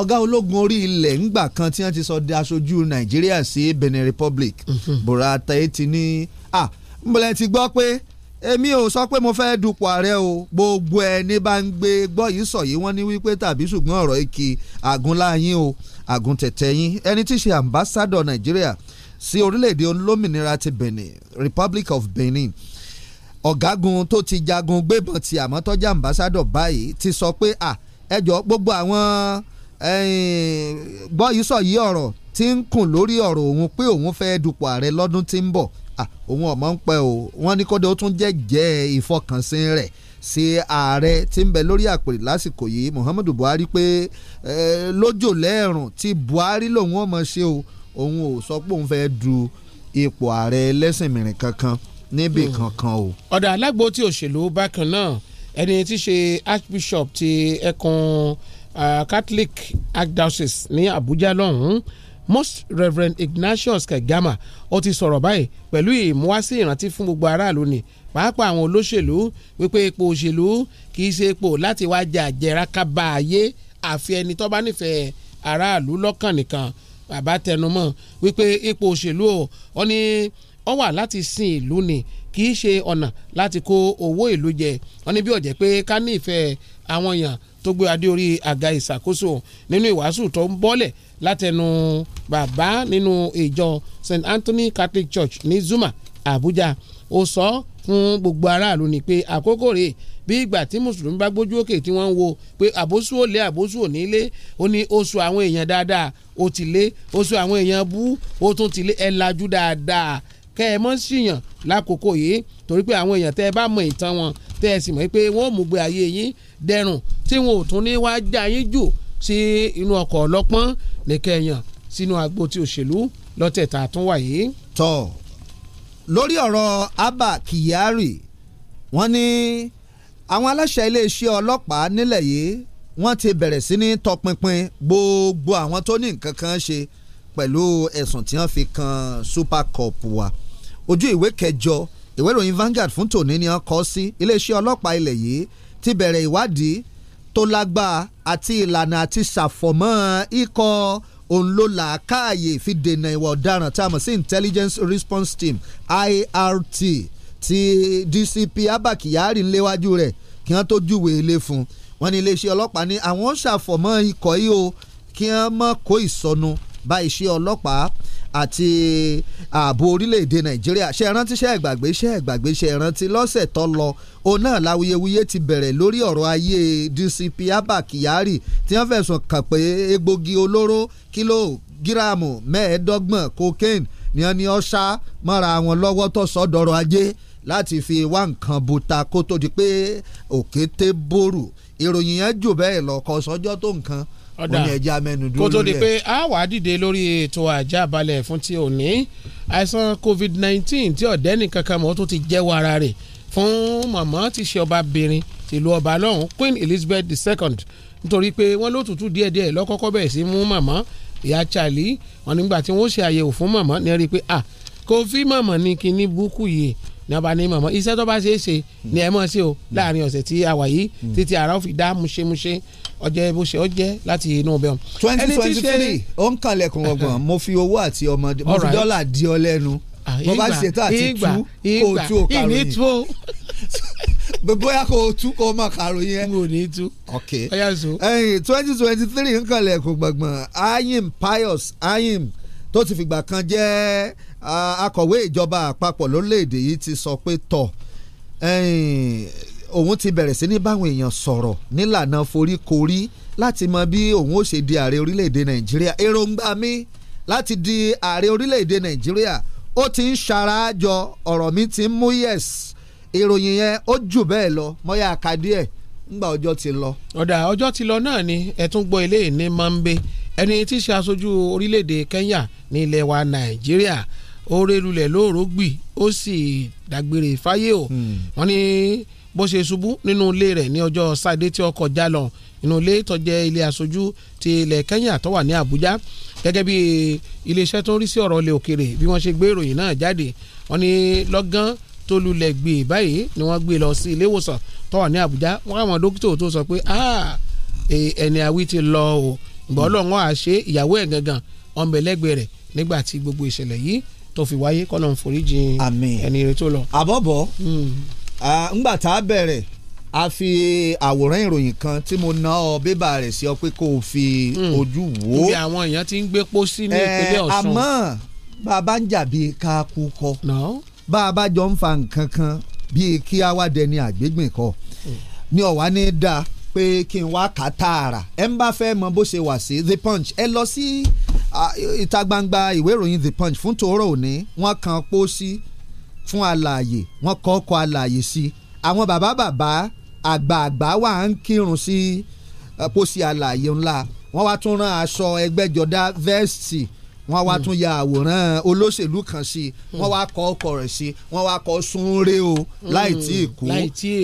ọ̀gá ológun orí ilẹ̀ ńgbà kan tí wọ́n ti sọ di aṣojú nàìjíríà sí Benin Republic mhm. Bùrà Taye ti ní à ń ti gbọ́ pé èmi ò sọ pé mo fẹ́ dupò ààrẹ o gbogbo ẹni bá ń gbé gbọ́ yìí sọ yìí wọ́n ní wípé tàbí ṣùgbọ́n ọ̀rọ̀ èkì àgúnláyín o àgùntẹ̀tẹ̀ yín ẹni tí í ṣe ambassadọ̀ nàìjíríà sí orílẹ̀-èdè olómìnira ti benin republic of benin ọ̀gágun tó ti jagun gbébọn ti àmọ́ tọ́jà ambassadọ̀ báyìí ti sọ pé à ẹjọ́ gbogbo àwọn gbọ́ yìí sọ yìí ọ̀rọ̀ tí ń kùn lórí ọ̀rọ̀ òun pé òun fẹ́ dupò ààrẹ lọ́dún tí ń bọ̀ Ah, òun ọ̀mọ́ ń pẹ́ o wọ́n ní kódà ó tún jẹ́ jẹ́ ìfọkànsìn rẹ̀ sí ààrẹ tí ń bẹ lórí àpèrè lásìkò yìí Muhammadu Buhari pé lójò lẹ́ẹ̀rùn tí Buhari lòun ọmọ ṣe o òun ò sọ pé òun fẹ́ du ipò ààrẹ ẹlẹ́sìn mìíràn kankan níbì hmm. kankan o. ọ̀dà alágbó tí òṣèlú bákan náà ẹni tí ṣe archbishop ti ẹkùn ah, catholic archdiocese ní Àbújá lọ́hùn-ún Most Reverend Ignatius Kegama ó ti sọ̀rọ̀ báyìí pẹ̀lú ìmúwásí ìrántí fún gbogbo aráàlú ni pàápàá àwọn olóṣèlú wípé ipò òṣèlú kì í ṣe ipò láti wá jẹ àjẹrà kábà ayé àfi ẹni tó bá nífẹ̀ẹ́ aráàlú lọ́kàn nìkan bàbá tẹnumọ́ wípé ipò òṣèlú ó ní ó wà láti sin ìlú ni kì í ṣe ọ̀nà láti kó owó ìlú jẹ wọ́n ní bí ó jẹ́ pé ká ní ìfẹ́ àwọn èèyàn tó gbé adé orí àga ìṣàkóso nínú ìwàásù tó ń bọ́lẹ̀ látẹnu bàbá nínú ìjọ St Anthony Catholic Church ní Zuma Abuja ó sọ fún gbogbo aráàlú ni pé àkókò rèé bí ìgbà tí mùsùlùmí bá gbójú òkè tí wọ́n ń wo pé àbóṣù ò lé àbóṣù ò ní lé ó ní oṣù àwọn èèyàn dáadáa ó ti lé oṣù àwọn èèyàn bú ó tún ti lé ẹ̀ lajú dáadáa kẹ́ ẹ mọ́ síyàn lákòókò yìí torí pé àwọn èèyàn tẹ́ ẹ bá mọ ìtàn wọn tẹ́ ẹ sì mọ̀ pé wọ́n mú gbé ayé yín dẹrùn tí wọn ò tún ní wá já yín jù sí inú ọkọ̀ ọlọ́pọ́n ní kẹ́yàn sínú agbo ti òṣèlú lọ́tẹ̀ tá a tún wà yìí. tọ́ lórí ọ̀rọ̀ Abba Kyari wọ́n ní àwọn aláṣẹ iléeṣẹ́ ọlọ́pàá nílẹ̀ yìí wọ́n ti bẹ̀rẹ̀ sí ní tọpinpin gbogbo àwọn tó ní nǹkan kan ṣe pẹ̀lú ẹ̀sùn tí wọ́n fi kan Super Cup wa ojú ìwé kẹjọ ìwé ìròyìn Vanguard fún tòní ni wọ́n kọ sí iléeṣẹ́ ọlọ́pàá ilẹ̀ yìí ti bẹ̀rẹ̀ ìwádìí tó lágbára àti ìlànà àti ṣàfọ̀mọ́ ikọ̀ òun káàyè fi dènà ìwà ọ̀daràn tá a mọ̀ sí intelligence response team IRT ti DCP Abba Kyari ńléwájú rẹ̀ kí wọ́n tó júwèé ilé fún wọn ní iléeṣẹ́ ọlọ́pàá ní àwọn ṣàfọ̀mọ́ ikọ̀ yìí o kí wọ́n mọ̀ kó ìsọnù bá iṣẹ́ ọlọ́pàá àti ààbò orílẹ̀-èdè nàìjíríà ṣe rántí ṣe ẹ̀gbàgbé ṣe ẹ̀gbàgbé ṣe rántí lọ́sẹ̀ tó lọ òun náà láwuyewuye ti bẹ̀rẹ̀ lórí ọ̀rọ̀ ayé DCP Abba Kyari tí wọ́n fẹ̀sùn kàn pé egbògi olóró kìlógíráàmù mẹ́ẹ̀ẹ́dọ́gbọ̀n cocaine ni wọ́n ní ọ́ sá mọ́ra wọn lọ́wọ́ tó sọ dọ̀rọ̀ ajé láti fi wá nǹkan buta kó tó di pé òkété bòrù ìròyìn yẹn jù bẹ́ẹ̀ lọ sọ́jọ́ tó nǹkan ó ní ẹja mẹ́nu dúró lórí ẹ̀. kó tó di pé a wà á dìde lórí ètò àjà balẹ̀ fún ti òní àìsàn covid-19 tí ọ̀dẹ́nì kankan mọ́ tó ti jẹ́wọ́ ara rẹ̀ fún mọ̀mọ́ ti ṣe ọba bìnrin tìlú ọba lọ́hùn Queen Elizabeth II nítorí pé wọ́n ló tutù díẹ̀díẹ̀ lọ́kọ́kọ́ bẹ̀rẹ̀ sí mú mọ̀mọ́ ìyá Charlie wọn nígbà tí wọ́n ṣe àyẹ̀wò fún mọ̀mọ́ ní rí i pé ah kò fi mọ̀mọ́ ní kinní búkú yìí ní ọba ní mọ̀mọ́ iṣẹ́ tó bá ṣe é ṣe ni ẹ mọ̀ ṣe o láàrin ọ̀sẹ̀ tí a wà yìí hmm. títí ara ó fi dá múṣemúṣe ọjọ́ bó ṣe ọ láti inú bẹ́ẹ̀. twenty twenty three ó ń kànlẹ̀kùn ọgbọ̀n *laughs* mo fi owó àti ọmọdé mo fi dọ́là di ọ lẹ́nu mo ah, bá ṣe tá àti tú kó o tú o kàròyìn *laughs* bóyá kó o tú kó o mọ kàròyìn ẹ. n ní tú. ok twenty twenty three ń kànlẹ̀kùn gbọ̀ngbọ̀n ayim pius ayim tó ti fìgbà kan jẹ́ akọ̀wé ìjọba àpapọ̀ lórílẹ̀‐èdè yìí ti sọ pé tọ̀ òun ti bẹ̀rẹ̀ sí ní báwọn èèyàn sọ̀rọ̀ nílànà foríkorí láti mọ bí òun ó ṣe di ààrẹ orílẹ̀-èdè nàìjíríà èròǹgbà mi láti di ààrẹ orílẹ̀-èdè nàìjíríà ó ti ń ṣarajọ ọ̀rọ̀ mi ti ń mú yes ìròyìn yẹn ó jù bẹ́ẹ̀ lọ mọ́yà àkàdíẹ̀ ńgbà ọjọ́ ti lọ. ọ̀dà ọjọ́ ti lọ náà ni ẹ̀tún gbọ́ ilé ní mọ́ńbé ẹni tí í ṣe aṣojú orílẹ̀-èdè Kenya ní ilẹ̀ wa Nàìjíríà ó rélulẹ̀ lóòrò gbì ó sì dágbére fáyé o hmm. wọ́n ní bó ṣe ṣubú nínú ilé rẹ̀ ní ọjọ́ sátidé tí ó kọjá lọ inú ilé tó ilé aṣojú ti ilẹ̀ Kenya tó wà ní Àbújá gẹ́gẹ́ bí iléeṣẹ́ tó ń rí sí ọ̀rọ̀ ilẹ̀ òkèrè bí wọ́n ṣe gbé ìròyìn náà jáde wọ́n ní lọ́gán tó lulẹ̀ gbé báyìí ni wọ́n gbé lọ sí ilé tó wà ní Àbújá wọ́n àwọn dókítà tó sọ pé e, ẹni àwí ti lọ o ìgbà ọlọ́run á ṣe ìyàwó ẹ̀ gangan ọmọbẹ̀lẹ́gbẹ̀ẹ́ rẹ̀ nígbà tí gbogbo ìṣẹ̀lẹ̀ yìí tó fi wáyé kọ́nà ẹni rẹ̀ lọ. àbọ̀bọ̀ hmm ngbà tá a bẹ̀rẹ̀ a fi àwòrán ìròyìn kan tí mo ná ọ bébà rẹ̀ sí ọ pé kó o fi hmm. ojú wò ó. ibi àwọn èèyàn ti ń gbé pósí ní ìpínlẹ̀ Ọ̀ṣun. àmọ́ bá a bá ń jà ká kú kọ bá a bá jọ ń fa nǹkan kan bíi kí a wá dẹni àgbégbìn kọ hmm. ni ọ̀wá ní dáa pé kí n wá kà tààrà ẹ ń bá fẹ́ mọ bó ṣe wà sí the punch ẹ lọ sí ìta gbangba ìwé ìròyìn the punch fún tòórọ́ òní wọ́n kan pósí fún alààyè wọ́n kọ́ ọkọ̀ alààyè sí àwọn bàbá bàbá àgbààgbà wà ń kírun sí pósí alààyè ńlá wọ́n wá tún rán aṣọ ẹgbẹ́jọdá vẹ́ẹ̀sì wọ́n wá tún ya àwòrán olóṣèlú kan sí wọ́n wá kọ́ ọkọ̀ rẹ̀ sí wọ́n wá kọ́ sunre o láì tí ì kú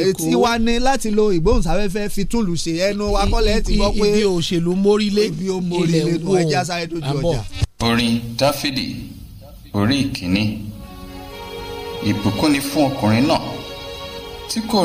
etí wa ní láti lo ìgbóhùnsáfẹ́fẹ́ fi túlù ṣe ẹnu wa kọ́lẹ̀ ti gbọ́ pé ibi òṣèlú mórílé ibi ó mórílé sáré dojú ọjà. orin dáfídì orí ìkíní ìbùkún ni fún ọkùnrin náà tí kò